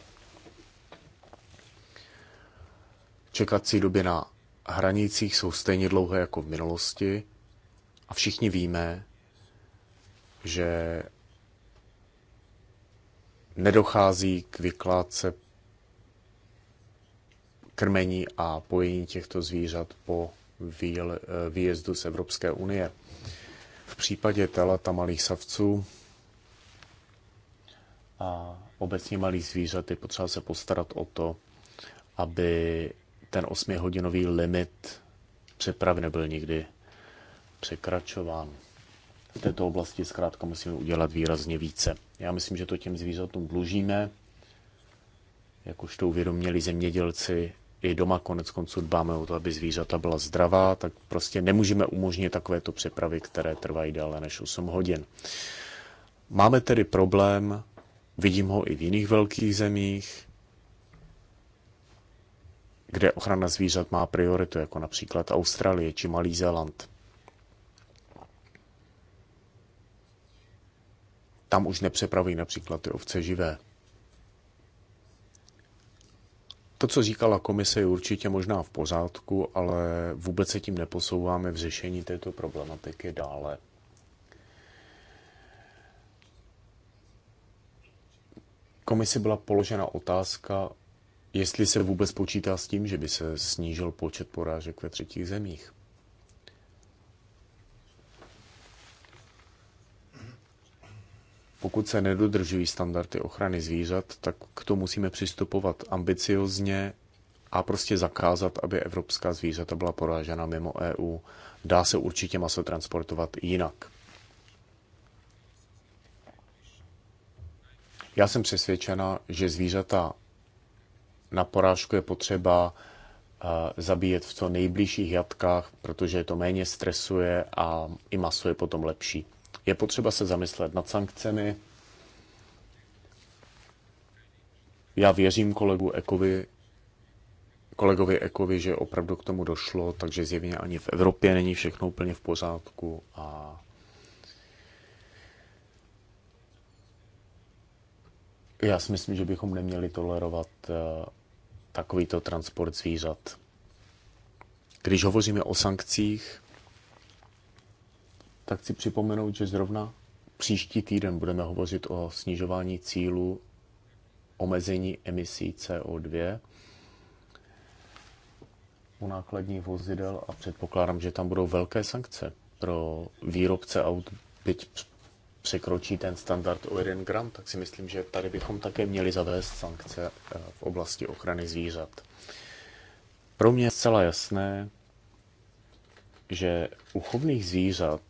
Čekací doby na hranicích jsou stejně dlouhé jako v minulosti a všichni víme, že nedochází k vykládce krmení a pojení těchto zvířat po výjezdu z Evropské unie. V případě telata malých savců a obecně malých zvířat je potřeba se postarat o to, aby ten osmihodinový limit přepravy nebyl nikdy překračován. V této oblasti zkrátka musíme udělat výrazně více. Já myslím, že to těm zvířatům dlužíme, už to uvědomili zemědělci, i doma konec konců dbáme o to, aby zvířata byla zdravá, tak prostě nemůžeme umožnit takovéto přepravy, které trvají déle než 8 hodin. Máme tedy problém, vidím ho i v jiných velkých zemích, kde ochrana zvířat má prioritu, jako například Austrálie či Malý Zéland. Tam už nepřepraví například ty ovce živé. To, co říkala komise, je určitě možná v pořádku, ale vůbec se tím neposouváme v řešení této problematiky dále. Komisi byla položena otázka Jestli se vůbec počítá s tím, že by se snížil počet porážek ve třetích zemích? Pokud se nedodržují standardy ochrany zvířat, tak k tomu musíme přistupovat ambiciozně a prostě zakázat, aby evropská zvířata byla porážena mimo EU. Dá se určitě maso transportovat jinak. Já jsem přesvědčena, že zvířata na porážku je potřeba eh, zabíjet v co nejbližších jatkách, protože to méně stresuje a i maso je potom lepší. Je potřeba se zamyslet nad sankcemi. Já věřím kolegu Ekovi, kolegovi Ekovi, že opravdu k tomu došlo, takže zjevně ani v Evropě není všechno úplně v pořádku a já si myslím, že bychom neměli tolerovat eh, takovýto transport zvířat. Když hovoříme o sankcích, tak chci připomenout, že zrovna příští týden budeme hovořit o snižování cílů omezení emisí CO2 u nákladních vozidel a předpokládám, že tam budou velké sankce pro výrobce aut, byť překročí ten standard o 1 gram, tak si myslím, že tady bychom také měli zavést sankce eh, v oblasti ochrany zvířat. Pro mě je zcela jasné, že u chovných zvířat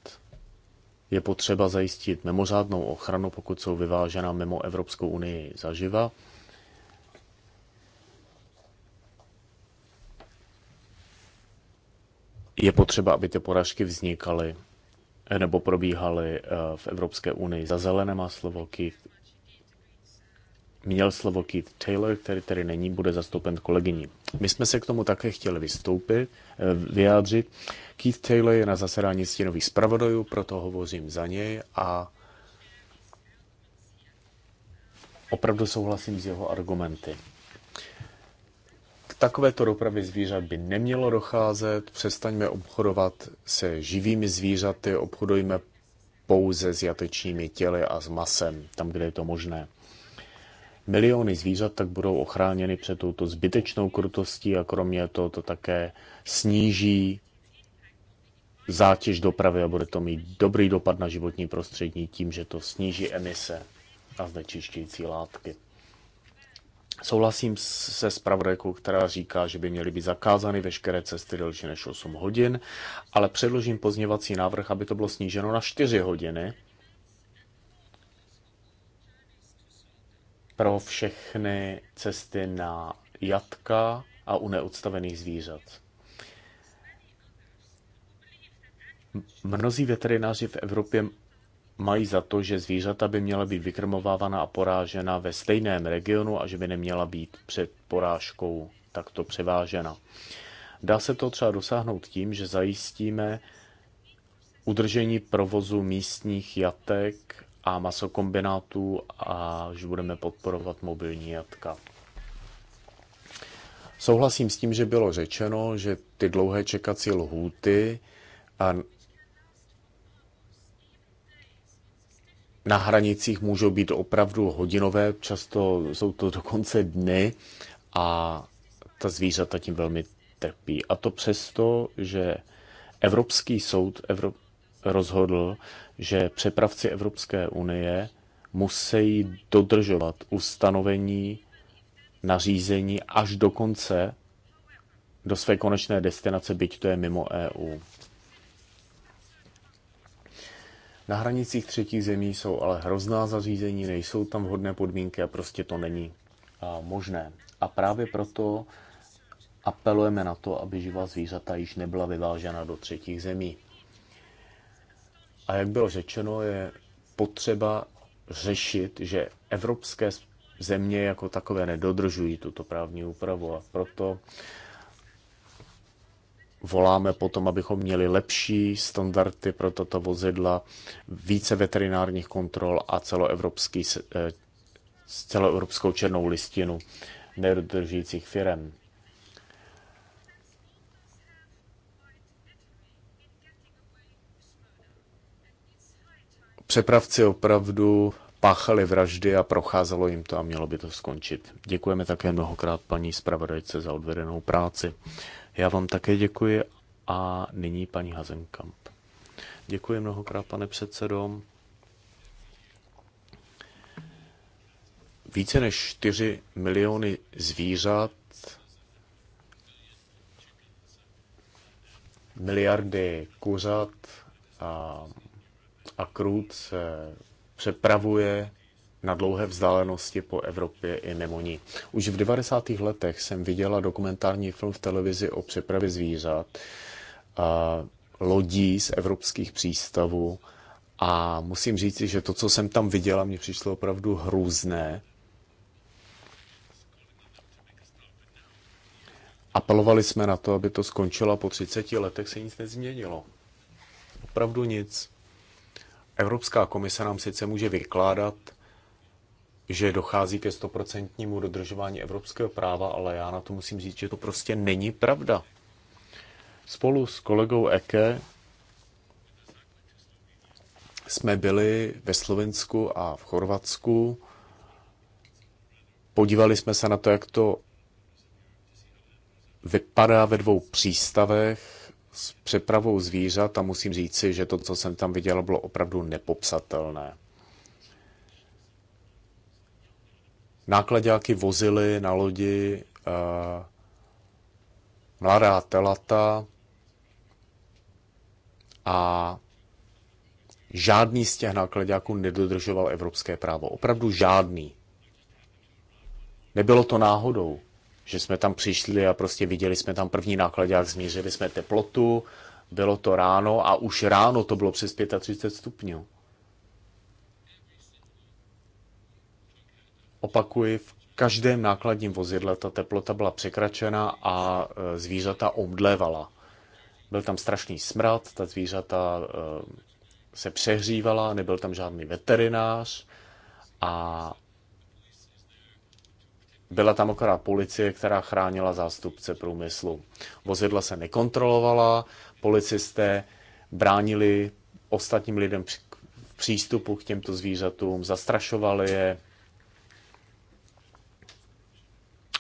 je potřeba zajistit mimořádnou ochranu, pokud jsou vyvážena mimo Evropskou unii zaživa. Je potřeba, aby ty poražky vznikaly Eh, nebo probíhaly eh, v Evropské unii. Za zelené má slovo Keith měl slovo Keith Taylor, který tady není, bude zastoupen kolegyní. My jsme se k tomu také chtěli vystoupit, eh, vyjádřit. Keith Taylor je na zasedání stěnových zpravodajů, proto hovořím za něj a opravdu souhlasím s jeho argumenty takovéto dopravě zvířat by nemělo docházet, přestaňme obchodovat se živými zvířaty, obchodujme pouze s jatečními těly a s masem, tam, kde je to možné. Miliony zvířat tak budou ochráněny před touto zbytečnou krutostí a kromě toho to také sníží zátěž dopravy a bude to mít dobrý dopad na životní prostředí tím, že to sníží emise a znečišťující látky. Souhlasím se zpravodajkou, která říká, že by měly být zakázány veškeré cesty delší než 8 hodin, ale předložím pozněvací návrh, aby to bylo sníženo na 4 hodiny pro všechny cesty na jatka a u neodstavených zvířat. Mnozí veterináři v Evropě mají za to, že zvířata by měla být vykrmovávána a porážena ve stejném regionu a že by neměla být před porážkou takto převážena. Dá se to třeba dosáhnout tím, že zajistíme udržení provozu místních jatek a masokombinátů a že budeme podporovat mobilní jatka. Souhlasím s tím, že bylo řečeno, že ty dlouhé čekací lhůty a na hranicích můžou být opravdu hodinové, často jsou to dokonce dny a ta zvířata tím velmi trpí. A to přesto, že Evropský soud Evro- rozhodl, že přepravci Evropské unie musí dodržovat ustanovení nařízení až do konce do své konečné destinace, byť to je mimo EU. Na hranicích třetí zemí jsou ale hrozná zařízení, nejsou tam vhodné podmínky a prostě to není možné. A právě proto apelujeme na to, aby živá zvířata již nebyla vyvážena do třetích zemí. A jak bylo řečeno, je potřeba řešit, že evropské země jako takové nedodržují tuto právní úpravu a proto Voláme potom, abychom měli lepší standardy pro toto vozidla, více veterinárních kontrol a celoevropský, eh, celoevropskou černou listinu nedodržujících firem. Přepravci opravdu páchali vraždy a procházelo jim to a mělo by to skončit. Děkujeme také mnohokrát paní zpravodajce za odvedenou práci. Já vám také děkuji a nyní paní Hazenkamp. Děkuji mnohokrát, pane předsedo. Více než 4 miliony zvířat, miliardy kuřat a, a krůt se přepravuje na dlouhé vzdálenosti po Evropě i ní. Už v 90. letech jsem viděla dokumentární film v televizi o přepravě zvířat, a lodí z evropských přístavů a musím říct, že to, co jsem tam viděla, mě přišlo opravdu hrůzné. Apelovali jsme na to, aby to skončilo a po 30 letech se nic nezměnilo. Opravdu nic. Evropská komise nám sice může vykládat, že dochází ke stoprocentnímu dodržování evropského práva, ale já na to musím říct, že to prostě není pravda. Spolu s kolegou Eke jsme byli ve Slovensku a v Chorvatsku. Podívali jsme se na to, jak to vypadá ve dvou přístavech s přepravou zvířat a musím říci, že to, co jsem tam viděl, bylo opravdu nepopsatelné. nákladňáky vozily na lodi uh, mladá telata a žádný z těch nákladňáků nedodržoval evropské právo. Opravdu žádný. Nebylo to náhodou, že jsme tam přišli a prostě viděli jsme tam první nákladňák, změřili jsme teplotu, bylo to ráno a už ráno to bylo přes 35 stupňů. Opakuji, v každém nákladním vozidle ta teplota byla překračena a e, zvířata omdlévala. Byl tam strašný smrad, ta zvířata e, se přehřívala, nebyl tam žádný veterinář a byla tam akorát policie, která chránila zástupce průmyslu. Vozidla se nekontrolovala, policisté bránili ostatním lidem v přístupu k těmto zvířatům, zastrašovali je,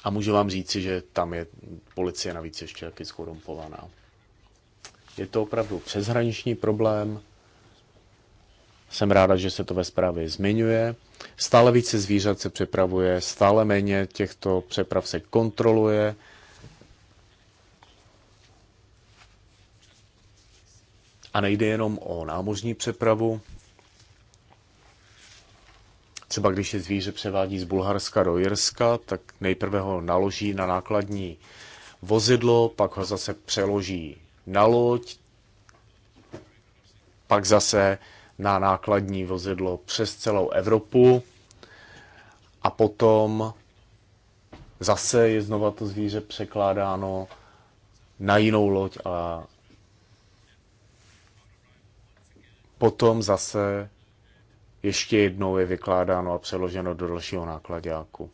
A můžu vám říci, že tam je policie navíc ještě taky skorumpovaná. Je to opravdu přeshraniční problém. Jsem ráda, že se to ve zprávě zmiňuje. Stále více zvířat se přepravuje, stále méně těchto přeprav se kontroluje. A nejde jenom o námořní přepravu, Třeba když se zvíře převádí z Bulharska do Jirska, tak nejprve ho naloží na nákladní vozidlo, pak ho zase přeloží na loď, pak zase na nákladní vozidlo přes celou Evropu a potom zase je znova to zvíře překládáno na jinou loď a potom zase ještě jednou je vykládáno a přeloženo do dalšího nákladňáku.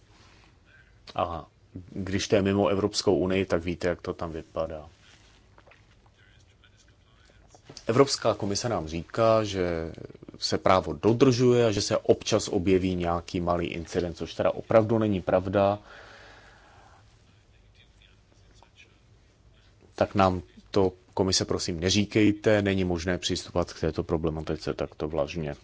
A když to je mimo Evropskou unii, tak víte, jak to tam vypadá. Evropská komise nám říká, že se právo dodržuje a že se občas objeví nějaký malý incident, což teda opravdu není pravda. Tak nám to komise prosím neříkejte, není možné přistupovat k této problematice takto vlažně.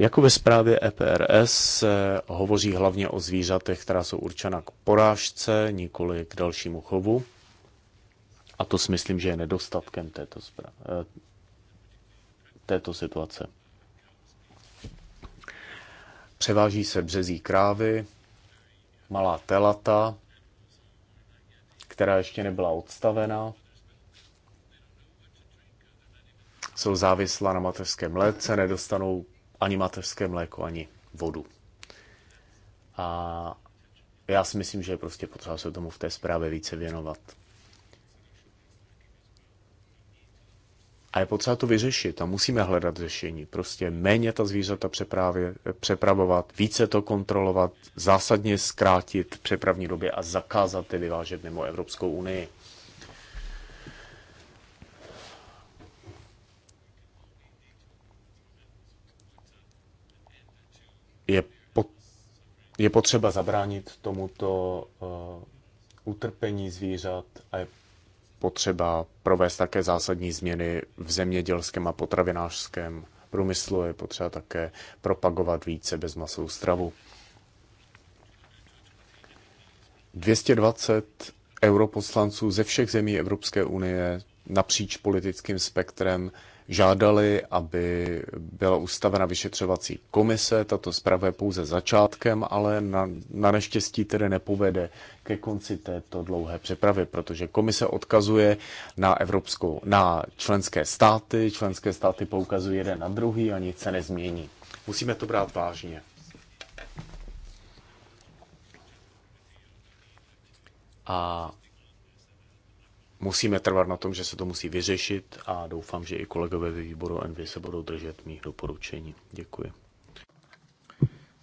Jako ve zprávě EPRS se hovoří hlavně o zvířatech, která jsou určena k porážce, nikoli k dalšímu chovu. A to si myslím, že je nedostatkem této, eh, této situace. Převáží se březí krávy, malá telata, která ještě nebyla odstavena. Jsou závislá na mateřském mléce, nedostanou ani mateřské mléko, ani vodu. A já si myslím, že je prostě potřeba se tomu v té zprávě více věnovat. A je potřeba to vyřešit a musíme hledat řešení. Prostě méně ta zvířata přepravě, přepravovat, více to kontrolovat, zásadně zkrátit přepravní době a zakázat je vyvážet mimo Evropskou unii. je, po, je potřeba zabránit tomuto uh, utrpení zvířat a je potřeba provést také zásadní změny v zemědělském a potravinářském průmyslu. Je potřeba také propagovat více bezmasovou stravu. 220 europoslanců ze všech zemí Evropské unie napříč politickým spektrem žádali, aby byla ustavena vyšetřovací komise. Tato zpráva je pouze začátkem, ale na, na neštěstí tedy nepovede ke konci této dlouhé přepravy, protože komise odkazuje na evropskou, na členské státy, členské státy poukazují jeden na druhý a nic se nezmění. Musíme to brát vážně. A musíme trvat na tom, že se to musí vyřešit a doufám, že i kolegové ve výboru NV se budou držet mých doporučení. Děkuji.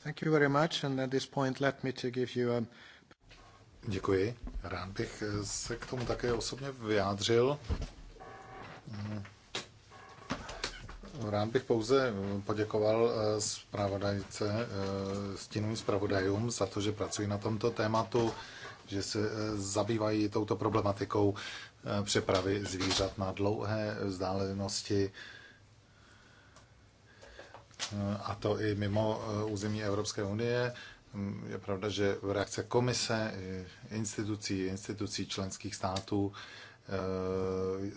Thank you very much and at this point let me to give you a... Děkuji. Rád bych eh, se k tomu také osobně vyjádřil. Mm. Rád bych pouze eh, poděkoval eh, zpravodajce, stínovým zpravodajům za to, že pracují na tomto tématu, že se zabývají touto problematikou. Eh, přepravy zvířat na dlouhé vzdálenosti, eh, a to i mimo eh, území Evropské unie. Mm, je pravda, že reakce komise, institucí, institucí členských států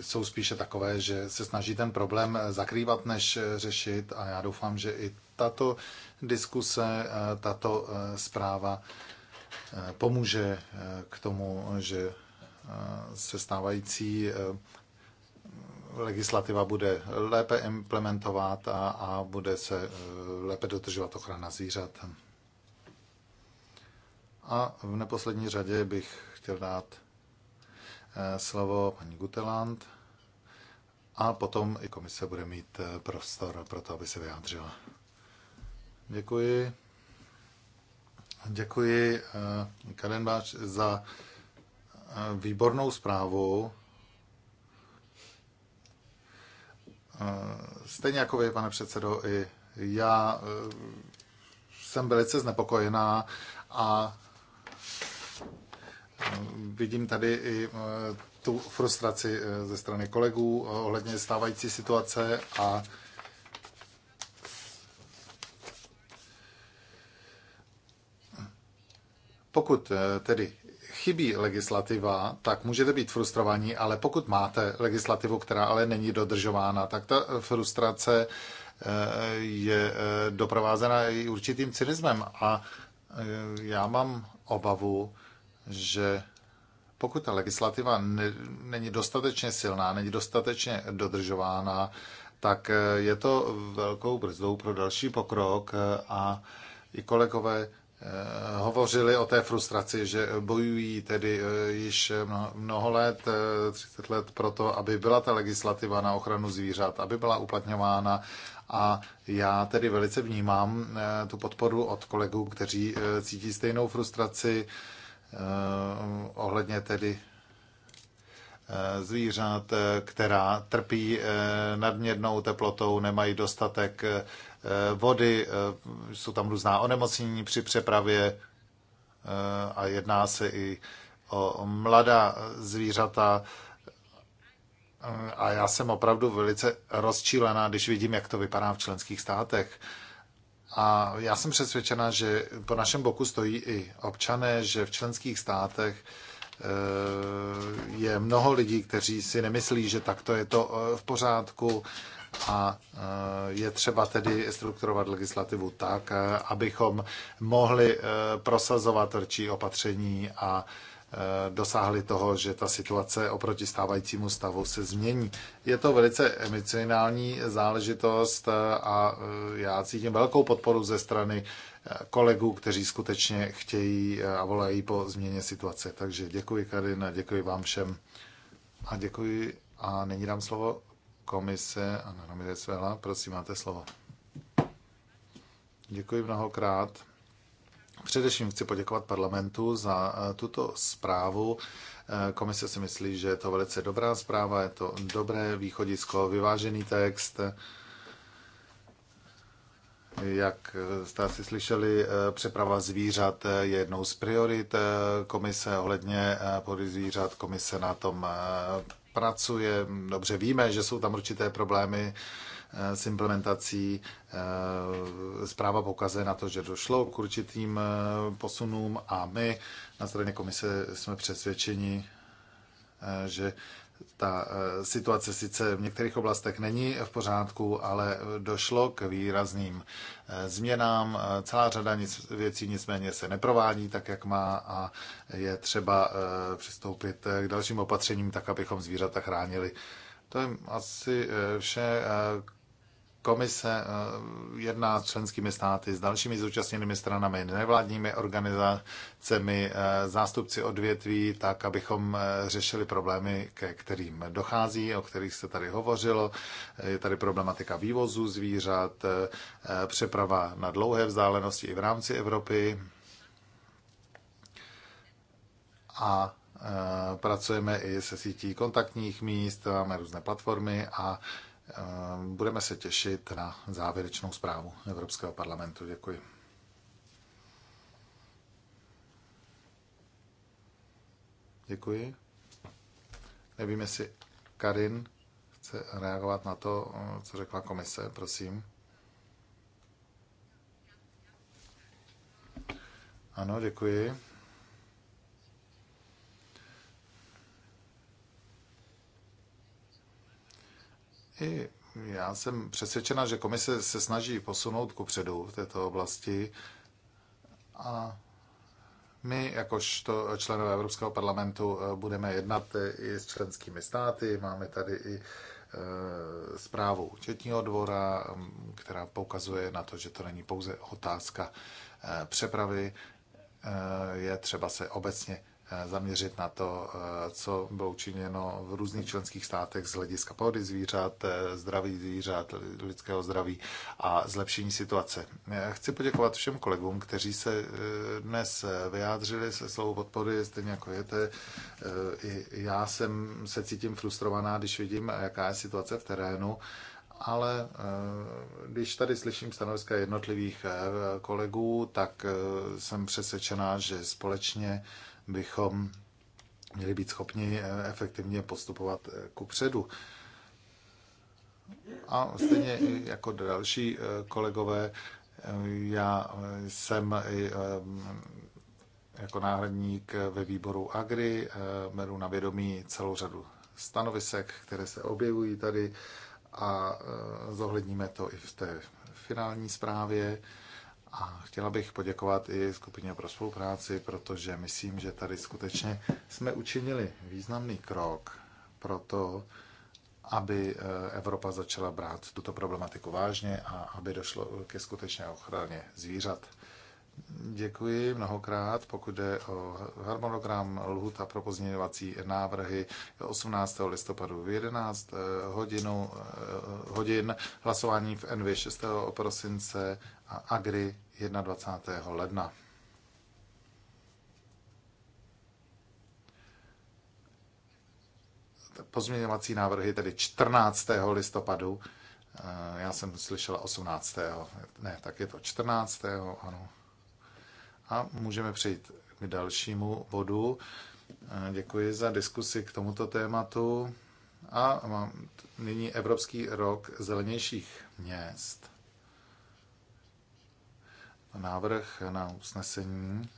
jsou spíše takové, že se snaží ten problém zakrývat, než řešit a já doufám, že i tato diskuse, tato zpráva pomůže k tomu, že se stávající eh, legislativa bude lépe implementovat a, a bude se eh, lépe dodržovat ochrana zvířat. A v neposlední řadě bych chtěl dát eh, slovo paní Guteland a potom i komise bude mít prostor pro to, aby se vyjádřila. Děkuji. Děkuji, Karenbáč, za výbornou zprávu. Stejně jako vy, pane předsedo, i já eh, jsem velice znepokojená a eh, vidím tady i eh, tu frustraci ze strany kolegů ohledně stávající situace a pokud tedy chybí legislativa, tak můžete být frustrovaní, ale pokud máte legislativu, která ale není dodržována, tak ta frustrace eh, je eh, doprovázena i určitým cynismem. A eh, já mám obavu, že pokud ta legislativa není dostatečně silná, není dostatečně dodržována, tak je to velkou brzdou pro další pokrok a i kolegové Eh, hovořili o té frustraci, že bojují tedy eh, již mnoho let, 30 eh, let proto, aby byla ta legislativa na ochranu zvířat, aby byla uplatňována a já tedy velice vnímám tu podporu od kolegů, kteří cítí stejnou frustraci ohledně tedy Eh, zvířat, eh, která trpí eh, nadměrnou teplotou, nemají dostatek vody, jsou tam různá onemocnění při přepravě a jedná se i o mladá zvířata. A já jsem opravdu velice rozčílená, když vidím, jak to vypadá v členských státech. A já jsem přesvědčena, že po našem boku stojí i občané, že v členských státech uh, Eh, je mnoho lidí, kteří si nemyslí, že takto je to eh, v pořádku a eh, je třeba tedy strukturovat legislativu tak, abychom mohli prosazovat rčí opatření a dosáhli toho, že ta situace oproti stávajícímu stavu se změní. Je to velice emocionální záležitost a já cítím velkou podporu ze strany kolegů, kteří skutečně chtějí eh, a volají po změně situace. Takže děkuji Karina, děkuji vám všem a děkuji a nyní dám slovo komise Anna Ramirez Vela. Prosím, máte slovo. Děkuji mnohokrát. Především chci poděkovat parlamentu za eh, tuto zprávu. Eh, komise si myslí, že je to velice dobrá zpráva, je to dobré východisko, vyvážený text, jak jste asi slyšeli, eh, přeprava zvířat eh, je jednou z priorit eh, komise ohledně pohody zvířat. Komise na tom pracuje. Dobře víme, že jsou tam určité problémy s implementací. Zpráva pokazuje na to, že došlo k určitým posunům a my na straně komise jsme přesvědčeni, že ta eh, situace sice v některých oblastech není v pořádku, ale došlo k výrazným eh, změnám. Eh, celá řada věcí nicméně se neprovádí tak, jak má a je třeba přistoupit k dalším opatřením tak, abychom zvířata chránili. To je asi vše Komise eh, jedná s členskými státy, s dalšími zúčastněnými stranami, nevládními organizacemi, eh, zástupci odvětví, tak, abychom eh, řešili problémy, ke kterým dochází, o kterých se tady hovořilo. Je tady problematika vývozu zvířat, přeprava na dlouhé vzdálenosti i v rámci Evropy. A pracujeme i se sítí kontaktních míst, máme různé platformy a Ehm, budeme se těšit na závěrečnou zprávu Evropského parlamentu. Děkuji. Děkuji. Nevím, jestli Karin chce reagovat na to, co řekla komise, prosím. Ano, děkuji. I já jsem přesvědčena, že komise se snaží posunout ku předu v této oblasti a my, jakožto členové Evropského parlamentu, eh, budeme jednat i s členskými státy. Máme tady i eh, zprávu Četního dvora, mm, která poukazuje na to, že to není pouze otázka eh, přepravy, je třeba se obecně zaměřit na to, eh, co bylo učiněno v různých členských státech z hlediska pohody zvířat, eh, zdraví zvířat, lidského zdraví a zlepšení situace. Eh, chci poděkovat všem kolegům, kteří se dnes vyjádřili se slovou podpory, stejně jako jete. Já jsem se cítím frustrovaná, když vidím, jaká je situace v terénu ale když tady slyším stanoviska jednotlivých kolegů, tak jsem přesvědčená, že společně bychom měli být schopni eh, efektivně postupovat eh, ku předu. A stejně jako další eh, kolegové, já jsem jako náhradník ve výboru Agri, beru na vědomí celou řadu stanovisek, které se objevují tady a zohledníme to i v té finální zprávě. A chtěla bych poděkovat i skupině pro spolupráci, protože myslím, že tady skutečně jsme učinili významný krok pro to, aby eh, Evropa začala brát tuto problematiku vážně a aby došlo ke skutečné ochraně zvířat. Děkuji mnohokrát. Pokud jde o harmonogram lhuta pro pozměňovací návrhy 18. listopadu v 11 eh, hodinu, eh, hodin, hlasování v NV 6. prosince a Agri 21. ledna. Pozměňovací návrhy tedy 14. listopadu. Eh, já jsem slyšela 18. Ne, tak je to 14. ano. A můžeme přejít k dalšímu bodu. Eh, děkuji za diskusi k tomuto tématu. A mám nyní Evropský rok zelenějších měst návrh na usnesení.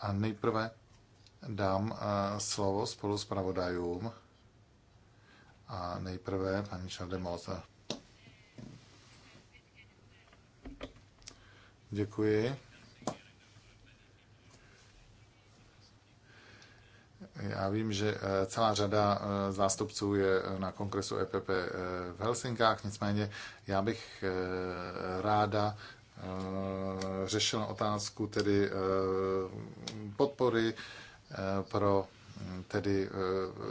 A nejprve dám eh, slovo spolu s pravodajům. A nejprve paní Šardemoza. Děkuji. Já vím, že eh, celá řada eh, zástupců je eh, na kongresu EPP v Helsinkách, nicméně já bych ráda řešil otázku tedy podpory pro hm, tedy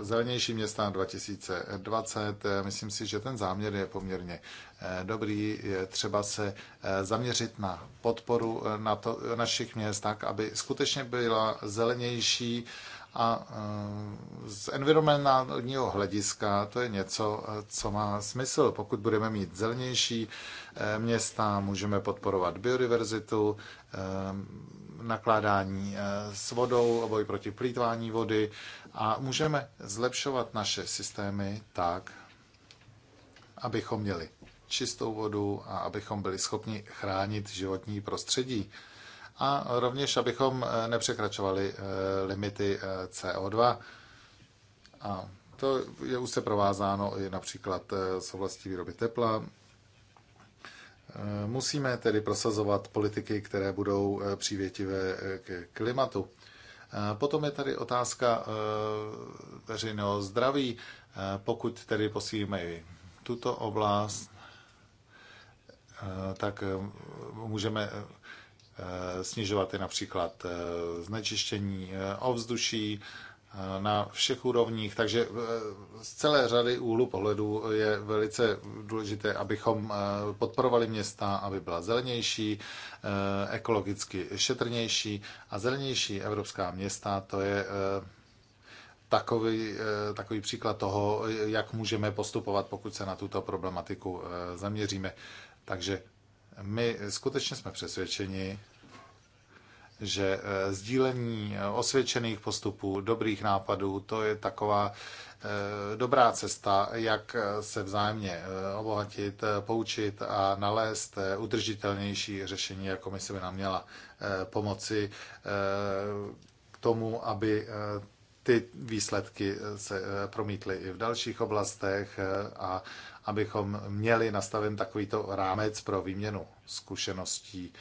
zelenější města 2020. Myslím si, že ten záměr je poměrně dobrý. Je třeba se zaměřit na podporu na to, našich měst tak, aby skutečně byla zelenější a e, z environmentálního hlediska to je něco, e, co má smysl. Pokud budeme mít zelenější e, města, můžeme podporovat biodiverzitu, nakládání s vodou, boj proti plítvání vody a můžeme zlepšovat naše systémy tak, abychom měli čistou vodu a abychom byli schopni chránit životní prostředí a rovněž, abychom eh, nepřekračovali eh, limity eh, CO2. A to je už se provázáno i například s oblastí výroby tepla. Musíme tedy prosazovat politiky, které budou přívětivé k klimatu. Potom je tady otázka veřejného zdraví. Pokud tedy posílíme i tuto oblast, tak můžeme Eh, snižovat je například eh, znečištění eh, ovzduší na všech úrovních, takže z celé řady úhlu pohledu je velice důležité, abychom podporovali města, aby byla zelenější, ekologicky šetrnější a zelenější evropská města, to je takový, takový příklad toho, jak můžeme postupovat, pokud se na tuto problematiku zaměříme. Takže my skutečně jsme přesvědčeni, že eh, sdílení eh, osvědčených postupů, dobrých nápadů, to je taková eh, dobrá cesta, jak se vzájemně obohatit, poučit a nalézt udržitelnější řešení, jako my se by nám měla pomoci k tomu, aby ty výsledky se promítly i v dalších oblastech a abychom měli nastaven takovýto rámec pro výměnu zkušeností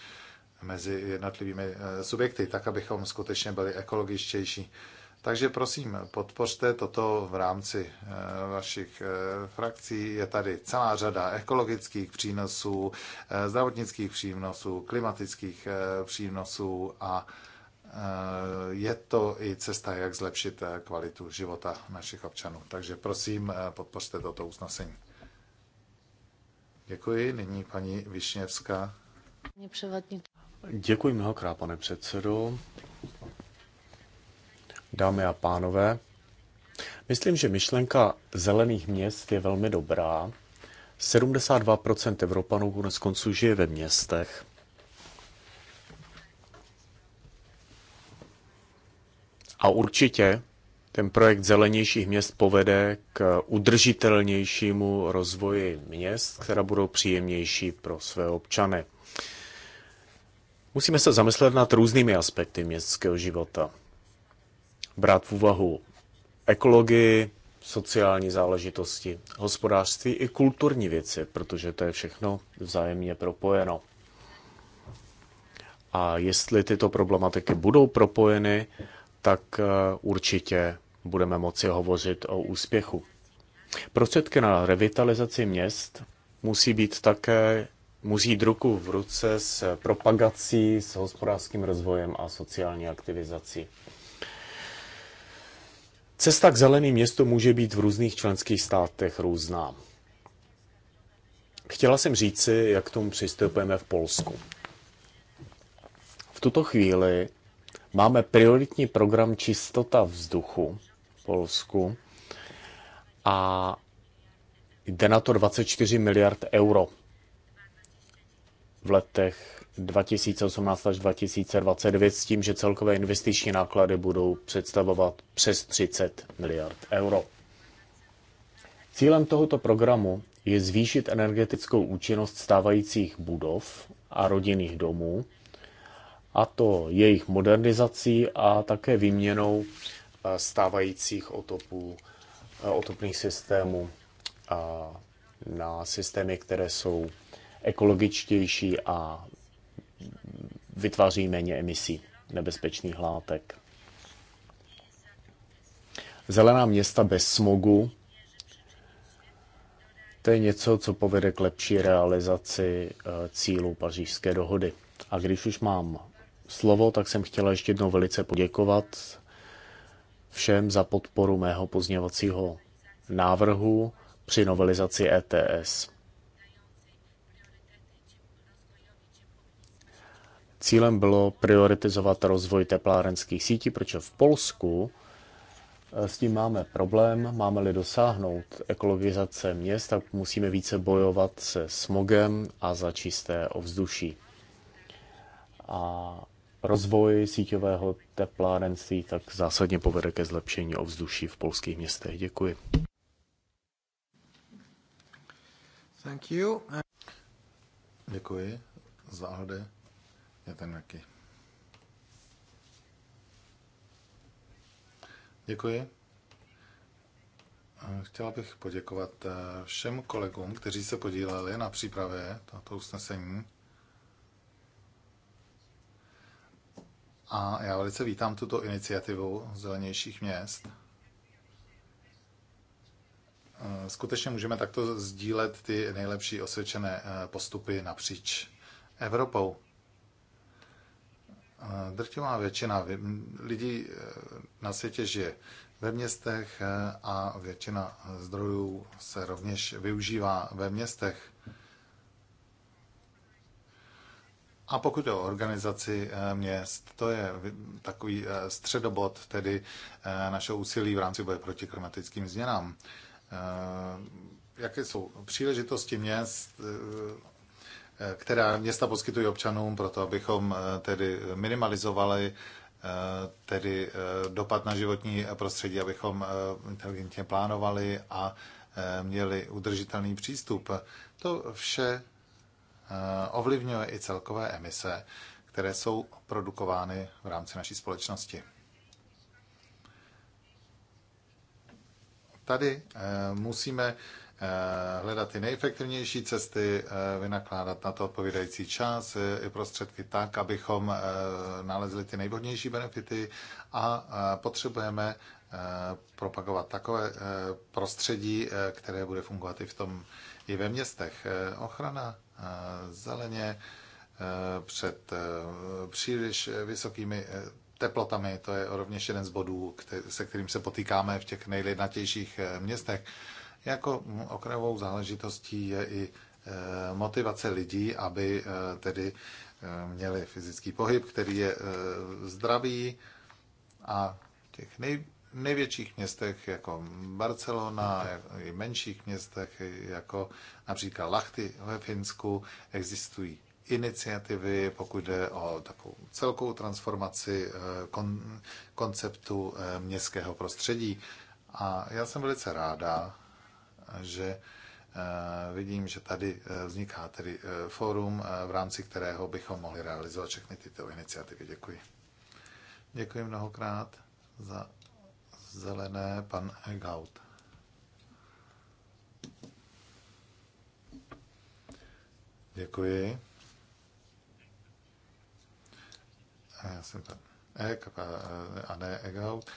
mezi jednotlivými eh, subjekty, tak abychom skutečně byli ekologičtější. Takže prosím, podpořte toto v rámci eh, vašich eh, frakcí. Je tady celá řada ekologických přínosů, zdravotnických přínosů, klimatických přínosů a je to i cesta, jak zlepšit kvalitu života našich občanů. Takže prosím, podpořte toto usnesení. Děkuji. Nyní paní Višněvská. Děkuji mnohokrát, pane předsedo. Dámy a pánové, myslím, že myšlenka zelených měst je velmi dobrá. 72% Evropanů konec konců žije ve městech. A určitě ten projekt zelenějších měst povede k udržitelnějšímu rozvoji měst, která budou příjemnější pro své občany. Musíme se zamyslet nad různými aspekty městského života. Brát v úvahu ekologii, sociální záležitosti, hospodářství i kulturní věci, protože to je všechno vzájemně propojeno. A jestli tyto problematiky budou propojeny, tak eh, určitě budeme moci hovořit o úspěchu. Prostředky na revitalizaci měst musí být také musí jít ruku v ruce s propagací, s hospodářským rozvojem a sociální aktivizací. Cesta k zeleným městům může být v různých členských státech různá. Chtěla jsem říci, jak k tomu přistupujeme v Polsku. V tuto chvíli máme prioritní program Čistota vzduchu, Polsku a jde na to 24 miliard euro v letech 2018 až 2029 s tím, že celkové investiční náklady budou představovat přes 30 miliard euro. Cílem tohoto programu je zvýšit energetickou účinnost stávajících budov a rodinných domů, a to jejich modernizací a také výměnou stávajících otopů, otopných systémů na systémy, které jsou ekologičtější a vytváří méně emisí nebezpečných látek. Zelená města bez smogu, to je něco, co povede k lepší realizaci e, cílů pařížské dohody. A když už mám slovo, tak jsem chtěla ještě jednou velice poděkovat všem za podporu mého pozněvacího návrhu při novelizaci ETS. Cílem bylo prioritizovat rozvoj teplárenských sítí, protože v Polsku eh, s tím máme problém. Máme-li dosáhnout ekologizace měst, tak musíme více bojovat se smogem a za čisté ovzduší. A Rozvoj síťového teplárenství tak zásadně povede ke zlepšení ovzduší v polských městech. Děkuji. Thank you. Děkuji. Záhody. Je ten jaký. Děkuji. Chtěla bych poděkovat eh, všem kolegům, kteří se podíleli na přípravě tohoto usnesení. A já velice vítám tuto iniciativu zelenějších měst. Eh, skutečně můžeme takto sdílet ty nejlepší osvědčené eh, postupy napříč Evropou. Eh, drtivá většina lidí na světě žije ve městech a většina zdrojů se rovněž využívá ve městech. A pokud o organizaci eh, měst, to je takový eh, středobod tedy eh, našeho úsilí v rámci boje proti klimatickým změnám. Jaké jsou příležitosti měst, která města poskytují občanům, proto abychom tedy minimalizovali tedy dopad na životní prostředí, abychom inteligentně plánovali a měli udržitelný přístup. To vše Eh, ovlivňuje i celkové emise, které jsou produkovány v rámci naší společnosti. Tady eh, musíme eh, hledat ty nejefektivnější cesty, vynakládat na to odpovídající čas i prostředky tak, abychom nalezli ty nejvhodnější benefity a potřebujeme propagovat takové prostředí, které bude fungovat i v tom i ve městech. Ochrana zeleně e, před e, příliš vysokými e, teplotami. To je rovněž jeden z bodů, se kterým se potýkáme v těch nejlidnatějších městech. Jako okrajovou záležitostí je i motivace lidí, aby tedy měli fyzický pohyb, který je zdravý a těch nej, největších městech jako Barcelona, i menších městech jako například Lachty ve Finsku existují iniciativy, pokud jde o takovou celkovou transformaci eh, kon, konceptu eh, městského prostředí. A já jsem velice ráda, že eh, vidím, že tady vzniká tedy fórum, v rámci kterého bychom mohli realizovat všechny tyto iniciativy. Děkuji. Děkuji mnohokrát za zelené pan Egaut. Děkuji. A já jsem tam. Ek a ne Egaut.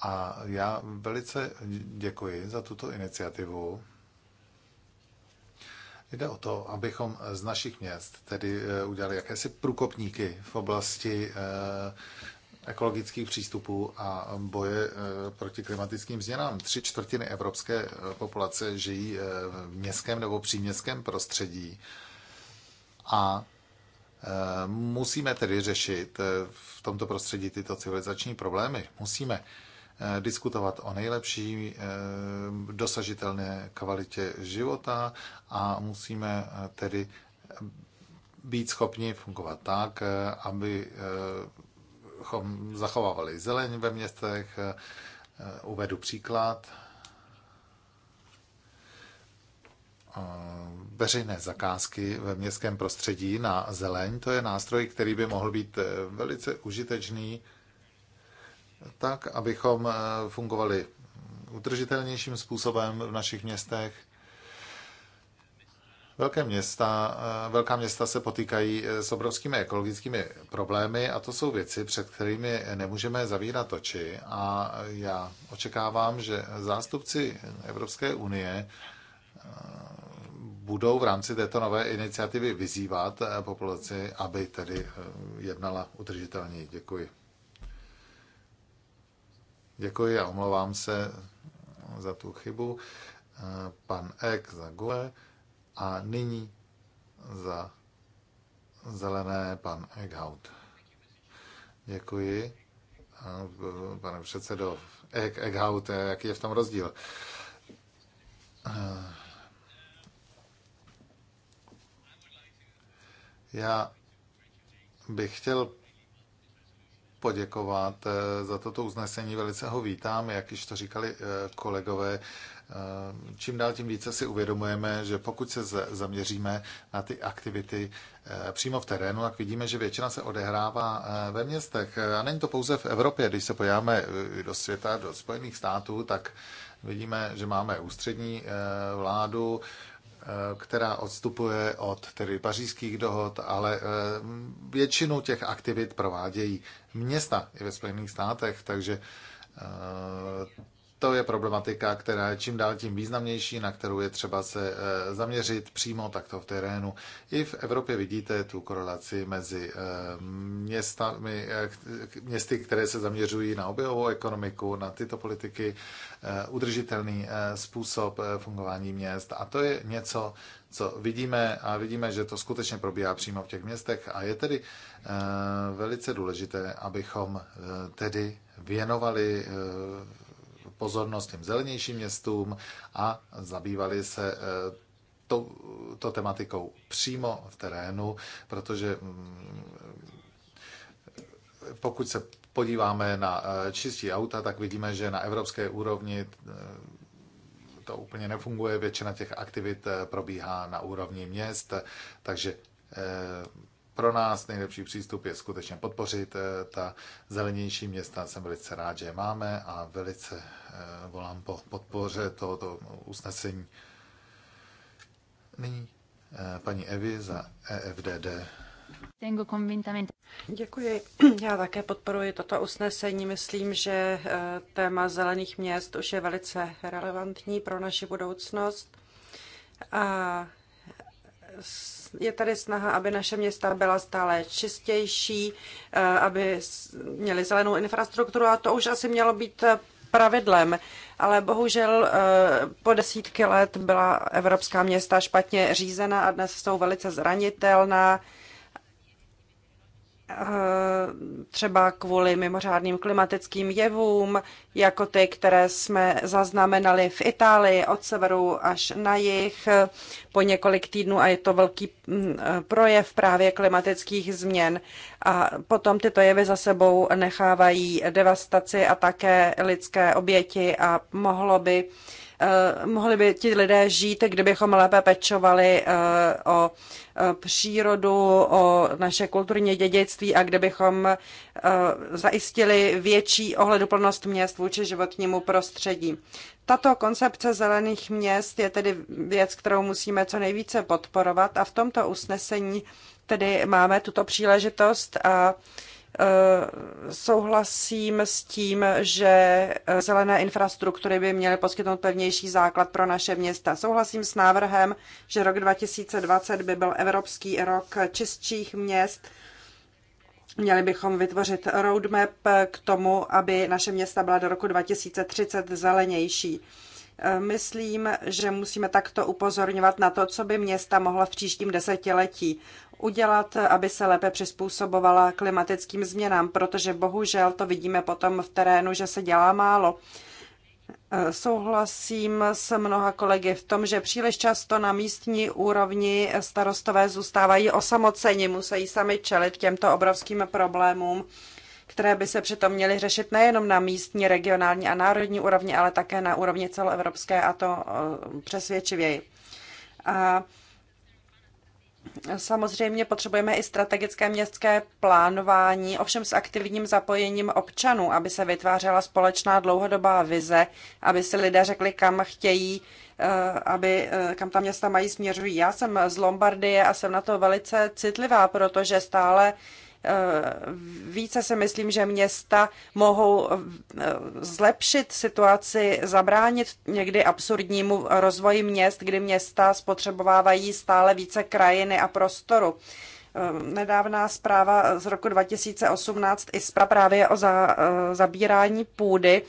A já velice děkuji za tuto iniciativu. Jde o to, abychom z našich měst tedy eh, udělali jakési průkopníky v oblasti eh, ekologických přístupů a boje eh, proti klimatickým změnám. Tři čtvrtiny evropské eh, populace žijí eh, v městském nebo příměstském prostředí a musíme tedy řešit v tomto prostředí tyto civilizační problémy. Musíme diskutovat o nejlepší dosažitelné kvalitě života a musíme tedy být schopni fungovat tak, aby bychom zachovávali zeleň ve městech. Eh, uvedu příklad. Eh, veřejné zakázky ve městském prostředí na zeleň. To je nástroj, který by mohl být eh, velice užitečný, tak abychom fungovali udržitelnějším způsobem v našich městech. Velké města, eh, velká města se potýkají eh, s obrovskými ekologickými problémy a to jsou věci, před kterými nemůžeme zavírat oči. A já očekávám, že zástupci Evropské unie eh, budou v rámci této nové iniciativy vyzývat populaci, aby tedy jednala udržitelně. Děkuji. Děkuji a omlouvám se za tu chybu. Pan Ek za Gule. A nyní za zelené pan Eckhout. Děkuji. Ano, pane předsedo, Egg, Egghout, jaký je v tom rozdíl? Já bych chtěl poděkovat za toto usnesení. Velice ho vítám, jak již to říkali eh, kolegové. Eh, čím dál tím více si uvědomujeme, že pokud se zaměříme na ty aktivity eh, přímo v terénu, tak vidíme, že většina se odehrává eh, ve městech. A není to pouze v Evropě. Když se pojáme do světa, do Spojených států, tak vidíme, že máme ústřední vládu, která odstupuje od tedy pařížských dohod, ale většinu těch aktivit provádějí města i ve Spojených státech, takže to je problematika, která je čím dál tím významnější, na kterou je třeba se eh, zaměřit přímo takto v terénu. I v Evropě vidíte tu korelaci mezi eh, městami, eh, městy, které se zaměřují na oběhovou ekonomiku, na tyto politiky, udržitelný způsob fungování měst. A to je něco, co vidíme a vidíme, že to skutečně probíhá přímo v těch městech a je tedy velice důležité, abychom tedy věnovali pozornost těm zelenějším městům a zabývali se eh, to, to tematikou přímo v terénu, protože mm, pokud se podíváme na eh, čistí auta, tak vidíme, že na evropské úrovni eh, to úplně nefunguje. Většina těch aktivit probíhá na úrovni měst, takže pro nás nejlepší přístup je skutečně podpořit eh, ta zelenější města. Jsem velice rád, že je máme a velice eh, volám po podpoře tohoto usnesení. Nyní eh, paní Evi za EFDD. Děkuji. Já také podporuji toto usnesení. Myslím, že téma zelených měst už je velice relevantní pro naši budoucnost. A je tady snaha, aby naše města byla stále čistější, eh, aby měly zelenou infrastrukturu a to už asi mělo být eh, pravidlem. Ale bohužel eh, po desítky let byla evropská města špatně řízena a dnes jsou velice zranitelná Eh, třeba kvůli mimořádným klimatickým jevům, jako ty, které jsme zaznamenali v Itálii od severu až na jih po několik týdnů a je to velký mm, eh, projev právě klimatických změn. A potom tyto jevy za sebou nechávají devastaci a také lidské oběti a mohlo by uh, Eh, mohli by ti lidé žít, kdybychom lépe pečovali eh, o eh, přírodu, o naše kulturní dědictví a kdybychom zajistili větší ohleduplnost měst vůči životnímu prostředí. Tato koncepce zelených měst je tedy věc, kterou musíme co nejvíce podporovat a v tomto usnesení tedy máme tuto příležitost a Eh, souhlasím s tím, že eh, zelené infrastruktury by měly poskytnout pevnější základ pro naše města. Souhlasím s návrhem, že rok 2020 by byl Evropský rok čistších měst. Měli bychom vytvořit roadmap k tomu, aby naše města byla do roku 2030 zelenější. Myslím, že musíme takto upozorňovat na to, co by města mohla v příštím desetiletí udělat, aby se lépe přizpůsobovala klimatickým změnám, protože bohužel to vidíme potom v terénu, že se dělá málo. Souhlasím s mnoha kolegy v tom, že příliš často na místní úrovni starostové zůstávají osamoceni, musí sami čelit těmto obrovským problémům které by se přitom měly řešit nejenom na místní, regionální a národní úrovni, ale také na úrovni celoevropské a to eh, přesvědčivěji. A Samozřejmě potřebujeme i strategické městské plánování, ovšem s aktivním zapojením občanů, aby se vytvářela společná dlouhodobá vize, aby si lidé řekli, kam chtějí, eh, aby, eh, kam ta města mají směřují. Já jsem z Lombardie a jsem na to velice citlivá, protože stále Eh, více si myslím, že města mohou eh, zlepšit situaci, zabránit někdy absurdnímu rozvoji měst, kdy města spotřebovávají stále více krajiny a prostoru. Eh, nedávná zpráva z roku 2018 i právě o zabírání půdy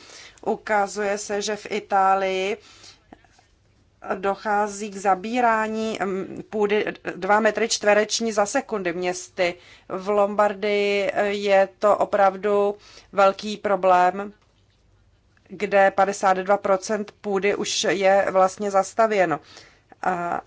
ukazuje se, že v Itálii dochází k zabírání mm, půdy 2 metry čtvereční za sekundy městy. V Lombardii eh, je to opravdu velký problém, kde 52% půdy už je vlastně zastavěno. A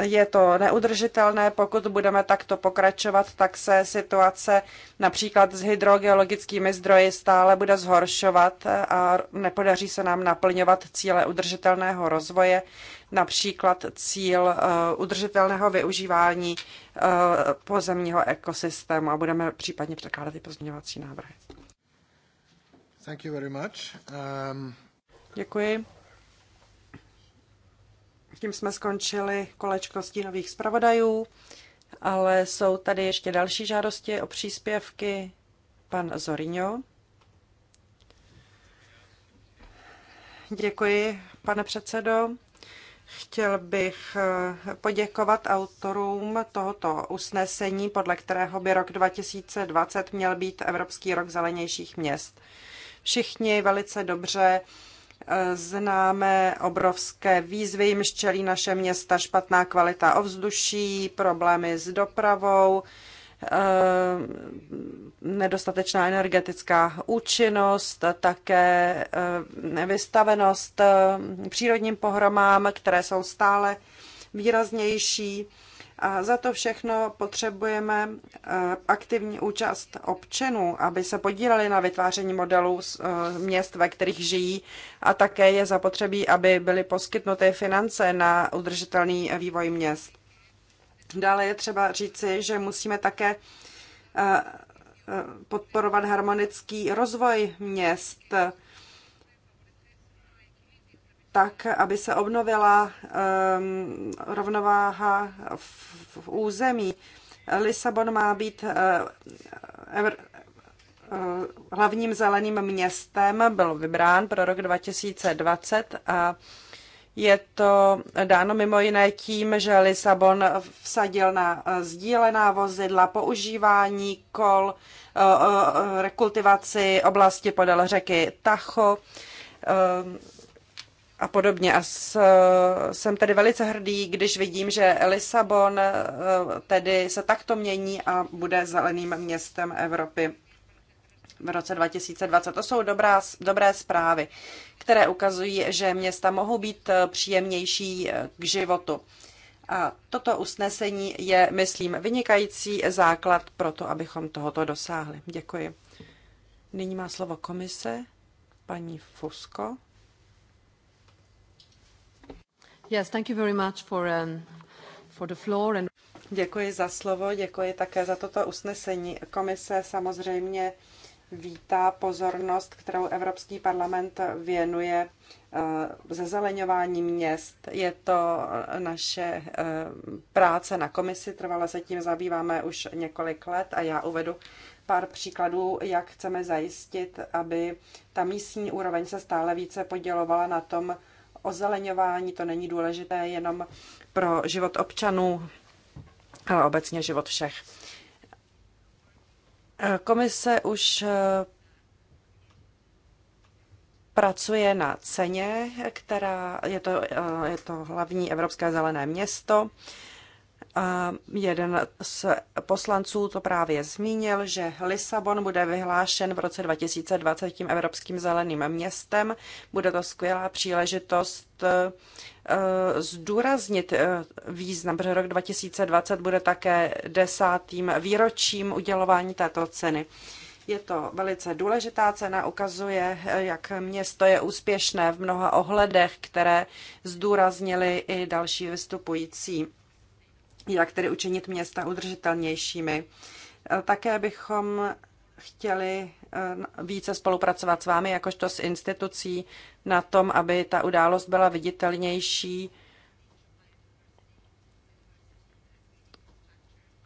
je to neudržitelné, pokud budeme takto pokračovat, tak se situace například s hydrogeologickými zdroji stále bude zhoršovat a nepodaří se nám naplňovat cíle udržitelného rozvoje, například cíl eh, udržitelného využívání eh, pozemního ekosystému a budeme případně překládat i pozměňovací návrhy. Thank you very much. Um... Děkuji. Tím jsme skončili kolečko stínových zpravodajů, ale jsou tady ještě další žádosti o příspěvky. Pan Zorino. Děkuji, pane předsedo. Chtěl bych eh, poděkovat autorům tohoto usnesení, podle kterého by rok 2020 měl být Evropský rok zelenějších měst. Všichni velice dobře eh, známe obrovské výzvy, jim čelí naše města, špatná kvalita ovzduší, problémy s dopravou, Eh, nedostatečná energetická účinnost, také eh, vystavenost eh, přírodním pohromám, které jsou stále výraznější. A za to všechno potřebujeme aktivní účast občanů, aby se podíleli na vytváření modelů měst, ve kterých žijí a také je zapotřebí, aby byly poskytnuty finance na udržitelný vývoj měst. Dále je třeba říci, že musíme také eh, eh, podporovat harmonický rozvoj měst, tak, aby se obnovila eh, rovnováha v, území. Lisabon má být hlavním zeleným městem, byl vybrán pro rok 2020 a je to dáno mimo jiné tím, že Lisabon vsadil na sdílená vozidla, používání kol, eh, eh, rekultivaci oblasti podél řeky Tacho eh, a podobně. A jsem tedy velice hrdý, když vidím, že Lisabon tedy se takto mění a bude zeleným městem Evropy v roce 2020. To jsou dobrá, dobré zprávy, které ukazují, že města mohou být eh, příjemnější eh, k životu. A toto usnesení je, myslím, vynikající základ pro to, abychom tohoto dosáhli. Děkuji. Nyní má slovo komise, paní Fusko. Yes, thank you very much for, um, for the floor and... Děkuji za slovo, děkuji také za toto usnesení. Komise samozřejmě vítá pozornost, kterou Evropský parlament věnuje eh, zezeleňování měst. Je to eh, naše eh, práce na komisi, trvale se tím zabýváme už několik let a já uvedu pár příkladů, jak chceme zajistit, aby ta místní úroveň se stále více podělovala na tom ozeleňování. To není důležité jenom pro život občanů, ale obecně život všech. Komise už eh, pracuje na ceně, která je to, eh, je to hlavní evropské zelené město jeden z poslanců to právě zmínil, že Lisabon bude vyhlášen v roce 2020 tím Evropským zeleným městem. Bude to skvělá příležitost eh, zdůraznit eh, význam, protože rok 2020 bude také desátým výročím udělování této ceny. Je to velice důležitá cena, ukazuje, eh, jak město je úspěšné v mnoha ohledech, které zdůraznili i další vystupující jak tedy učinit města udržitelnějšími. Eh, také bychom chtěli eh, více spolupracovat s vámi, jakožto s institucí, na tom, aby ta událost byla viditelnější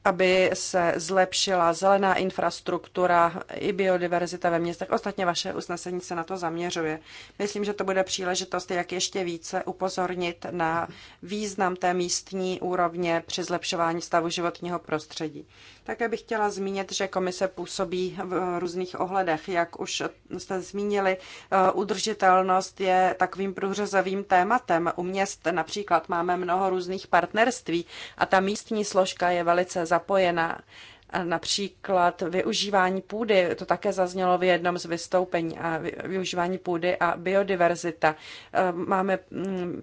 aby se zlepšila zelená infrastruktura i biodiverzita ve městech. Ostatně vaše usnesení se na to zaměřuje. Myslím, že to bude příležitost, jak ještě více upozornit na význam té místní úrovně při zlepšování stavu životního prostředí. Také bych chtěla zmínit, že komise působí v různých ohledech. Jak už jste zmínili, eh, udržitelnost je takovým průřezovým tématem. U měst například máme mnoho různých partnerství a ta místní složka je velice zapojená například využívání půdy, to také zaznělo v jednom z vystoupení, a využívání půdy a biodiverzita. E, máme mm,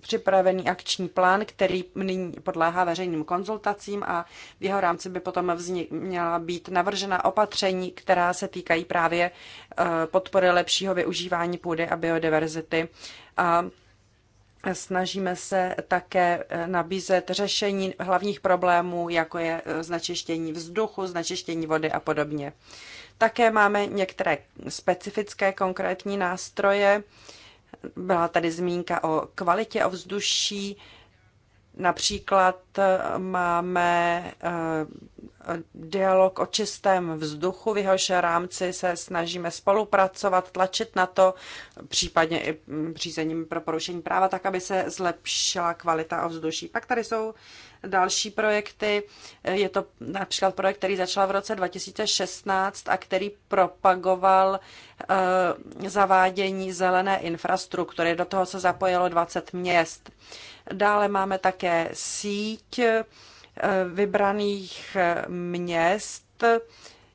připravený akční plán, který nyní podléhá veřejným konzultacím a v jeho rámci by potom vznik, měla být navržena opatření, která se týkají právě e, podpory lepšího využívání půdy a biodiverzity. A Snažíme se také eh, nabízet řešení hlavních problémů, jako je eh, znečištění vzduchu, znečištění vody a podobně. Také máme některé specifické konkrétní nástroje. Byla tady zmínka o kvalitě ovzduší. Například eh, máme eh, dialog o čistém vzduchu, v jehož rámci se snažíme spolupracovat, tlačit na to, případně i mm, řízením pro porušení práva, tak aby se zlepšila kvalita ovzduší. Pak tady jsou další projekty. Eh, je to například projekt, který začal v roce 2016 a který propagoval zavádění zelené infrastruktury. Do toho se zapojilo 20 měst. Dále máme také síť eh, vybraných eh, měst,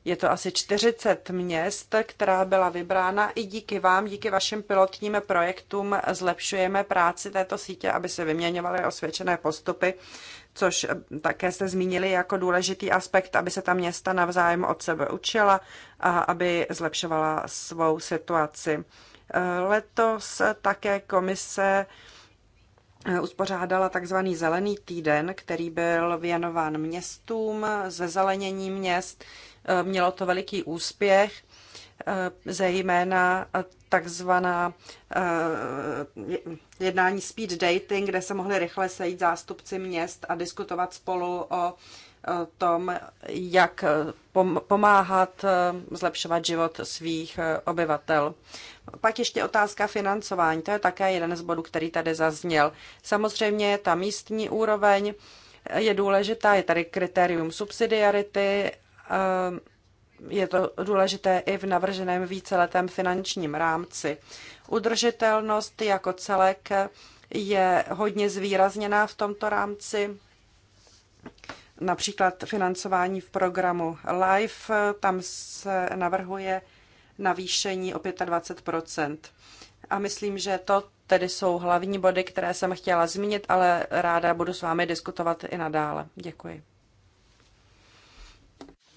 je to asi 40 měst, která byla vybrána i díky vám, díky vašim pilotním projektům zlepšujeme práci této sítě, aby se vyměňovaly osvědčené postupy, což eh, také jste zmínili jako důležitý aspekt, aby se ta města navzájem od sebe učila a aby zlepšovala svou situaci. Letos také komise Eh, uspořádala takzvaný zelený týden, který byl věnován městům, zezelenění měst. Eh, mělo to veliký úspěch, eh, zejména takzvaná jednání speed dating, kde se mohli rychle sejít zástupci měst a diskutovat spolu o tom, jak eh, pomáhat eh, zlepšovat život svých eh, obyvatel. Pak ještě otázka financování. To je také jeden z bodů, který tady zazněl. Samozřejmě ta místní úroveň je důležitá, je tady kritérium subsidiarity, je to důležité i v navrženém víceletém finančním rámci. Udržitelnost jako celek je hodně zvýrazněná v tomto rámci například financování v programu LIFE, tam se navrhuje navýšení o 25 A myslím, že to tedy jsou hlavní body, které jsem chtěla zmínit, ale ráda budu s vámi diskutovat i nadále. Děkuji.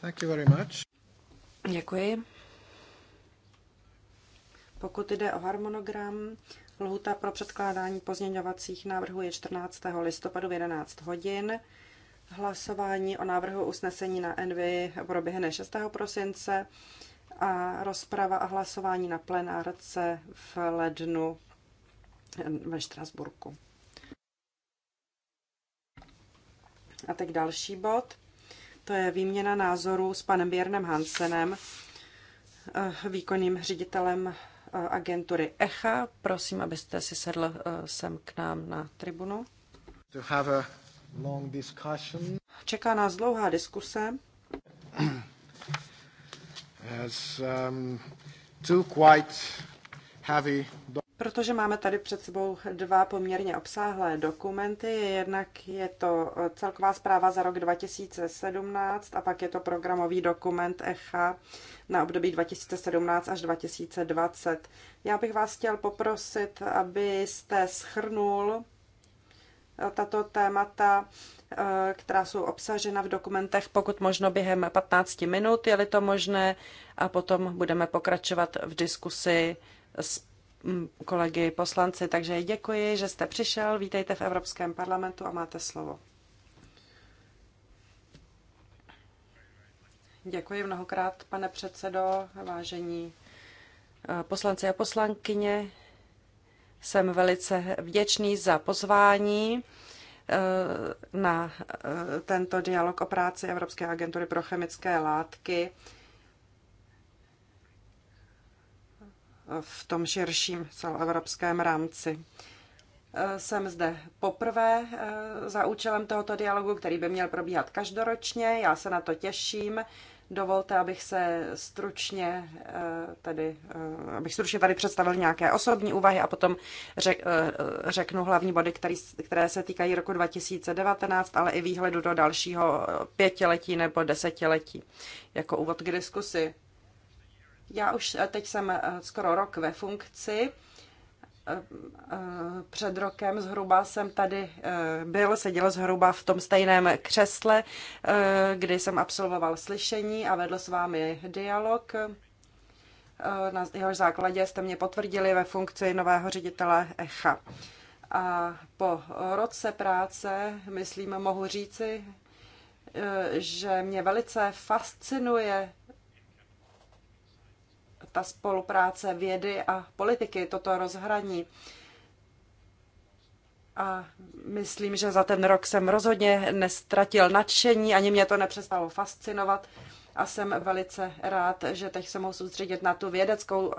Thank you very much. Děkuji. Pokud jde o harmonogram, lhuta pro předkládání pozměňovacích návrhů je 14. listopadu v 11 hodin. Hlasování o návrhu usnesení na Envy proběhne 6. prosince a rozprava a hlasování na plenárce v lednu ve Štrasburku. A teď další bod. To je výměna názorů s panem Björnem Hansenem, eh, výkonným ředitelem eh, agentury ECHA. Prosím, abyste si sedl eh, sem k nám na tribunu. To have a Čeká nás dlouhá diskuse. As, um, two quite heavy Protože máme tady před sebou dva poměrně obsáhlé dokumenty. Jednak je to eh, celková zpráva za rok 2017 a pak je to programový dokument ECHA na období 2017 až 2020. Já bych vás chtěl poprosit, abyste schrnul tato témata, eh, která jsou obsažena v dokumentech, pokud možno během 15 minut, je-li to možné, a potom budeme pokračovat v diskusi s mm, kolegy poslanci. Takže děkuji, že jste přišel, vítejte v Evropském parlamentu a máte slovo. Děkuji mnohokrát, pane předsedo, vážení eh, poslanci a poslankyně. Jsem velice vděčný za pozvání eh, na eh, tento dialog o práci Evropské agentury pro chemické látky v tom širším celoevropském rámci. Eh, jsem zde poprvé za účelem tohoto dialogu, který by měl probíhat každoročně. Já se na to těším. Dovolte, abych se stručně eh, tady, eh, abych stručně tady představil nějaké osobní úvahy a potom eh, řeknu hlavní body, který, které se týkají roku 2019, ale i výhledu do dalšího pětiletí nebo desetiletí jako úvod k diskusi. Já už teď jsem skoro rok ve funkci před rokem zhruba jsem tady eh, byl, seděl zhruba v tom stejném křesle, eh, kdy jsem absolvoval slyšení a vedl s vámi dialog. Eh, na jeho základě jste mě potvrdili ve funkci nového ředitele ECHA. A po roce práce, myslím, mohu říci, že mě velice fascinuje ta spolupráce vědy a politiky, toto rozhraní. A myslím, že za ten rok jsem rozhodně nestratil nadšení, ani mě to nepřestalo fascinovat a jsem velice rád, že teď se mohu soustředit na tu vědeckou uh,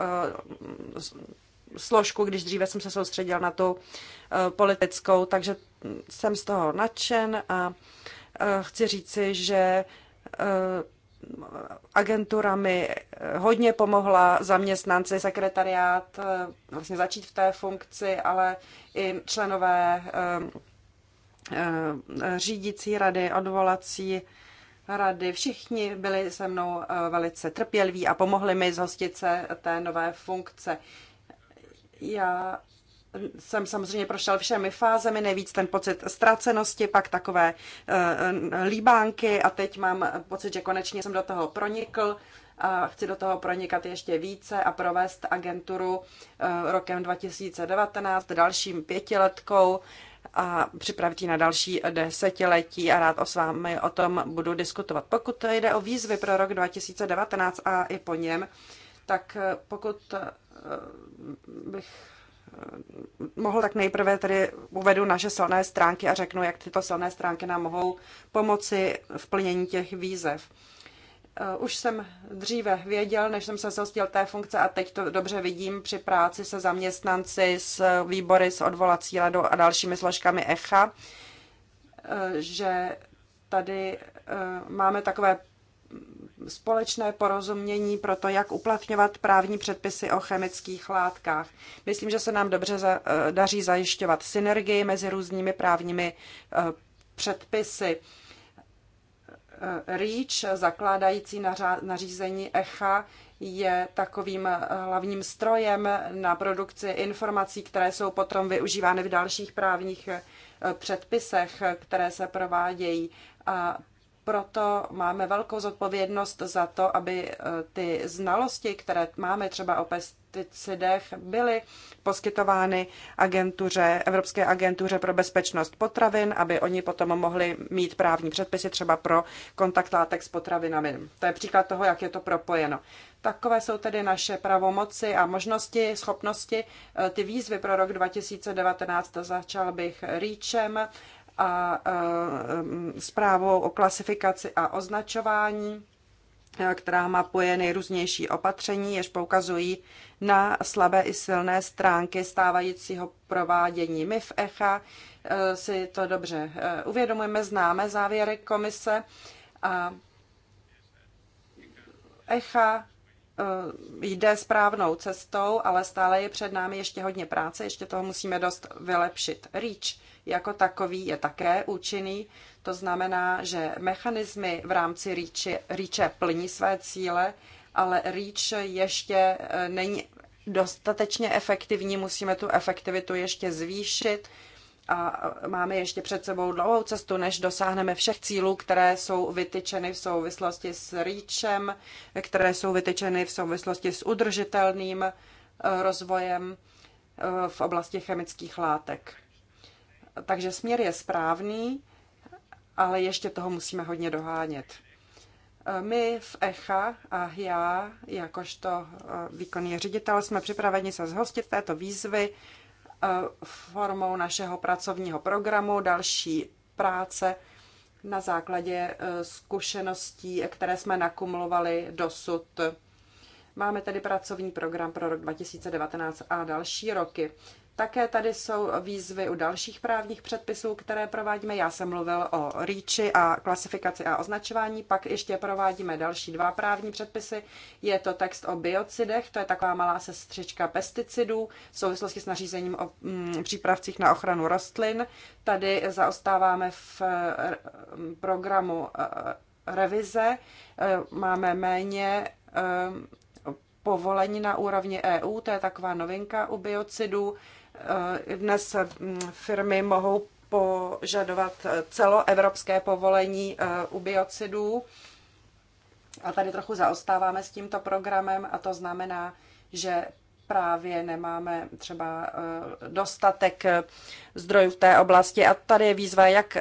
složku, když dříve jsem se soustředil na tu uh, politickou, takže jsem z toho nadšen a uh, chci říci, že uh, agenturami eh, hodně pomohla zaměstnanci, sekretariát eh, vlastně začít v té funkci, ale i členové eh, řídící rady, odvolací rady. Všichni byli se mnou velice trpěliví a pomohli mi zhostit se té nové funkce. Já jsem samozřejmě prošel všemi fázemi, nejvíc ten pocit ztracenosti, pak takové uh, líbánky a teď mám pocit, že konečně jsem do toho pronikl a chci do toho pronikat ještě více a provést agenturu uh, rokem 2019 dalším pětiletkou a připravit ji na další desetiletí a rád o s vámi o tom budu diskutovat. Pokud to jde o výzvy pro rok 2019 a i po něm, tak eh, pokud bych mohl, tak nejprve tady uvedu naše silné stránky a řeknu, jak tyto silné stránky nám mohou pomoci v plnění těch výzev. Eh, už jsem dříve věděl, než jsem se zhostil té funkce a teď to dobře vidím při práci se zaměstnanci, s výbory, s odvolací ledou a dalšími složkami ECHA, eh, že tady eh, máme takové společné porozumění pro to, jak uplatňovat právní předpisy o chemických látkách. Myslím, že se nám dobře eh, daří zajišťovat synergii mezi různými právními eh, předpisy. Eh, REACH, zakládající nařízení ECHA, je takovým hlavním strojem na produkci informací, které jsou potom využívány v dalších právních předpisech, které se provádějí. A proto máme velkou zodpovědnost za to, aby eh, ty znalosti, které máme třeba o pesticidech, byly poskytovány agentuře, Evropské agentuře pro bezpečnost potravin, aby oni potom mohli mít právní předpisy třeba pro kontakt látek s potravinami. To je příklad toho, jak je to propojeno. Takové jsou tedy naše pravomoci a možnosti, schopnosti. Eh, ty výzvy pro rok 2019 začal bych REACHem a zprávou o klasifikaci a označování, e, která mapuje nejrůznější opatření, jež poukazují na slabé i silné stránky stávajícího provádění. My v ECHA e, si to dobře e, uvědomujeme, známe závěry komise a ECHA jde správnou cestou, ale stále je před námi ještě hodně práce, ještě toho musíme dost vylepšit. REACH jako takový je také účinný. To znamená, že mechanismy v rámci Ríče REACHe plní své cíle, ale REACH ještě eh, není dostatečně efektivní, musíme tu efektivitu ještě zvýšit a eh, máme ještě před sebou dlouhou cestu, než dosáhneme všech cílů, které jsou vytyčeny v souvislosti s REACHem, které jsou vytyčeny v souvislosti s udržitelným eh, rozvojem v oblasti chemických látek. Takže směr je správný, ale ještě toho musíme hodně dohánět. E, my v ECHA a já, jakožto e, výkonný ředitel, jsme připraveni se zhostit této výzvy e, formou našeho pracovního programu, další práce na základě zkušeností, které jsme nakumulovali dosud. Máme tedy pracovní program pro rok 2019 a další roky. Také tady jsou výzvy u dalších právních předpisů, které provádíme. Já jsem mluvil o REACHy a klasifikaci a označování. Pak ještě provádíme další dva právní předpisy. Je to text o biocidech, to je taková malá sestřička pesticidů v souvislosti s nařízením o mm, přípravcích na ochranu rostlin. Tady zaostáváme v eh, programu eh, revize. Eh, máme méně povolení na úrovni EU, to je taková novinka u biocidů. Eh, dnes hm, firmy mohou požadovat celoevropské povolení eh, u biocidů. A tady trochu zaostáváme s tímto programem a to znamená, že právě nemáme třeba eh, dostatek zdrojů v té oblasti. A tady je výzva, jak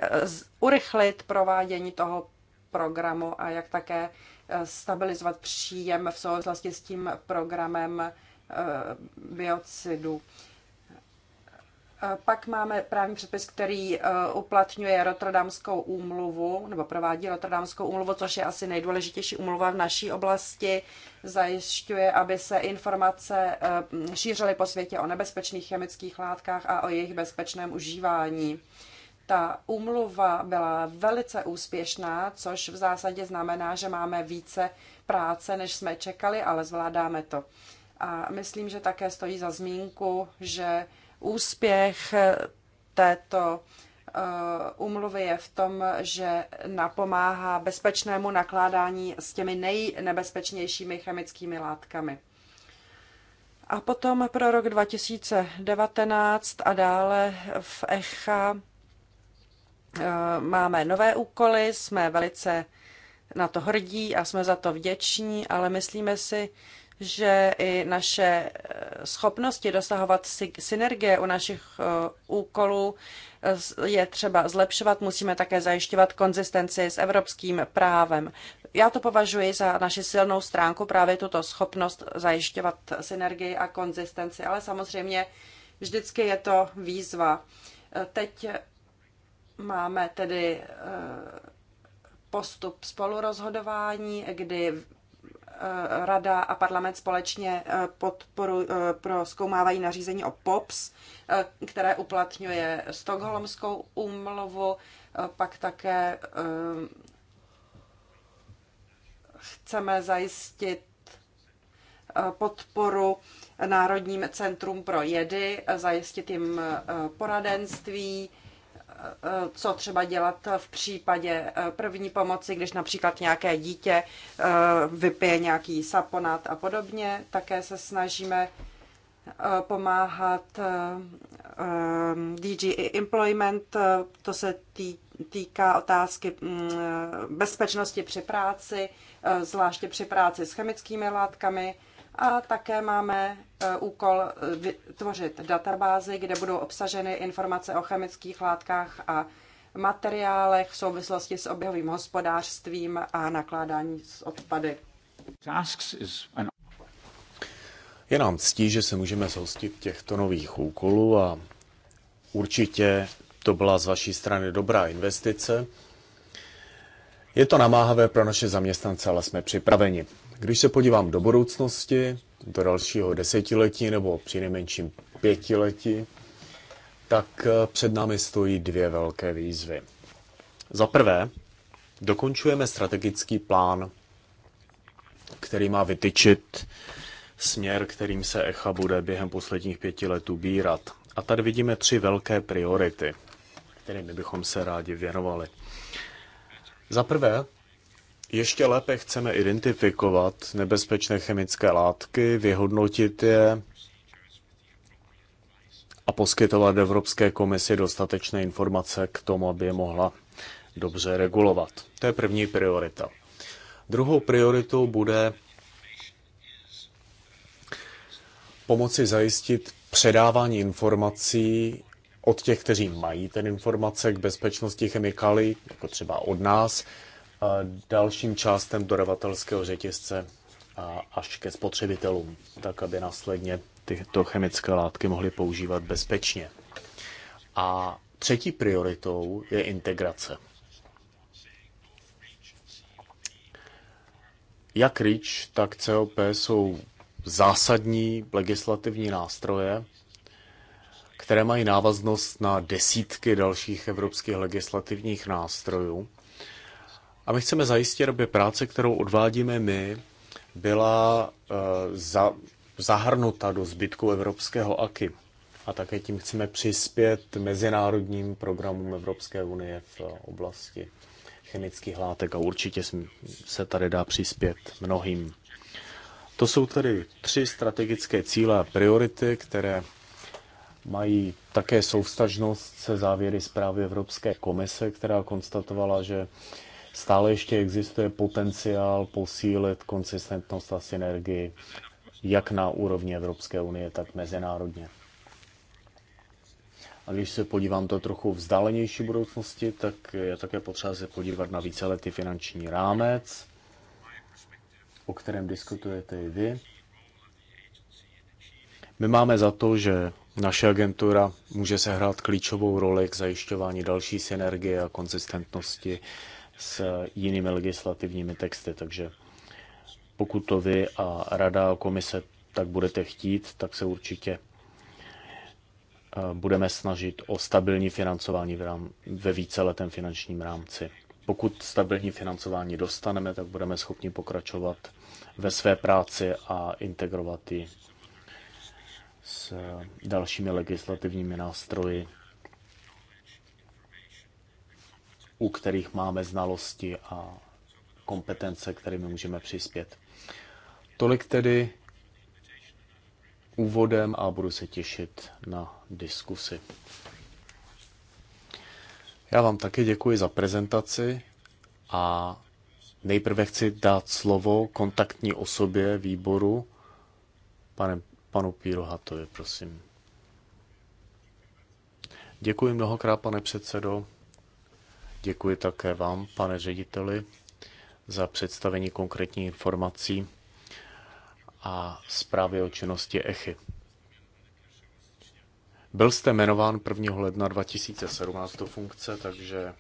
urychlit provádění toho programu a jak také stabilizovat příjem v souvislosti s tím programem biocidů. Pak máme právní předpis, který e, uplatňuje Rotterdamskou úmluvu, nebo provádí Rotterdamskou úmluvu, což je asi nejdůležitější úmluva v naší oblasti. Zajišťuje, aby se informace e, šířily po světě o nebezpečných chemických látkách a o jejich bezpečném užívání. Ta úmluva byla velice úspěšná, což v zásadě znamená, že máme více práce, než jsme čekali, ale zvládáme to. A myslím, že také stojí za zmínku, že Úspěch této umluvy eh, je v tom, že napomáhá bezpečnému nakládání s těmi nejnebezpečnějšími chemickými látkami. A potom pro rok 2019 a dále v ECHA eh, máme nové úkoly, jsme velice na to hrdí a jsme za to vděční, ale myslíme si, že i naše eh, schopnosti dosahovat synergie u našich eh, úkolů eh, je třeba zlepšovat, musíme také zajišťovat konzistenci s evropským právem. Já to považuji za naši silnou stránku, právě tuto schopnost zajišťovat synergii a konzistenci, ale samozřejmě vždycky je to výzva. Teď máme tedy postup spolurozhodování, kdy Eh, rada a parlament společně eh, podporu eh, pro zkoumávají nařízení o POPS, které uplatňuje Stockholmskou úmluvu, pak také chceme zajistit podporu Národním centrum pro jedy, zajistit jim poradenství, Eh, co třeba dělat v případě eh, první pomoci, když například nějaké dítě eh, vypije nějaký saponát a podobně. Také se snažíme pomáhat DG Employment, to se týká otázky mm, bezpečnosti při práci, zvláště při práci s chemickými látkami. A také máme e, úkol vytvořit databázy, kde budou obsaženy informace o chemických látkách a materiálech v souvislosti s oběhovým hospodářstvím a nakládání s odpady. Je nám ctí, že se můžeme zhostit těchto nových úkolů a určitě to byla z vaší strany dobrá investice. Je to namáhavé pro naše zaměstnance, ale jsme připraveni. Když se podívám do budoucnosti, do dalšího desetiletí nebo při nejmenším pětiletí, tak eh, před námi stojí dvě velké výzvy. Za prvé, dokončujeme strategický plán, který má vytyčit směr, kterým se ECHA bude během posledních pěti let ubírat. A tady vidíme tři velké priority, kterými bychom se rádi věnovali. Za prvé, ještě lépe chceme identifikovat nebezpečné chemické látky, vyhodnotit je a poskytovat Evropské komisi dostatečné informace k tomu, aby je mohla dobře regulovat. To je první priorita. Druhou prioritou bude pomoci zajistit předávání informací od těch, kteří mají ten informace k bezpečnosti chemikálií, jako třeba od nás, dalším částem dodavatelského řetězce až ke spotřebitelům, tak aby následně tyto chemické látky mohly používat bezpečně. A třetí prioritou je integrace. Jak REACH, tak COP jsou zásadní legislativní nástroje, které mají návaznost na desítky dalších evropských legislativních nástrojů a my chceme zajistit, aby práce, kterou odvádíme my, byla eh, za, zahrnuta do zbytku evropského AKI. A také tím chceme přispět mezinárodním programům Evropské unie v oblasti chemických látek a určitě se tady dá přispět mnohým. To jsou tedy tři strategické cíle a priority, které mají také souvstažnost se závěry zprávy Evropské komise, která konstatovala, že Stále ještě existuje potenciál posílit konsistentnost a synergii jak na úrovni Evropské unie, tak mezinárodně. A když se podívám do trochu vzdálenější budoucnosti, tak je také potřeba se podívat na víceletý finanční rámec, o kterém diskutujete i vy. My máme za to, že naše agentura může sehrát klíčovou roli k zajišťování další synergie a konzistentnosti s jinými legislativními texty. Takže pokud to vy a rada a komise tak budete chtít, tak se určitě eh, budeme snažit o stabilní financování ve víceletém finančním rámci. Pokud stabilní financování dostaneme, tak budeme schopni pokračovat ve své práci a integrovat ji s dalšími legislativními nástroji u kterých máme znalosti a kompetence, kterými můžeme přispět. Tolik tedy úvodem a budu se těšit na diskusy. Já vám také děkuji za prezentaci a nejprve chci dát slovo kontaktní osobě výboru, pane, panu Pírohatovi, prosím. Děkuji mnohokrát, pane předsedo. Děkuji také vám, pane řediteli, za představení konkrétních informací a zprávy o činnosti ECHY. Byl jste jmenován 1. ledna 2017 do funkce, takže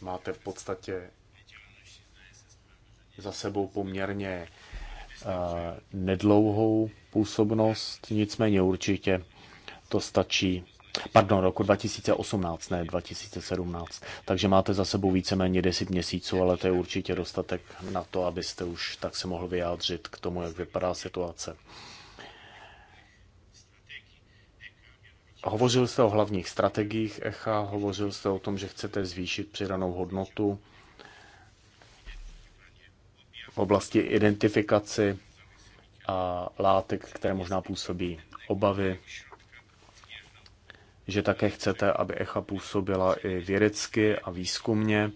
máte v podstatě za sebou poměrně eh, nedlouhou působnost, nicméně určitě to stačí pardon, roku 2018, ne 2017. Takže máte za sebou víceméně 10 měsíců, ale to je určitě dostatek na to, abyste už tak se mohl vyjádřit k tomu, jak vypadá situace. Hovořil jste o hlavních strategiích ECHA, hovořil jste o tom, že chcete zvýšit přidanou hodnotu v oblasti identifikaci a látek, které možná působí obavy že také chcete, aby ECHA působila i vědecky a výzkumně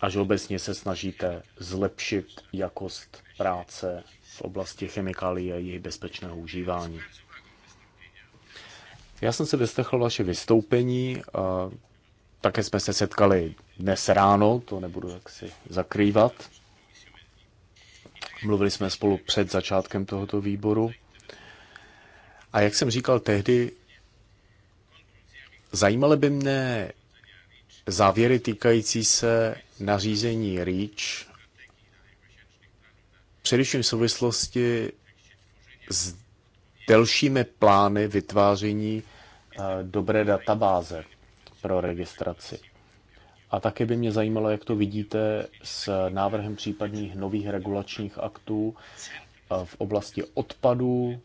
a že obecně se snažíte zlepšit jakost práce v oblasti chemikálie a jejich bezpečného užívání. Já jsem si vyslechl vaše vystoupení. Také jsme se setkali dnes ráno, to nebudu jaksi zakrývat. Mluvili jsme spolu před začátkem tohoto výboru. A jak jsem říkal tehdy, Zajímaly by mne závěry týkající se nařízení REACH, především v souvislosti s delšími plány vytváření eh, dobré databáze pro registraci. A také by mě zajímalo, jak to vidíte s návrhem případných nových regulačních aktů eh, v oblasti odpadů,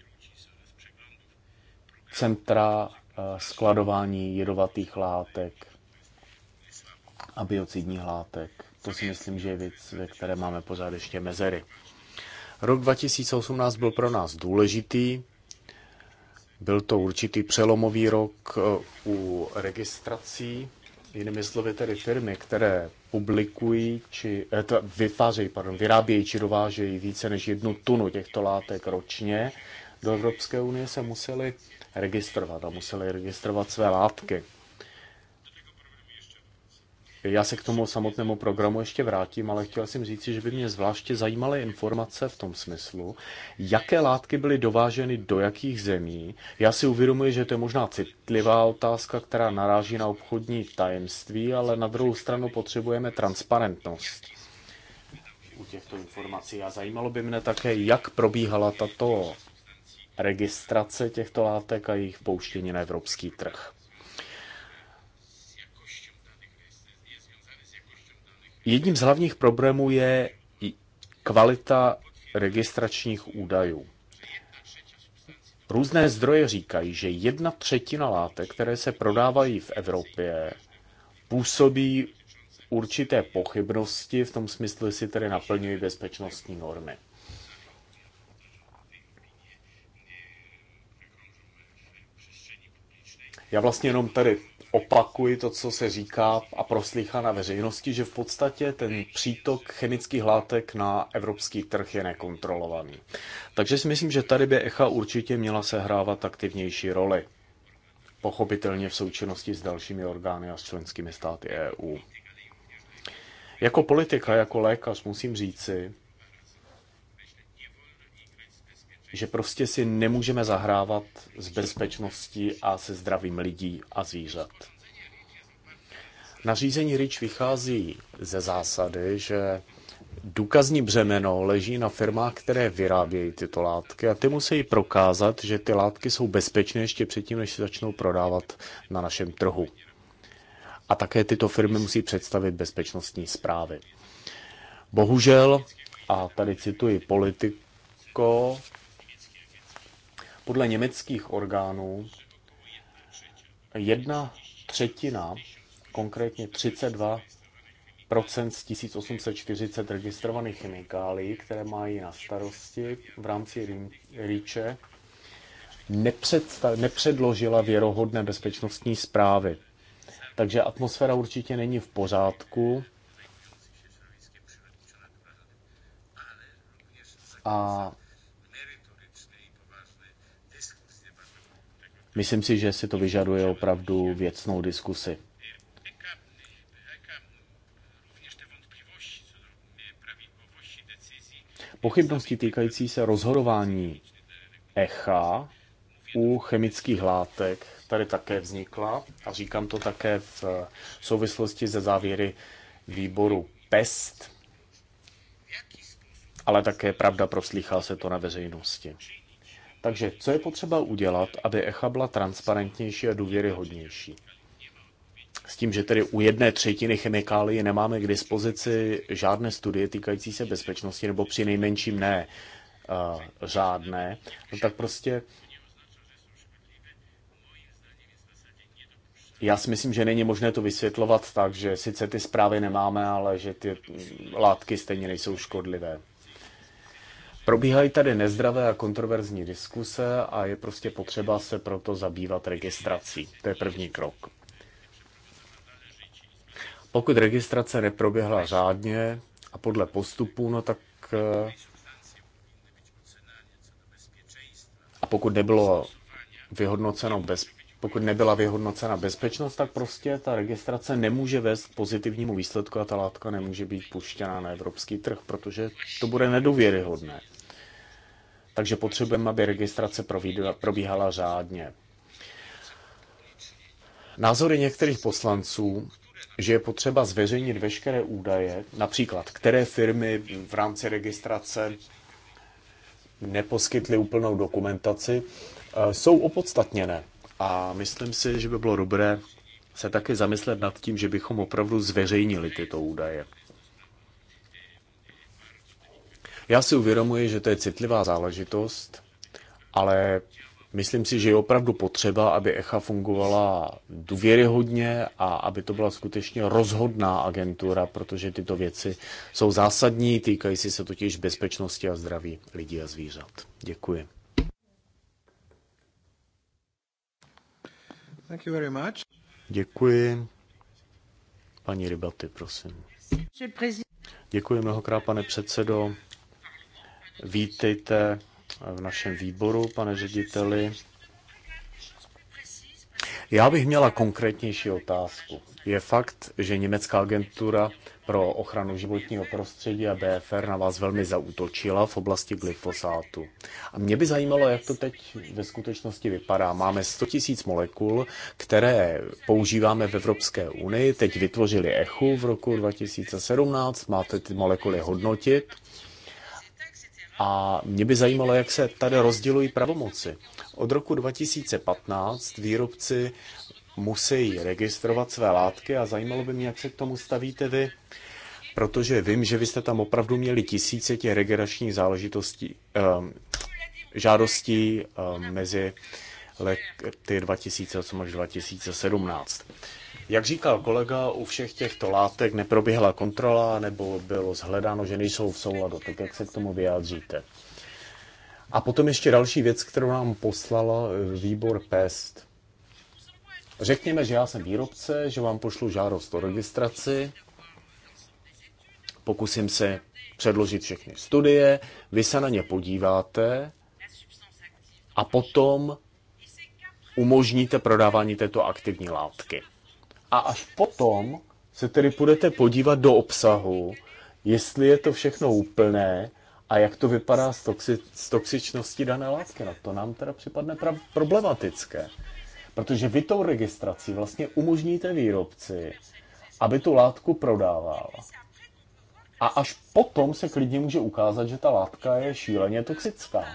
centra skladování jedovatých látek a biocidních látek. To si myslím, že je věc, ve které máme pořád ještě mezery. Rok 2018 byl pro nás důležitý. Byl to určitý přelomový rok e, u registrací, jinými slovy tedy firmy, které publikují, či eh, vytvářejí, pardon, vyrábějí či dovážejí více než jednu tunu těchto látek ročně do Evropské unie, se museli registrovat a museli registrovat své látky. Já se k tomu samotnému programu ještě vrátím, ale chtěl jsem říct, že by mě zvláště zajímaly informace v tom smyslu, jaké látky byly dováženy do jakých zemí. Já si uvědomuji, že to je možná citlivá otázka, která naráží na obchodní tajemství, ale na druhou stranu potřebujeme transparentnost u těchto informací. A zajímalo by mě také, jak probíhala tato registrace těchto látek a jejich pouštění na evropský trh. Jedním z hlavních problémů je kvalita registračních údajů. Různé zdroje říkají, že jedna třetina látek, které se prodávají v Evropě, působí určité pochybnosti v tom smyslu, jestli tedy naplňují bezpečnostní normy. Já vlastně jenom tady opakuji to, co se říká a proslýchá na veřejnosti, že v podstatě ten přítok chemických látek na evropský trh je nekontrolovaný. Takže si myslím, že tady by ECHA určitě měla sehrávat aktivnější roli. Pochopitelně v součinnosti s dalšími orgány a s členskými státy EU. Jako politika, jako lékař musím říci, že prostě si nemůžeme zahrávat s bezpečností a se zdravím lidí a zvířat. Nařízení Rich vychází ze zásady, že důkazní břemeno leží na firmách, které vyrábějí tyto látky a ty musí prokázat, že ty látky jsou bezpečné ještě předtím, než se začnou prodávat na našem trhu. A také tyto firmy musí představit bezpečnostní zprávy. Bohužel, a tady cituji politiko, podle německých orgánů jedna třetina, konkrétně 32 z 1840 registrovaných chemikálií, které mají na starosti v rámci REACHe, nepředložila věrohodné bezpečnostní zprávy. Takže atmosféra určitě není v pořádku. A Myslím si, že si to vyžaduje opravdu věcnou diskusi. Pochybnosti týkající se rozhodování echa u chemických látek tady také vznikla a říkám to také v souvislosti se závěry výboru PEST, ale také pravda proslýchá se to na veřejnosti. Takže co je potřeba udělat, aby ECHA byla transparentnější a důvěryhodnější? S tím, že tedy u jedné třetiny chemikálií nemáme k dispozici žádné studie týkající se bezpečnosti, nebo při nejmenším ne uh, řádné, no tak prostě Já si myslím, že není možné to vysvětlovat tak, že sice ty zprávy nemáme, ale že ty látky stejně nejsou škodlivé. Probíhají tady nezdravé a kontroverzní diskuse a je prostě potřeba se proto zabývat registrací. To je první krok. Pokud registrace neproběhla řádně a podle postupu, no tak eh, a pokud nebylo vyhodnoceno bez, pokud nebyla vyhodnocena bezpečnost, tak prostě ta registrace nemůže vést k pozitivnímu výsledku a ta látka nemůže být puštěna na evropský trh, protože to bude nedůvěryhodné. Takže potřebujeme, aby registrace probíhala řádně. Názory některých poslanců, že je potřeba zveřejnit veškeré údaje, například které firmy v rámci registrace neposkytly úplnou dokumentaci, eh, jsou opodstatněné. A myslím si, že by bylo dobré se také zamyslet nad tím, že bychom opravdu zveřejnili tyto údaje. Já si uvědomuji, že to je citlivá záležitost, ale myslím si, že je opravdu potřeba, aby ECHA fungovala důvěryhodně a aby to byla skutečně rozhodná agentura, protože tyto věci jsou zásadní, týkají se totiž bezpečnosti a zdraví lidí a zvířat. Děkuji. Děkuji. Paní Rybaty, prosím. Děkuji mnohokrát, pane předsedo. Vítejte v našem výboru, pane řediteli. Já bych měla konkrétnější otázku. Je fakt, že německá agentura pro ochranu životního prostředí a BFR na vás velmi zautočila v oblasti glyfosátu. A mě by zajímalo, jak to teď ve skutečnosti vypadá. Máme 100 000 molekul, které používáme v Evropské unii, teď vytvořili ECHU v roku 2017, máte ty molekuly hodnotit a mě by zajímalo, jak se tady rozdělují pravomoci. Od roku 2015 výrobci musí registrovat své látky a zajímalo by mě, jak se k tomu stavíte vy, protože vím, že vy jste tam opravdu měli tisíce těch regeračních záležitostí, um, žádostí um, mezi lety 2008 až 2017. Jak říkal kolega, u všech těchto látek neproběhla kontrola nebo bylo zhledáno, že nejsou v souladu. Tak jak se k tomu vyjádříte? A potom ještě další věc, kterou nám poslala eh, výbor PEST. Řekněme, že já jsem výrobce, že vám pošlu žádost o registraci, pokusím se předložit všechny studie, vy se na ně podíváte a potom umožníte prodávání této aktivní látky a až potom se tedy půjdete podívat do obsahu, jestli je to všechno úplné a jak to vypadá s, toxi- s toxičností dané látky. No to nám teda připadne pra- problematické. Protože vy tou registrací vlastně umožníte výrobci, aby tu látku prodával. A až potom se klidně může ukázat, že ta látka je šíleně toxická.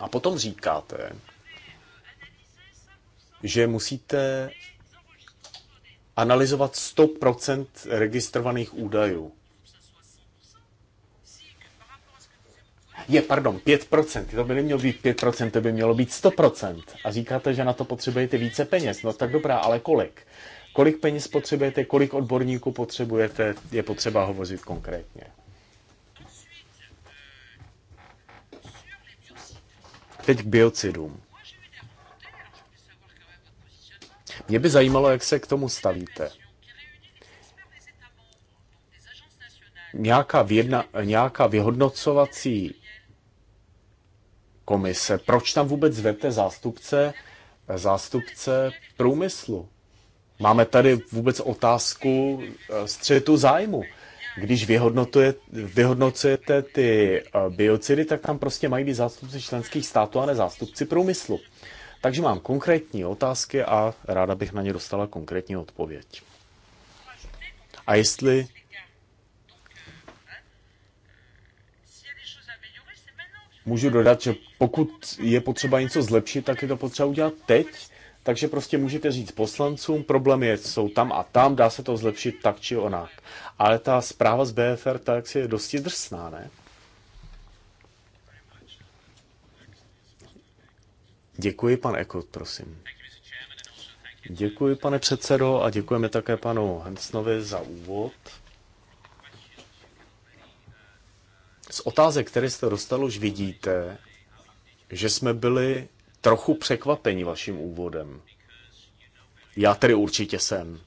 A potom říkáte, že musíte analyzovat 100% registrovaných údajů. Je, pardon, 5%, to by nemělo být 5%, to by mělo být 100%. A říkáte, že na to potřebujete více peněz. No tak dobrá, ale kolik? Kolik peněz potřebujete, kolik odborníků potřebujete, je potřeba hovořit konkrétně. Teď k biocidům. Mě by zajímalo, jak se k tomu stavíte. Nějaká, vědna, nějaká vyhodnocovací komise, proč tam vůbec zvete zástupce, zástupce průmyslu? Máme tady vůbec otázku eh, střetu zájmu. Když vyhodnocujete ty eh, biocidy, tak tam prostě mají být zástupci členských států a ne zástupci průmyslu. Takže mám konkrétní otázky a ráda bych na ně dostala konkrétní odpověď. A jestli můžu dodat, že pokud je potřeba něco zlepšit, tak je to potřeba udělat teď. Takže prostě můžete říct poslancům, problém je, jsou tam a tam, dá se to zlepšit tak či onak. Ale ta zpráva z BFR, tak si je dosti drsná, ne? Děkuji, pan Eko, prosím. Děkuji, pane předsedo, a děkujeme také panu Hensnovi za úvod. Z otázek, které jste dostal, už vidíte, že jsme byli trochu překvapeni vaším úvodem. Já tedy určitě jsem.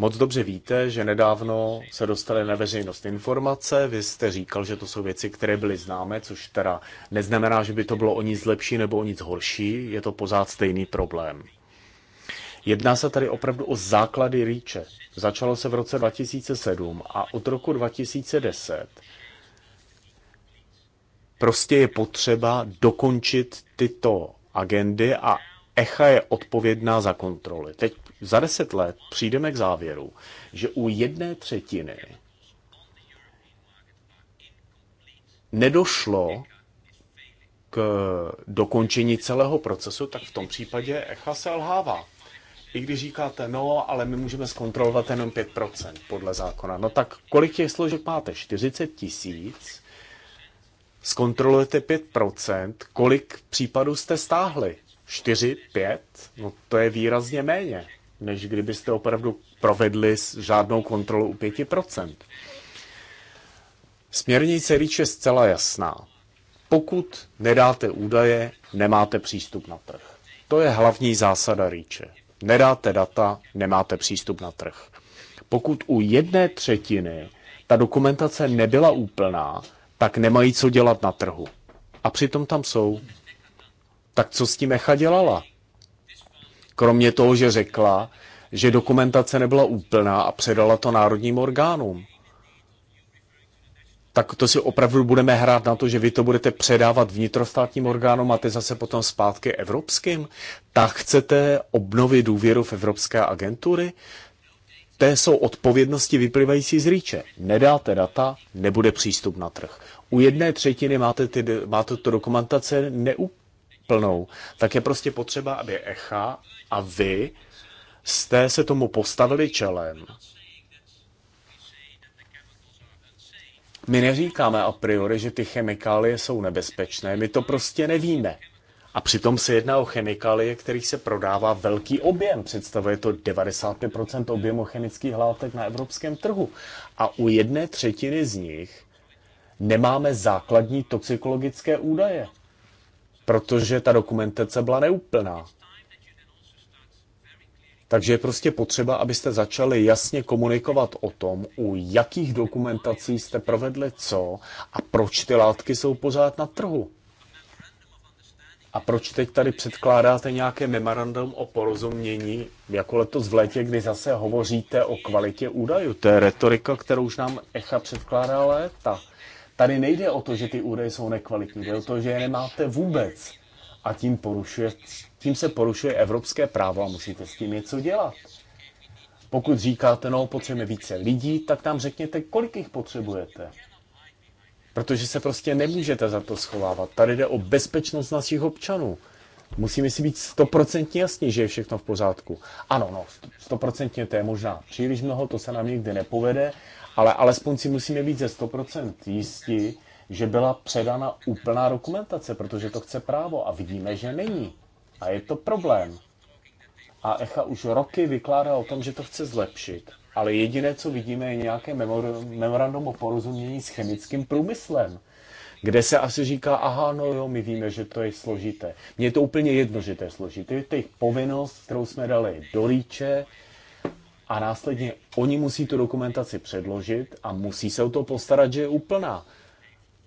Moc dobře víte, že nedávno se dostaly na veřejnost informace. Vy jste říkal, že to jsou věci, které byly známé, což teda neznamená, že by to bylo o nic lepší nebo o nic horší. Je to pořád stejný problém. Jedná se tady opravdu o základy rýče. Začalo se v roce 2007 a od roku 2010 prostě je potřeba dokončit tyto agendy a ECHA je odpovědná za kontroly. Teď za deset let přijdeme k závěru, že u jedné třetiny nedošlo k dokončení celého procesu, tak v tom případě ECHA lhává. I když říkáte, no, ale my můžeme zkontrolovat jenom 5% podle zákona. No tak kolik těch složek máte? 40 tisíc. Zkontrolujete 5%. Kolik případů jste stáhli? 4, 5? No to je výrazně méně než kdybyste opravdu provedli žádnou kontrolu u 5%. Směrnice REACH je zcela jasná. Pokud nedáte údaje, nemáte přístup na trh. To je hlavní zásada REACHe. Nedáte data, nemáte přístup na trh. Pokud u jedné třetiny ta dokumentace nebyla úplná, tak nemají co dělat na trhu. A přitom tam jsou. Tak co s tím Echa dělala? Kromě toho, že řekla, že dokumentace nebyla úplná a předala to národním orgánům. Tak to si opravdu budeme hrát na to, že vy to budete předávat vnitrostátním orgánům a ty zase potom zpátky evropským? Tak chcete obnovit důvěru v evropské agentury? Té jsou odpovědnosti vyplývající z rýče. Nedáte data, nebude přístup na trh. U jedné třetiny máte, ty, máte to dokumentace neúplnou, tak je prostě potřeba, aby ECHA a vy jste se tomu postavili čelem. My neříkáme a priori, že ty chemikálie jsou nebezpečné, my to prostě nevíme. A přitom se jedná o chemikálie, kterých se prodává velký objem. Představuje to 95% objemu chemických látek na evropském trhu. A u jedné třetiny z nich nemáme základní toxikologické údaje, protože ta dokumentace byla neúplná. Takže je prostě potřeba, abyste začali jasně komunikovat o tom, u jakých dokumentací jste provedli co a proč ty látky jsou pořád na trhu. A proč teď tady předkládáte nějaké memorandum o porozumění, jako letos v létě, kdy zase hovoříte o kvalitě údajů? To je retorika, kterou už nám ECHA předkládá léta. Tady nejde o to, že ty údaje jsou nekvalitní, jde o to, že je nemáte vůbec. A tím porušuje tím se porušuje evropské právo a musíte s tím něco dělat. Pokud říkáte, no, potřebujeme více lidí, tak tam řekněte, kolik jich potřebujete. Protože se prostě nemůžete za to schovávat. Tady jde o bezpečnost našich občanů. Musíme si být stoprocentně jasní, že je všechno v pořádku. Ano, no, stoprocentně to je možná příliš mnoho, to se nám nikdy nepovede, ale alespoň si musíme být ze 100% jistí, že byla předána úplná dokumentace, protože to chce právo a vidíme, že není. A je to problém. A Echa už roky vykládá o tom, že to chce zlepšit. Ale jediné, co vidíme, je nějaké memor- memorandum o porozumění s chemickým průmyslem, kde se asi říká, aha, no jo, my víme, že to je složité. Mně je to úplně jedno, že to je složité. to je povinnost, kterou jsme dali do líče, a následně oni musí tu dokumentaci předložit a musí se o to postarat, že je úplná.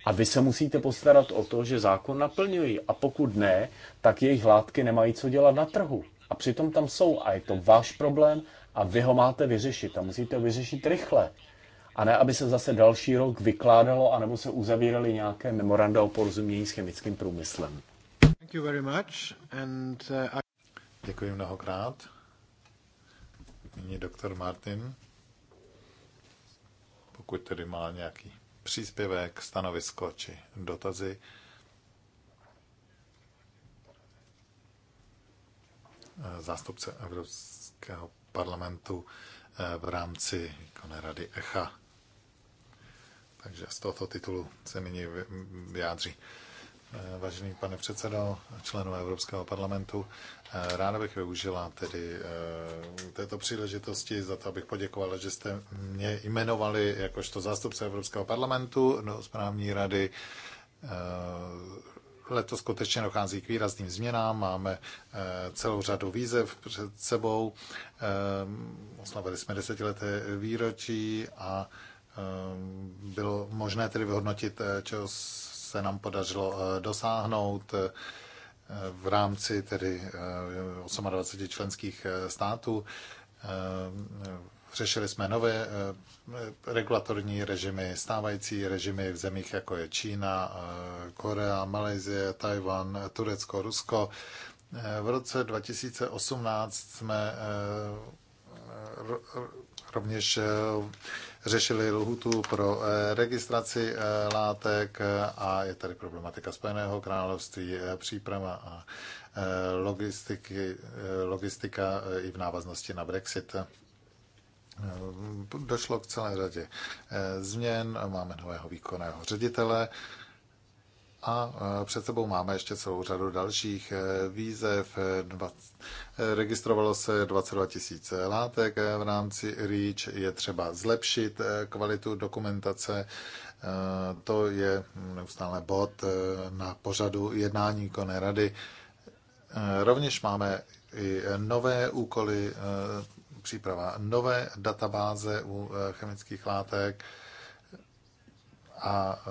A vy se musíte postarat o to, že zákon naplňují. A pokud ne, tak jejich látky nemají co dělat na trhu. A přitom tam jsou a je to váš problém a vy ho máte vyřešit a musíte ho vyřešit rychle. A ne, aby se zase další rok vykládalo anebo se uzavíraly nějaké memoranda o porozumění s chemickým průmyslem. Thank you very much and, uh, I... Děkuji mnohokrát. Nyní doktor Martin, pokud tedy má nějaký příspěvek, stanovisko či dotazy. Zástupce Evropského parlamentu eh, v rámci konné rady ECHA. Takže z tohoto titulu se nyní vyjádří. Vážený pane předsedo, členové Evropského parlamentu, eh, ráda bych využila tedy eh, této příležitosti za to, abych poděkovala, že jste mě jmenovali jakožto zástupce Evropského parlamentu do správní rady. Eh, letos skutečně dochází k výrazným změnám, máme celou řadu výzev před sebou, oslavili jsme desetileté výročí a bylo možné tedy vyhodnotit, čeho se nám podařilo eh, dosáhnout eh, v rámci tedy 28 eh, členských států. Řešili jsme nové regulatorní režimy, stávající režimy v zemích jako je Čína, Korea, Malajzie, Tajvan, Turecko, Rusko. V roce 2018 jsme rovněž řešili lhutu pro eh, registraci eh, látek eh, a je tady problematika Spojeného království, příprava a logistiky, logistika i v návaznosti na Brexit. Došlo k celé řadě změn, máme nového výkonného ředitele, a e, před sebou máme ještě celou řadu dalších e, výzev. E, registrovalo se 22 000 látek v rámci REACH. Je třeba zlepšit kvalitu dokumentace. To je neustále bod na pořadu jednání koné rady. Rovněž máme i nové úkoly, příprava nové databáze u chemických látek a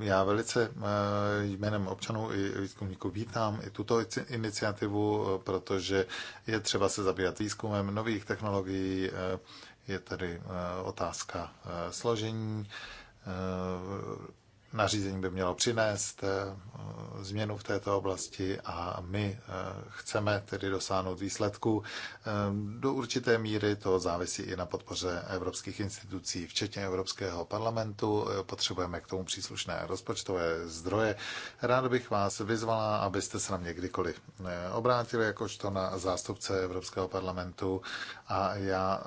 já velice eh, jménem občanů i výzkumníků vítám i tuto iniciativu, protože je třeba se zabývat výzkumem nových technologií, eh, je tady eh, otázka složení nařízení by mělo přinést eh, změnu v této oblasti a my eh, chceme tedy dosáhnout výsledku. Eh, do určité míry to závisí i na podpoře evropských institucí, včetně Evropského parlamentu. Potřebujeme k tomu příslušné rozpočtové zdroje. Rád bych vás vyzvala, abyste se na mě kdykoliv obrátili jakožto na zástupce Evropského parlamentu a já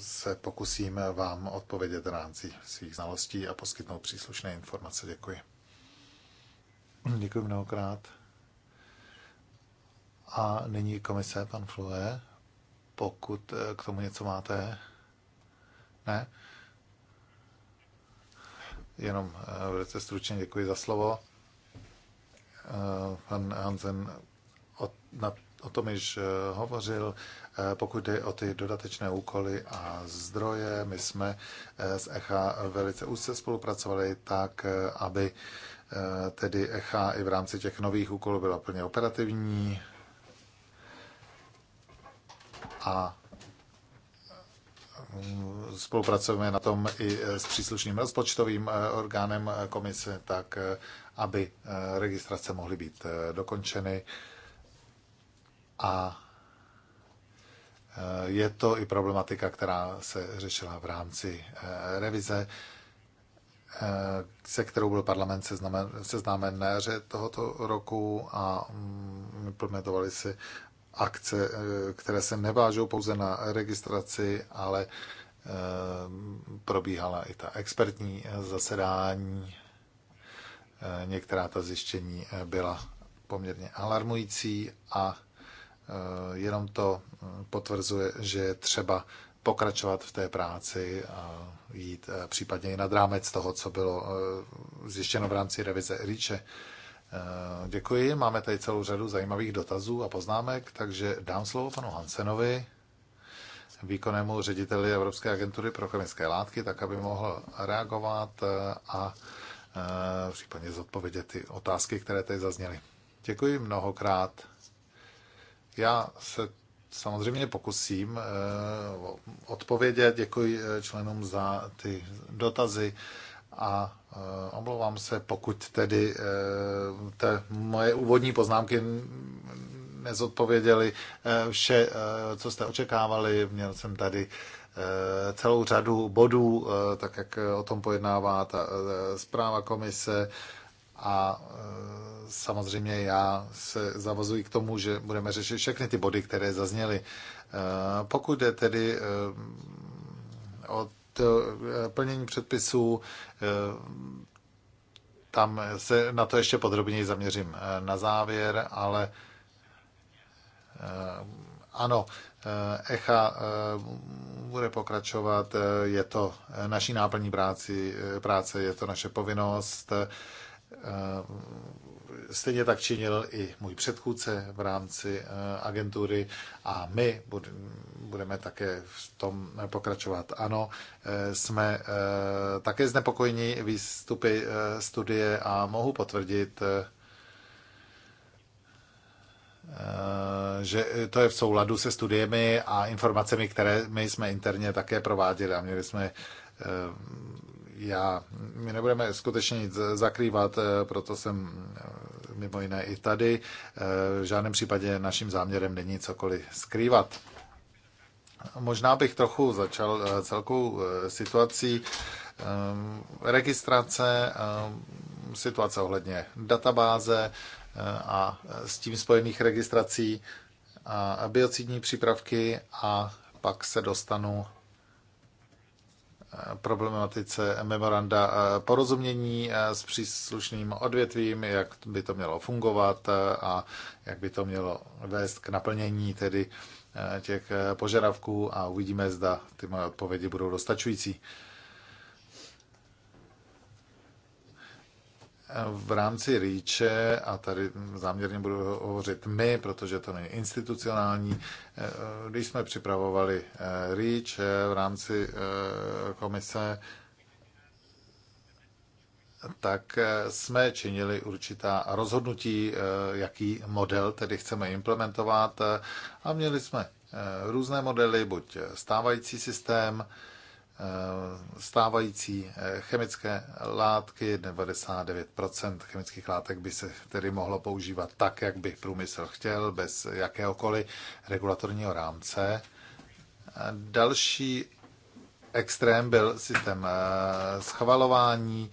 se pokusím vám odpovědět v rámci svých znalostí a poskytnout příslušné informace. Děkuji. Děkuji mnohokrát. A nyní komise, pan Flue, pokud eh, k tomu něco máte. Ne? Jenom eh, velice stručně děkuji za slovo. Eh, pan Hansen od, na o tom již eh, hovořil. Eh, pokud jde o ty dodatečné úkoly a zdroje, my jsme eh, s ECHA velice úzce spolupracovali tak, aby tedy ECHA i v rámci těch nových úkolů byla plně operativní a spolupracujeme na tom i s příslušným rozpočtovým orgánem komise, tak aby registrace mohly být dokončeny a e, je to i problematika, která se řešila v rámci e, revize, e, se kterou byl parlament seznámen, na jaře tohoto roku a mm, implementovali se akce, které se nevážou pouze na registraci, ale probíhala i ta expertní zasedání. Některá ta zjištění byla poměrně alarmující a Eh, jenom to eh, potvrzuje, že je třeba pokračovat v té práci a jít eh, případně i nad rámec toho, co bylo zjištěno v rámci revize Eriče. Děkuji, máme tady celou řadu zajímavých dotazů a poznámek, takže dám slovo panu Hansenovi, výkonnému řediteli Evropské agentury pro chemické látky, tak aby mohl reagovat a případně zodpovědět ty otázky, které tady zazněly. Děkuji mnohokrát. Já se samozřejmě pokusím eh, odpovědět. Děkuji eh, členům za ty dotazy a eh, omlouvám se, pokud tedy te moje úvodní poznámky nezodpověděli vše, co jste očekávali. Měl jsem tady celou řadu bodů, tak jak o tom pojednává ta zpráva komise, a e, samozřejmě já se zavazuji k tomu, že budeme řešit všechny ty body, které zazněly. E, pokud jde tedy e, o plnění předpisů, tam se na to ještě podrobněji zaměřím na závěr, ale ano, Echa bude pokračovat, je to naší náplní práci, práce, je to naše povinnost. Eh, stejně tak činil i můj předchůdce v rámci eh, agentury a my budeme také v tom pokračovat. Ano, eh, jsme také znepokojeni výstupy studie a mohu potvrdit, že to je v souladu se studiemi a informacemi, které my jsme interně také prováděli a měli jsme já, my nebudeme skutečně nic zakrývat, eh, proto jsem eh, mimo jiné i tady. Eh, v žádném případě naším záměrem není cokoliv skrývat. Možná bych trochu začal celkou situací registrace, situace ohledně databáze a s tím spojených registrací a biocidní přípravky a pak se dostanu problematice memoranda eh, porozumění eh, s příslušným odvětvím, jak by to mělo fungovat eh, a jak by to mělo vést k naplnění tedy těch požadavků a uvidíme, zda ty moje odpovědi budou dostačující. v rámci REACHe, a tady záměrně budu hovořit my, protože to není institucionální, eh, když jsme připravovali eh, REACH v rámci eh, komise, tak jsme činili určitá rozhodnutí, jaký model tedy chceme implementovat a měli jsme různé modely, buď stávající systém, Eh, stávající eh, chemické látky, 99% chemických látek by se tedy mohlo používat tak, jak by průmysl chtěl, bez jakéhokoliv regulatorního rámce. Eh, další extrém byl systém schvalování,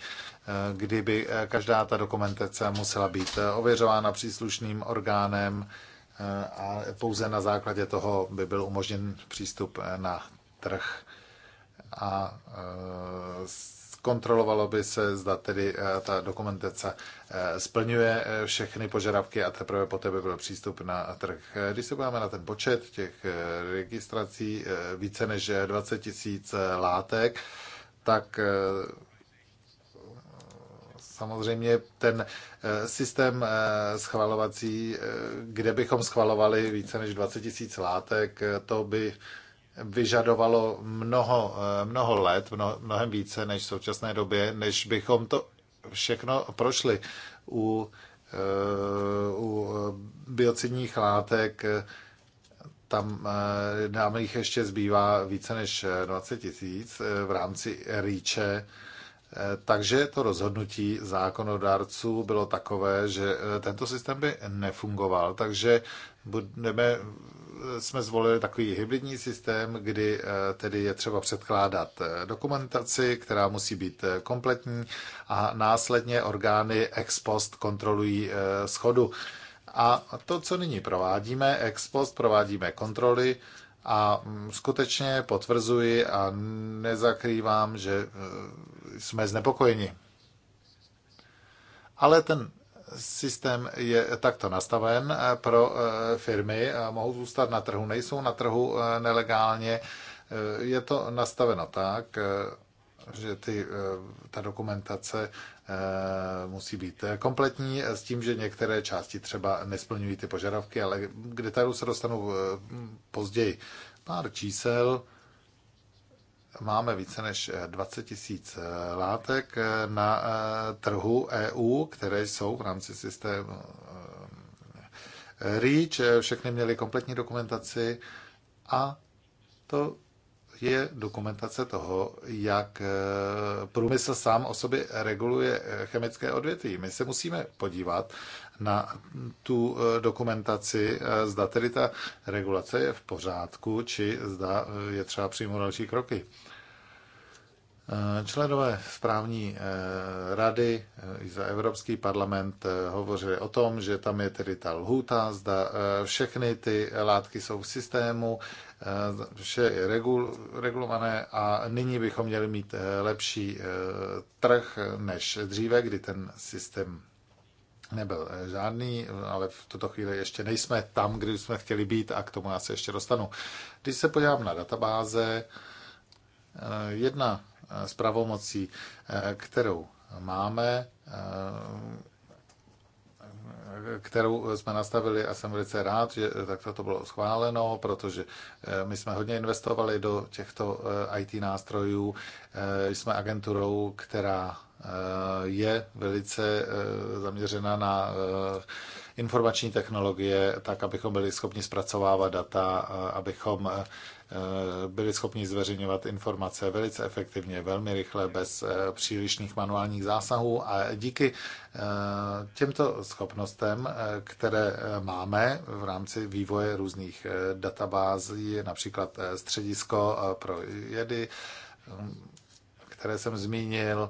kdyby každá ta dokumentace musela být ověřována příslušným orgánem a pouze na základě toho by byl umožněn přístup na trh a e, kontrolovalo by se, zda tedy e, ta dokumentace e, splňuje všechny požadavky a teprve poté by byl přístup na trh. Když se budeme na ten počet těch registrací více než 20 tisíc látek, tak samozřejmě ten systém schvalovací, kde bychom schvalovali více než 20 tisíc látek, to by vyžadovalo mnoho, eh, mnoho let, mnohem více než v současné době, než bychom to všechno prošli u, eh, u biocidních látek. Eh, tam nám jich ještě zbývá více než 20 tisíc v rámci REACHe. Takže to rozhodnutí zákonodárců bylo takové, že tento systém by nefungoval, takže budeme jsme zvolili takový hybridní systém, kdy eh, tedy je třeba předkládat eh, dokumentaci, která musí být eh, kompletní a následně orgány ex post kontrolují schodu. A to, co nyní provádíme, ex post provádíme kontroly a mm, skutečně potvrzuji a nezakrývám, že jsme znepokojeni. Ale ten systém je takto nastaven pro eh, firmy, mohou zůstat na trhu, nejsou na trhu eh, nelegálně. Eh, je to nastaveno tak, že ty, ta dokumentace musí být kompletní s tím, že některé části třeba nesplňují ty požadavky, ale k detailu se dostanu později. Pár čísel máme více než 20 eh, tisíc eh, látek eh, na trhu EU, které jsou v rámci systému REACH. Všechny měly kompletní dokumentaci a to je dokumentace toho, jak průmysl sám o sobě reguluje chemické odvětví. My se musíme podívat na tu eh, dokumentaci, eh, zda tedy ta regulace je v pořádku, či zda eh, je třeba přijmout další kroky. Členové správní rady i za Evropský parlament hovořili o tom, že tam je tedy ta lhůta, zda všechny ty látky jsou v systému, vše je regulované a nyní bychom měli mít lepší trh než dříve, kdy ten systém nebyl eh, žádný, ale v tuto chvíli ještě nejsme tam, kde jsme chtěli být a k tomu já se ještě dostanu. Když se podívám na databáze, eh, jedna eh, z pravomocí, kterou máme, kterou jsme nastavili a jsem velice rád, že takto to bylo schváleno, protože my jsme hodně investovali do těchto IT nástrojů. Jsme agenturou, která Eh, je velice eh, zaměřena na eh, informační technologie, tak abychom byli schopni zpracovávat data, abychom byli schopni zveřejňovat informace velice efektivně, velmi rychle, bez přílišných manuálních zásahů a díky těmto schopnostem, které máme v rámci vývoje různých databází, například středisko pro jedy, které jsem zmínil,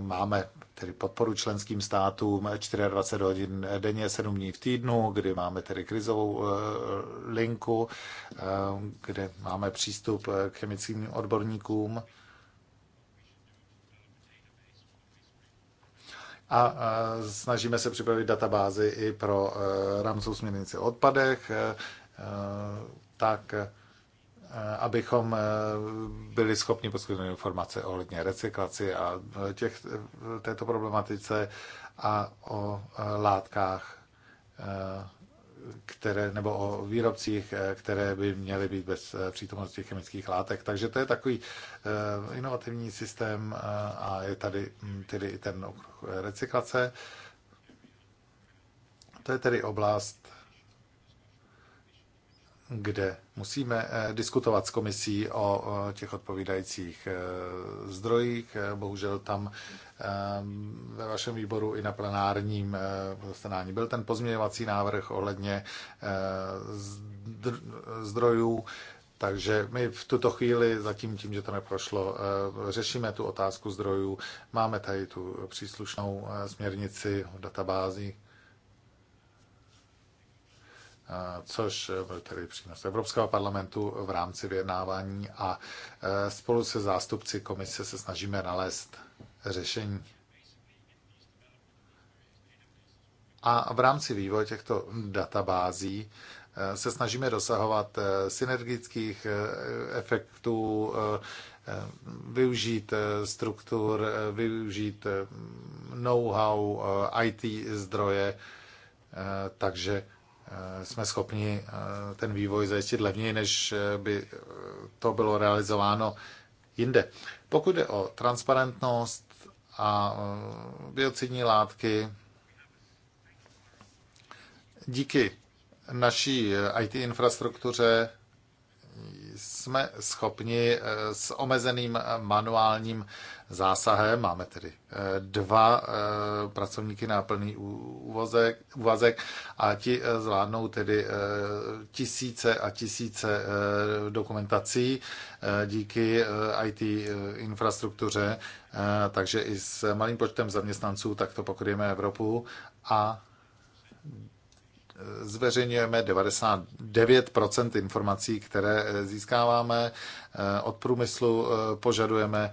Máme tedy podporu členským státům 24 hodin denně, 7 dní v týdnu, kdy máme tedy krizovou eh, linku, eh, kde máme přístup eh, k chemickým odborníkům. A snažíme se připravit databázy i pro rámcovou směrnici o odpadech, tak Eh, abychom eh, byli schopni poskytnout informace ohledně recyklaci a eh, těch, této problematice a o látkách, které, nebo o výrobcích, které by měly být bez přítomnosti chemických látek. Takže to je takový inovativní systém a je tady hm, tedy i ten okruh recyklace. To je tedy oblast, kde musíme eh, diskutovat s komisí o těch odpovídajících eh, zdrojích. Eh, bohužel tam ehm, ve vašem výboru i na plenárním zasedání byl ten pozměňovací návrh ohledně zdrojů. Takže my v tuto chvíli, zatím tím, že to neprošlo, řešíme tu otázku zdrojů. Máme tady tu příslušnou směrnici v databázi, což byl tedy přínos Evropského parlamentu v rámci vyjednávání a e, spolu se zástupci komise se snažíme nalézt řešení. A v rámci vývoje těchto databází e, se snažíme dosahovat e, synergických efektů, využít struktur, využít know-how, IT zdroje, takže jsme schopni eh, ten vývoj zajistit levněji, než eh, by eh, to bylo realizováno jinde. Pokud jde o transparentnost a biocidní látky, díky naší IT infrastruktuře jsme schopni s omezeným manuálním zásahem. Máme tedy eh, dva eh, pracovníky na plný úvazek, úvazek a ti eh, zvládnou tedy tisíce a tisíce dokumentací díky IT infrastruktuře, takže i s malým počtem zaměstnanců takto pokryjeme Evropu a zveřejňujeme 99% informací, které získáváme od průmyslu, požadujeme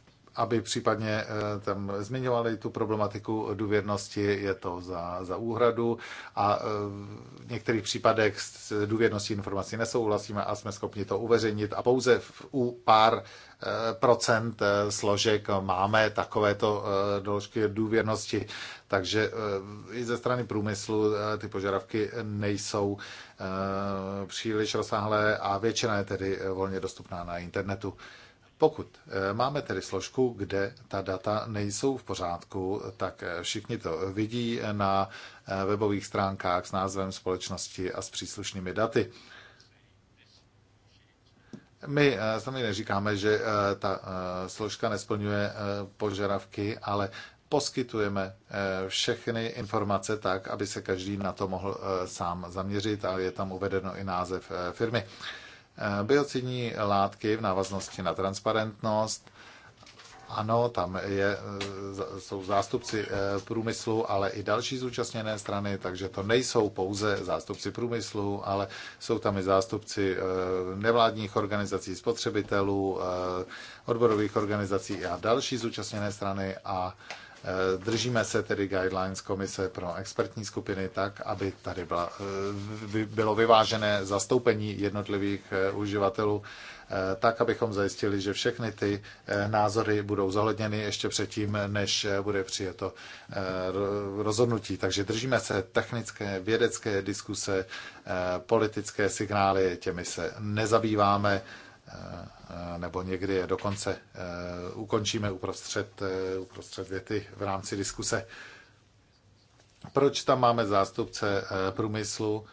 aby případně eh, tam zmiňovali tu problematiku důvěrnosti, je to za, za úhradu a eh, v některých případech s důvěrností informací nesouhlasíme a jsme schopni to uveřejnit a pouze v, u pár eh, procent složek máme takovéto doložky důvěrnosti, takže i ze strany průmyslu ty požadavky nejsou příliš rozsáhlé a většina je tedy volně dostupná na internetu. Pokud eh, máme tedy složku, kde ta data nejsou v pořádku, tak eh, všichni to vidí na eh, webových stránkách s názvem společnosti a s příslušnými daty. My sami neříkáme, že ta složka nesplňuje požadavky, ale poskytujeme všechny informace tak, aby se každý na to mohl sám zaměřit a je tam uvedeno i název firmy. Eh, biocidní látky v návaznosti na transparentnost. Ano, tam je, eh, jsou zástupci eh, průmyslu, ale i další zúčastněné strany, takže to nejsou pouze zástupci průmyslu, ale jsou tam i zástupci nevládních organizací, spotřebitelů, odborových organizací a další zúčastněné strany a Eh, držíme se tedy guidelines komise pro expertní skupiny tak, aby tady byla, eh, bylo vyvážené zastoupení jednotlivých eh, uživatelů, tak, abychom zajistili, že všechny ty názory budou zohledněny ještě předtím, než bude přijeto rozhodnutí. Takže držíme se technické, vědecké diskuse, politické signály, těmi se nezabýváme Eh, nebo někdy je dokonce eh, ukončíme uprostřed, eh, uprostřed věty v rámci diskuse. Proč tam máme zástupce průmyslu,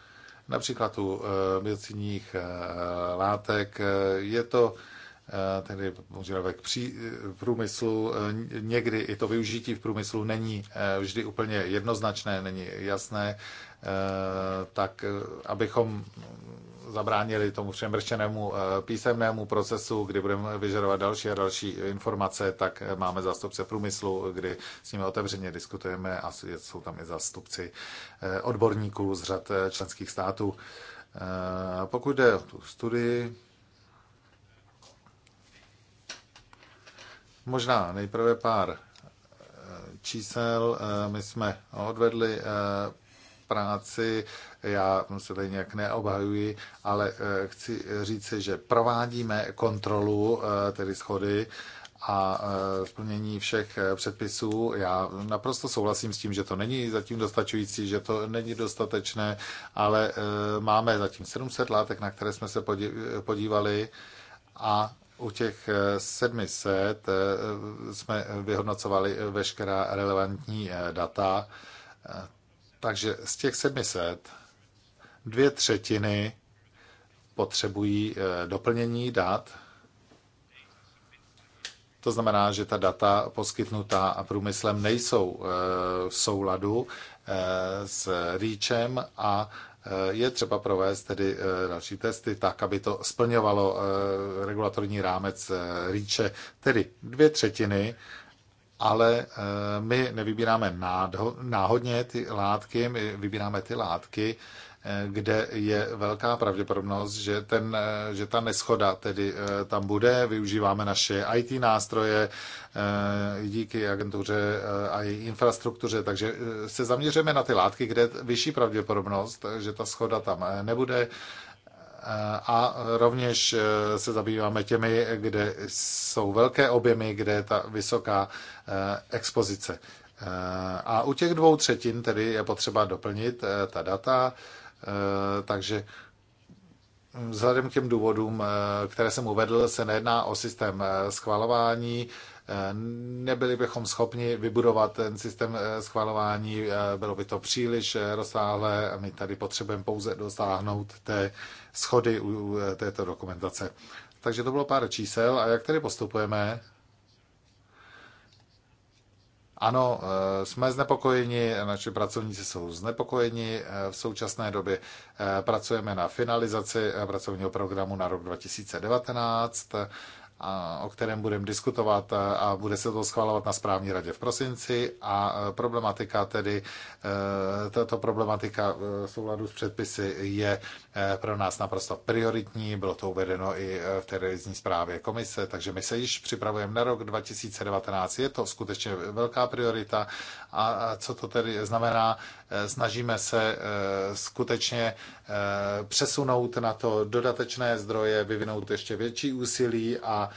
například u biocidních látek? Je to tedy požadavek při průmyslu. Někdy i to využití v průmyslu není vždy úplně jednoznačné, není jasné, tak abychom zabránili tomu přemrštěnému eh, písemnému procesu, kdy budeme vyžadovat další a další informace, tak eh, máme zástupce průmyslu, kdy s nimi otevřeně diskutujeme a jsou tam i zástupci eh, odborníků z řad členských států. Pokud jde o tu studii, možná nejprve pár čísel. My jsme odvedli práci, já se tady nějak neobhajuji, ale eh, chci říct, že provádíme kontrolu, eh, tedy schody, a eh, splnění všech předpisů. Já naprosto souhlasím s tím, že to není zatím dostačující, že to není dostatečné, ale máme zatím 700 látek, na které jsme se podívali a u těch 700 jsme vyhodnocovali veškerá relevantní data. Takže z těch 700 dvě třetiny potřebují eh, doplnění dat. To znamená, že ta data poskytnutá průmyslem nejsou eh, v souladu eh, s REACHem a je třeba provést tedy další testy tak, aby to splňovalo regulatorní rámec REACHe, tedy dvě třetiny ale eh, my nevybíráme náhodně ty látky, my vybíráme ty látky, eh, kde je velká pravděpodobnost, že, ten, eh, že ta neschoda tedy tam bude. Využíváme naše IT nástroje díky agentuře a její infrastruktuře, takže se zaměříme na ty látky, kde je vyšší pravděpodobnost, že ta schoda tam nebude a rovněž eh, se zabýváme těmi, kde jsou velké objemy, kde je ta vysoká eh, expozice. Eh, a u těch dvou třetin tedy je potřeba doplnit ta data, takže vzhledem k těm důvodům, které jsem uvedl, se nejedná o systém schvalování, Eh, nebyli bychom schopni vybudovat ten systém eh, schvalování, eh, bylo by to příliš rozsáhlé a my tady potřebujeme pouze dosáhnout té schody u této dokumentace. Takže to bylo pár čísel a jak tady postupujeme? Ano, jsme znepokojeni, naši pracovníci jsou znepokojeni. V současné době pracujeme na finalizaci pracovního programu na rok 2019 o kterém budeme diskutovat a bude se to schvalovat na správní radě v prosinci a e, problematika tedy, e, tato problematika e, v souladu s předpisy je pro nás naprosto prioritní, bylo to uvedeno i v televizní zprávě komise, takže my se již připravujeme na rok 2019, je to skutečně velká priorita a co to tedy znamená, Eh, snažíme se eh, skutečně eh, přesunout na to dodatečné zdroje, vyvinout ještě větší úsilí a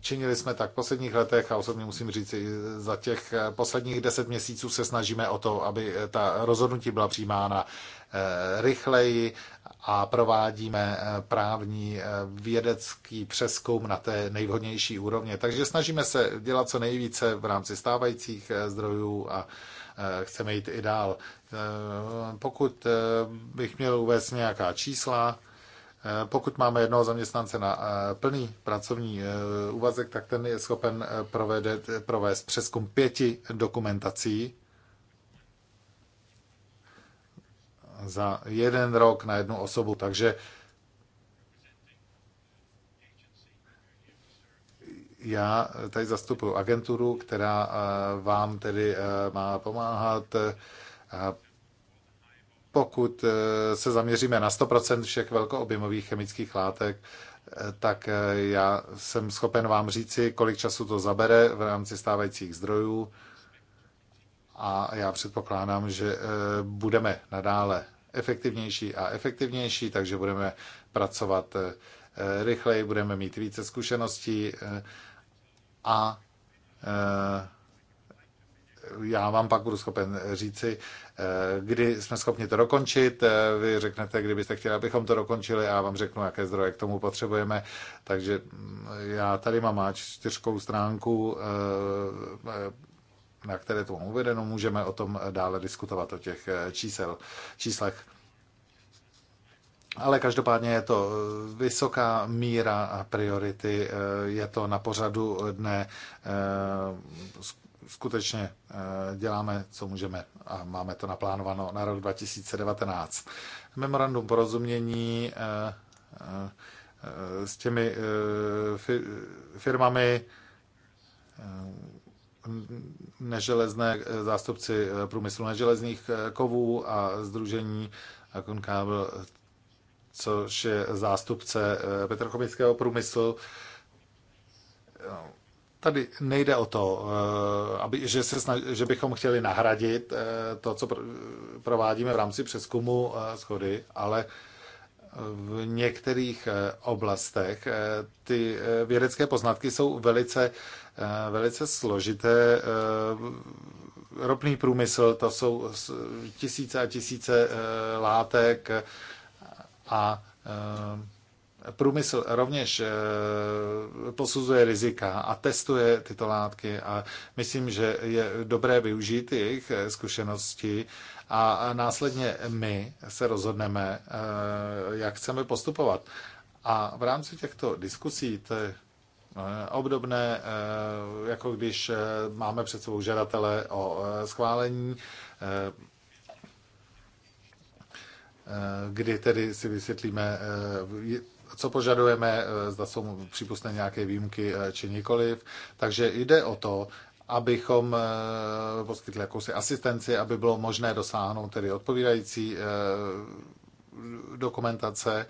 Činili jsme tak v posledních letech a osobně musím říct, za těch posledních deset měsíců se snažíme o to, aby ta rozhodnutí byla přijímána Eh, rychleji a provádíme eh, právní eh, vědecký přeskum na té nejvhodnější úrovně. Takže snažíme se dělat co nejvíce v rámci stávajících zdrojů a chceme jít i dál. Pokud bych měl uvést nějaká čísla, pokud máme jednoho zaměstnance na plný pracovní úvazek, tak ten je schopen provést přeskum pěti dokumentací za jeden rok na jednu osobu. Takže já tady zastupuji agenturu, která eh, vám tedy eh, má pomáhat. Eh, pokud se zaměříme na 100% všech velkoobjemových chemických látek, tak já jsem schopen vám říci, kolik času to zabere v rámci stávajících zdrojů a já předpokládám, že eh, budeme nadále efektivnější a efektivnější, takže budeme pracovat eh, eh, rychleji, budeme mít více zkušeností a já vám pak budu schopen říci, kdy jsme schopni to dokončit. Vy řeknete, kdybyste chtěli, abychom to dokončili, já vám řeknu, jaké zdroje k tomu potřebujeme. Takže mm, já tady mám čtyřkou stránku na které to mám uvedeno, můžeme o tom dále diskutovat, o těch eh, čísel, číslech. Ale každopádně je to eh, vysoká míra a priority, eh, je to na pořadu dne. Skutečně děláme, co můžeme a máme to naplánováno na rok 2019. Memorandum porozumění s těmi firmami neželezné eh, zástupci eh, průmyslu neželezných eh, kovů a združení Konkábl, což je zástupce petrochemického průmyslu. Tady nejde o to, aby, že, se snaž, že bychom chtěli nahradit to, co provádíme v rámci přeskumu schody, ale v některých oblastech ty vědecké poznatky jsou velice Eh, velice složité. Eh, ropný průmysl, to jsou tisíce a tisíce eh, látek a průmysl rovněž posuzuje rizika a testuje tyto látky a myslím, že je dobré využít jejich zkušenosti a následně my se rozhodneme, jak chceme postupovat. A v rámci těchto diskusí, to je Eh, obdobné, eh, jako když eh, máme před sebou žadatele o schválení, kdy tedy si vysvětlíme, co požadujeme, zda jsou přípustné nějaké výjimky či nikoliv. Takže jde o to, abychom poskytli jakousi asistenci, aby bylo možné dosáhnout tedy odpovídající dokumentace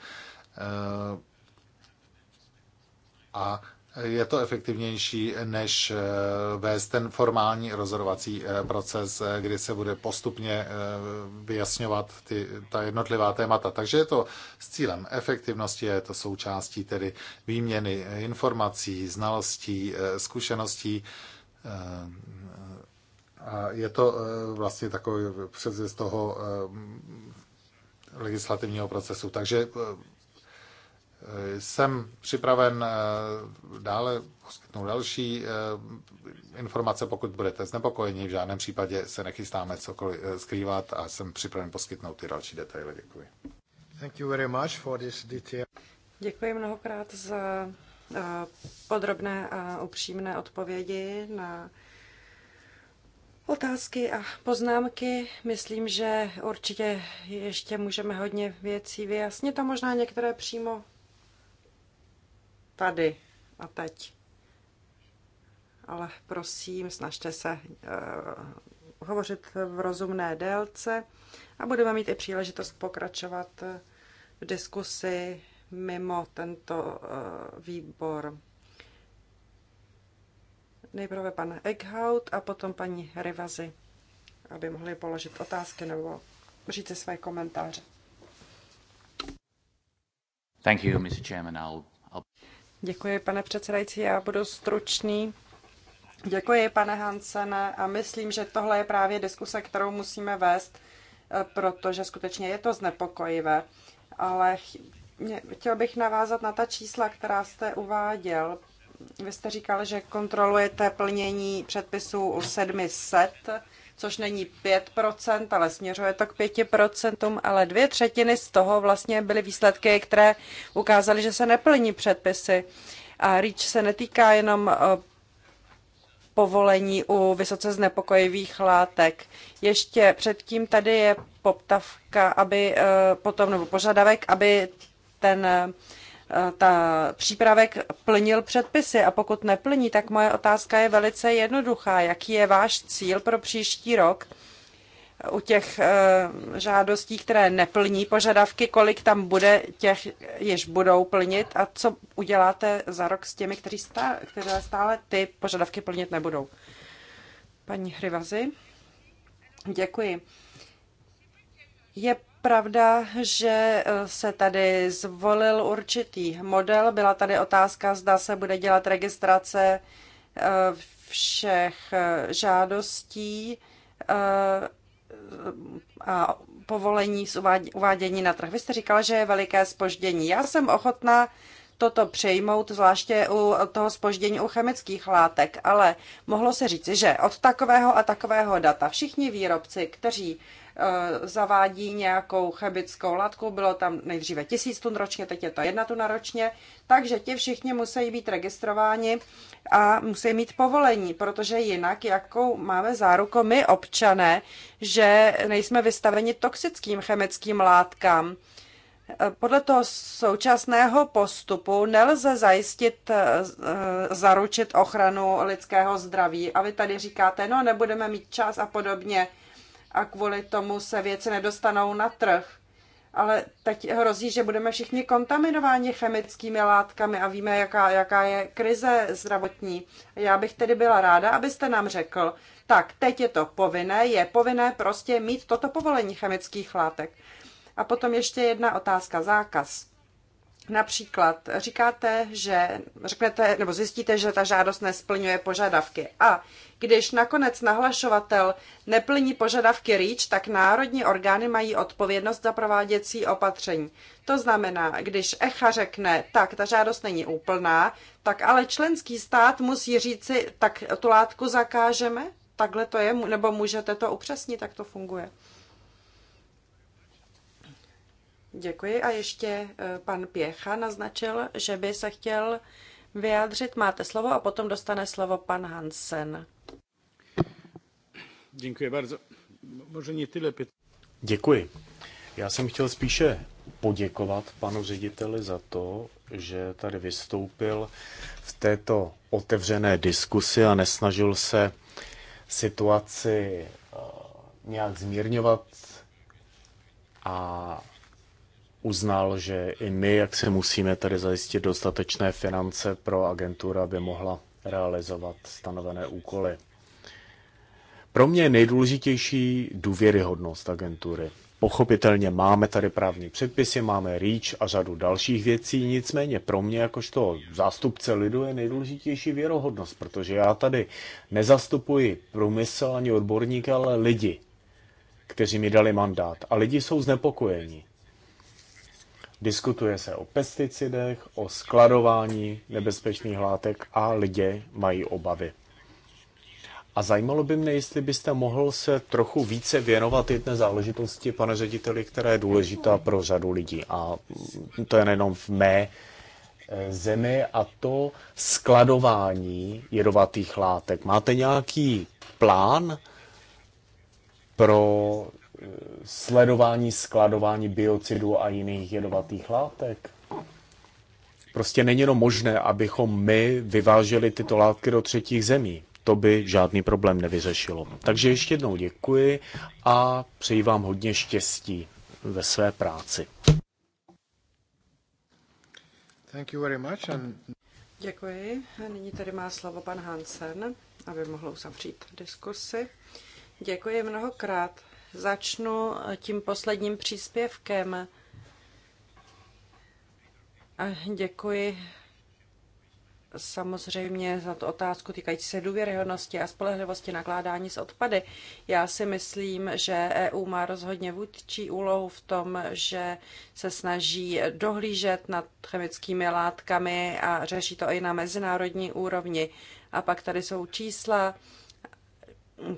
a je to efektivnější, než eh, vést ten formální rozhodovací eh, proces, eh, kdy se bude postupně vyjasňovat ty, ta jednotlivá témata. Takže je to s cílem efektivnosti, je to součástí tedy výměny informací, znalostí, zkušeností. A je to vlastně takový předzvěst toho legislativního procesu. Takže jsem připraven eh, dále poskytnout další eh, informace, pokud budete znepokojeni. V žádném případě se nechystáme cokoliv eh, skrývat a jsem připraven poskytnout ty další detaily. Děkuji. Thank you very much for this detail. Děkuji mnohokrát za podrobné a upřímné odpovědi na otázky a poznámky. Myslím, že určitě ještě můžeme hodně věcí vyjasnit a možná některé přímo tady a teď. Ale prosím, snažte se uh, hovořit v rozumné délce a budeme mít i příležitost pokračovat eh, v diskusi mimo tento uh, výbor. Nejprve pan Eckhout a potom paní Rivazy, aby mohli položit otázky nebo říct své komentáře. Thank you, Mr. Chairman. I'll Děkuji, pane předsedající, já budu stručný. Děkuji, pane Hansen a myslím, že tohle je právě diskuse, kterou musíme vést, eh, protože skutečně je to znepokojivé. Ale chtěl bych navázat na ta čísla, která jste uváděl. Vy jste říkal, že kontrolujete plnění předpisů u 700 což není 5%, ale směřuje to k 5%, ale dvě třetiny z toho vlastně byly výsledky, které ukázaly, že se neplní předpisy. A REACH se netýká jenom eh, povolení u vysoce znepokojivých látek. Ještě předtím tady je poptavka, aby eh, potom, nebo požadavek, aby ten ta přípravek plnil předpisy a pokud neplní, tak moje otázka je velice jednoduchá. Jaký je váš cíl pro příští rok? u těch eh, žádostí, které neplní požadavky, kolik tam bude těch, jež budou plnit a co uděláte za rok s těmi, kteří stále, které stále ty požadavky plnit nebudou. Paní Hryvazy, děkuji. Je pravda, že eh, se tady zvolil určitý model. Byla tady otázka, zda se bude dělat registrace eh, všech eh, žádostí a povolení z uvádění na trh. Vy jste říkala, že je veliké spoždění. Já jsem ochotná toto přejmout, zvláště u toho spoždění u chemických látek, ale mohlo se říci, že od takového a takového data všichni výrobci, kteří Eh, zavádí nějakou chemickou látku, bylo tam nejdříve tisíc tun ročně, teď je to jedna tuna ročně, takže ti všichni musí být registrováni a musí mít povolení, protože jinak jakou máme záruku my občané, že nejsme vystaveni toxickým chemickým látkám. Eh, podle toho současného postupu nelze zajistit, eh, zaručit ochranu lidského zdraví. A vy tady říkáte, no nebudeme mít čas a podobně a kvůli tomu se věci nedostanou na trh. Ale teď hrozí, že budeme všichni kontaminováni chemickými látkami a víme, jaká, jaká je krize zdravotní. Já bych tedy byla ráda, abyste nám řekl, tak teď je to povinné, je povinné prostě mít toto povolení chemických látek. A potom ještě jedna otázka, zákaz. Například říkáte, že řeknete, nebo zjistíte, že ta žádost nesplňuje požadavky. A když nakonec nahlašovatel neplní požadavky REACH, tak národní orgány mají odpovědnost za prováděcí opatření. To znamená, když ECHA řekne, tak ta žádost není úplná, tak ale členský stát musí říci, tak tu látku zakážeme? Takhle to je, nebo můžete to upřesnit, tak to funguje. Děkuji. A ještě eh, pan Pěcha naznačil, že by se chtěl vyjádřit. Máte slovo a potom dostane slovo pan Hansen. Děkuji bardzo. Možná tyle pět. Děkuji. Já jsem chtěl spíše poděkovat panu řediteli za to, že tady vystoupil v této otevřené diskusi a nesnažil se situaci eh, nějak zmírňovat a uznal, že i my, jak se musíme tady zajistit dostatečné finance pro agenturu, aby mohla realizovat stanovené úkoly. Pro mě je nejdůležitější důvěryhodnost agentury. Pochopitelně máme tady právní předpisy, máme REACH a řadu dalších věcí, nicméně pro mě jakožto zástupce lidu je nejdůležitější věrohodnost, protože já tady nezastupuji průmysl ani odborníky, ale lidi, kteří mi dali mandát. A lidi jsou znepokojeni. Diskutuje se o pesticidech, o skladování nebezpečných látek a lidé mají obavy. A zajímalo by mě, jestli byste mohl se trochu více věnovat jedné záležitosti, pane řediteli, která je důležitá pro řadu lidí. A to je nejenom v mé eh, zemi a to skladování jedovatých látek. Máte nějaký plán pro sledování skladování biocidů a jiných jedovatých látek? Prostě není to možné, abychom my vyváželi tyto látky do třetích zemí. To by žádný problém nevyřešilo. Takže ještě jednou děkuji a přeji vám hodně štěstí ve své práci. Thank you very much and... Děkuji. Nyní tady má slovo pan Hansen, aby mohl uzavřít diskusi. Děkuji mnohokrát. Začnu tím posledním příspěvkem. A děkuji samozřejmě za tu otázku týkající se důvěryhodnosti a spolehlivosti nakládání s odpady. Já si myslím, že EU má rozhodně vůdčí úlohu v tom, že se snaží dohlížet nad chemickými látkami a řeší to i na mezinárodní úrovni. A pak tady jsou čísla,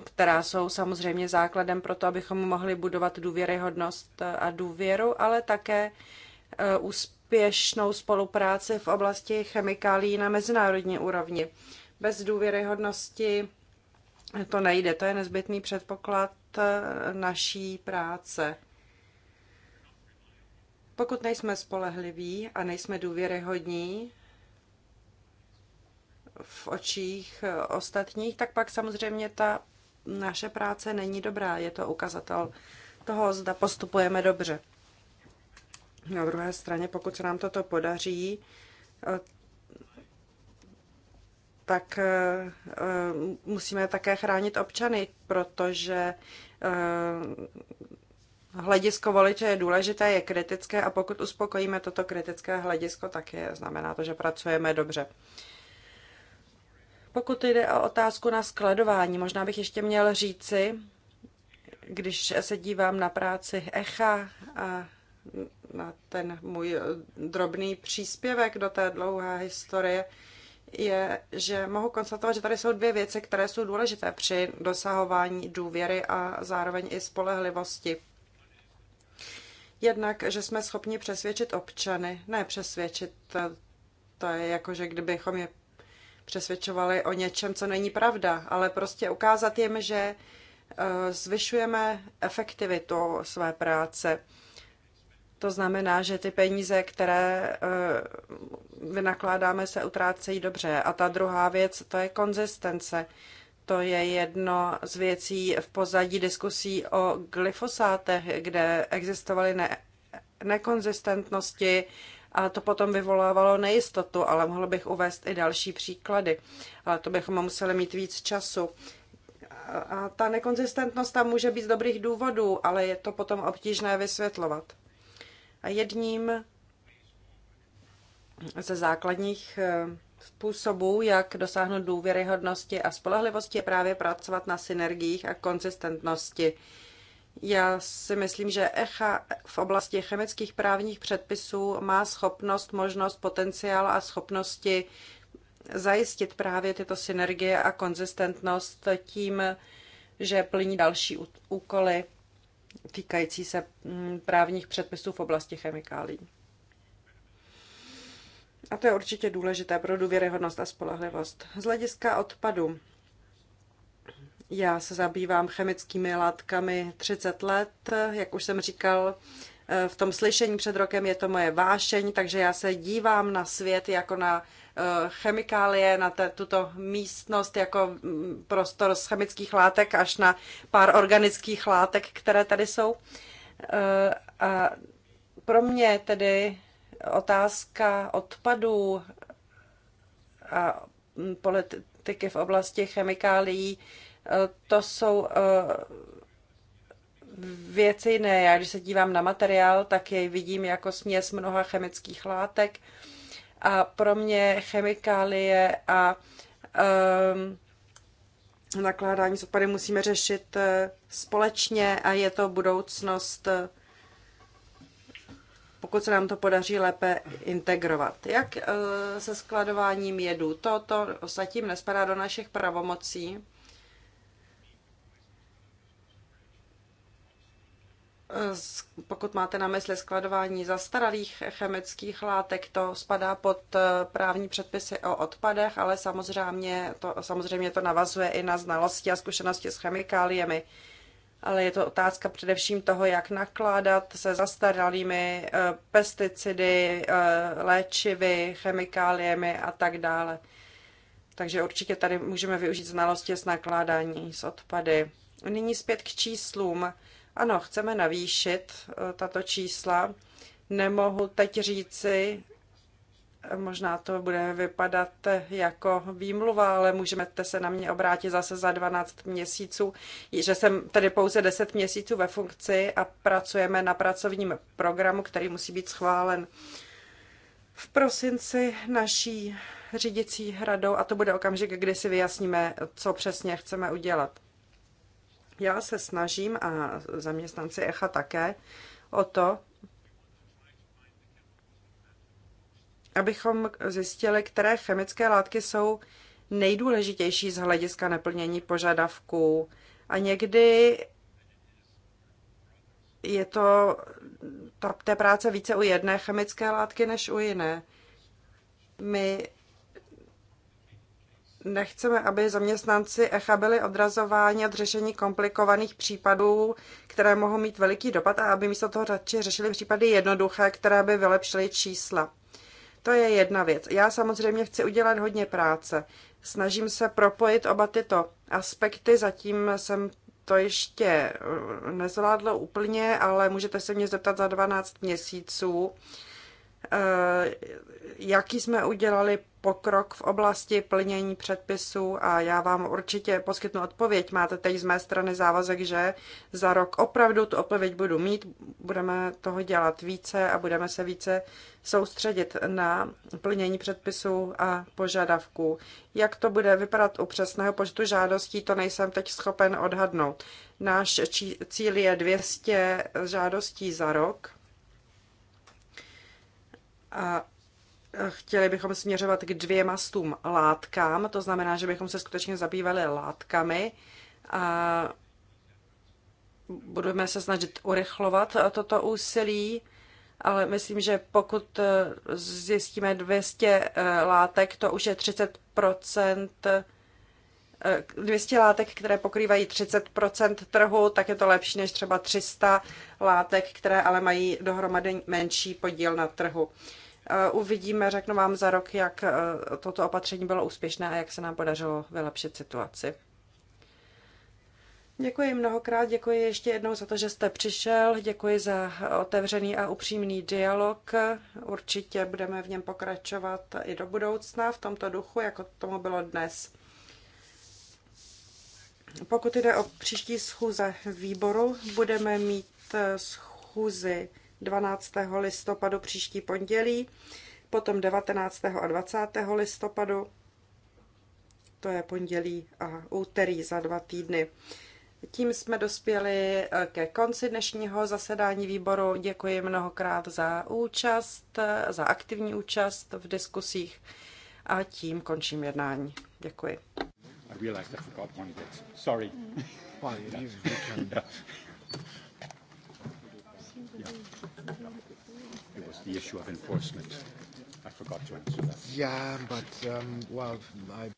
která jsou samozřejmě základem pro to, abychom mohli budovat důvěryhodnost a důvěru, ale také e, úspěšnou spolupráci v oblasti chemikálí na mezinárodní úrovni. Bez důvěryhodnosti to nejde, to je nezbytný předpoklad e, naší práce. Pokud nejsme spolehliví a nejsme důvěryhodní, v očích e, ostatních, tak pak samozřejmě ta naše práce není dobrá. Je to ukazatel toho, zda postupujeme dobře. Na druhé straně, pokud se nám toto podaří, eh, tak eh, eh, musíme také chránit občany, protože hledisko voliče je důležité, je kritické a pokud uspokojíme toto kritické hledisko, tak je, znamená to, že pracujeme dobře. Pokud jde o otázku na skladování, možná bych ještě měl říci, když se dívám na práci Echa a na ten můj drobný příspěvek do té dlouhé historie, je, že mohu konstatovat, že tady jsou dvě věci, které jsou důležité při dosahování důvěry a zároveň i spolehlivosti. Jednak, že jsme schopni přesvědčit občany, ne přesvědčit, to je jako, že kdybychom je přesvědčovali o něčem, co není pravda, ale prostě ukázat jim, že eh, zvyšujeme efektivitu své práce. To znamená, že ty peníze, které eh, vynakládáme, se utrácejí dobře. A ta druhá věc, to je konzistence. To je jedno z věcí v pozadí diskusí o glyfosátech, kde existovaly ne- nekonzistentnosti a to potom vyvolávalo nejistotu, ale mohl bych uvést i další příklady, ale to bychom museli mít víc času. A ta nekonzistentnost tam může být z dobrých důvodů, ale je to potom obtížné vysvětlovat. A jedním ze základních eh, způsobů, jak dosáhnout důvěryhodnosti a spolehlivosti, je právě pracovat na synergiích a konzistentnosti. Já si myslím, že ECHA v oblasti chemických právních předpisů má schopnost, možnost, potenciál a schopnosti zajistit právě tyto synergie a konzistentnost tím, že plní další úkoly týkající se mm, právních předpisů v oblasti chemikálií. A to je určitě důležité pro důvěryhodnost a spolehlivost. Z hlediska odpadu já se zabývám chemickými látkami 30 let, jak už jsem říkal, eh, v tom slyšení před rokem je to moje vášeň, takže já se dívám na svět jako na eh, chemikálie, na te, tuto místnost jako mm, prostor z chemických látek až na pár organických látek, které tady jsou. Eh, a pro mě tedy otázka odpadů a mm, politiky v oblasti chemikálií Eh, to jsou eh, věci jiné. Já když se dívám na materiál, tak jej vidím jako směs mnoha chemických látek. A pro mě chemikálie a eh, nakládání s odpady musíme řešit společně a je to budoucnost, pokud se nám to podaří lépe integrovat. Jak se skladováním jedu? To, to zatím nespadá do našich pravomocí Eh, pokud máte na mysli skladování zastaralých chemických látek, to spadá pod eh, právní předpisy o odpadech, ale samozřejmě to, samozřejmě to navazuje i na znalosti a zkušenosti s chemikáliemi. Ale je to otázka především toho, jak nakládat se zastaralými eh, pesticidy, léčivy, chemikáliemi a tak dále. Takže určitě tady můžeme využít znalosti s nakládání s odpady. Nyní zpět k číslům. Ano, chceme navýšit eh, tato čísla. Nemohu teď říci, eh, možná to bude vypadat eh, jako výmluva, ale můžete se na mě obrátit zase za 12 měsíců, že jsem tedy pouze 10 měsíců ve funkci a pracujeme na pracovním programu, který musí být schválen v prosinci naší řídicí radou a to bude okamžik, kdy si vyjasníme, co přesně chceme udělat. Já se snažím a zaměstnanci ECHA také o to, abychom zjistili, které chemické látky jsou nejdůležitější z hlediska neplnění požadavků. A někdy je to ta, té práce více u jedné chemické látky než u jiné. My Nechceme, aby zaměstnanci ECHA byli odrazováni od řešení komplikovaných případů, které mohou mít veliký dopad a aby místo toho radši řešili případy jednoduché, které by vylepšily čísla. To je jedna věc. Já samozřejmě chci udělat hodně práce. Snažím se propojit oba tyto aspekty, zatím jsem to ještě eh, nezvládlo úplně, ale můžete se mě zeptat za 12 měsíců, eh, jaký jsme udělali pokrok v oblasti plnění předpisů a já vám určitě poskytnu odpověď. Máte teď z mé strany závazek, že za rok opravdu tu odpověď budu mít, budeme toho dělat více a budeme se více soustředit na plnění předpisů a požadavků. Jak to bude vypadat u přesného počtu žádostí, to nejsem teď schopen odhadnout. Náš cíl je 200 žádostí za rok. A chtěli bychom směřovat k dvěma stům látkám, to znamená, že bychom se skutečně zabývali látkami a budeme se snažit urychlovat toto úsilí, ale myslím, že pokud zjistíme 200 eh, látek, to už je 30 200 eh, látek, které pokrývají 30 trhu, tak je to lepší než třeba 300 látek, které ale mají dohromady menší podíl na trhu. Eh, uvidíme, řeknu vám za rok, jak eh, toto opatření bylo úspěšné a jak se nám podařilo vylepšit situaci. Děkuji mnohokrát, děkuji ještě jednou za to, že jste přišel, děkuji za otevřený a upřímný dialog. Určitě budeme v něm pokračovat i do budoucna v tomto duchu, jako tomu bylo dnes. Pokud jde o příští schůze výboru, budeme mít eh, schůzi 12. listopadu příští pondělí, potom 19. a 20. listopadu, to je pondělí a úterý za dva týdny. Tím jsme dospěli eh, ke konci dnešního zasedání výboru. Děkuji mnohokrát za účast, eh, za aktivní účast v diskusích a tím končím jednání. Děkuji. I realized I forgot one bit. Sorry. Well, you, you can... Yeah. It was the issue of enforcement. I forgot to answer that. Yeah, but, um, well, I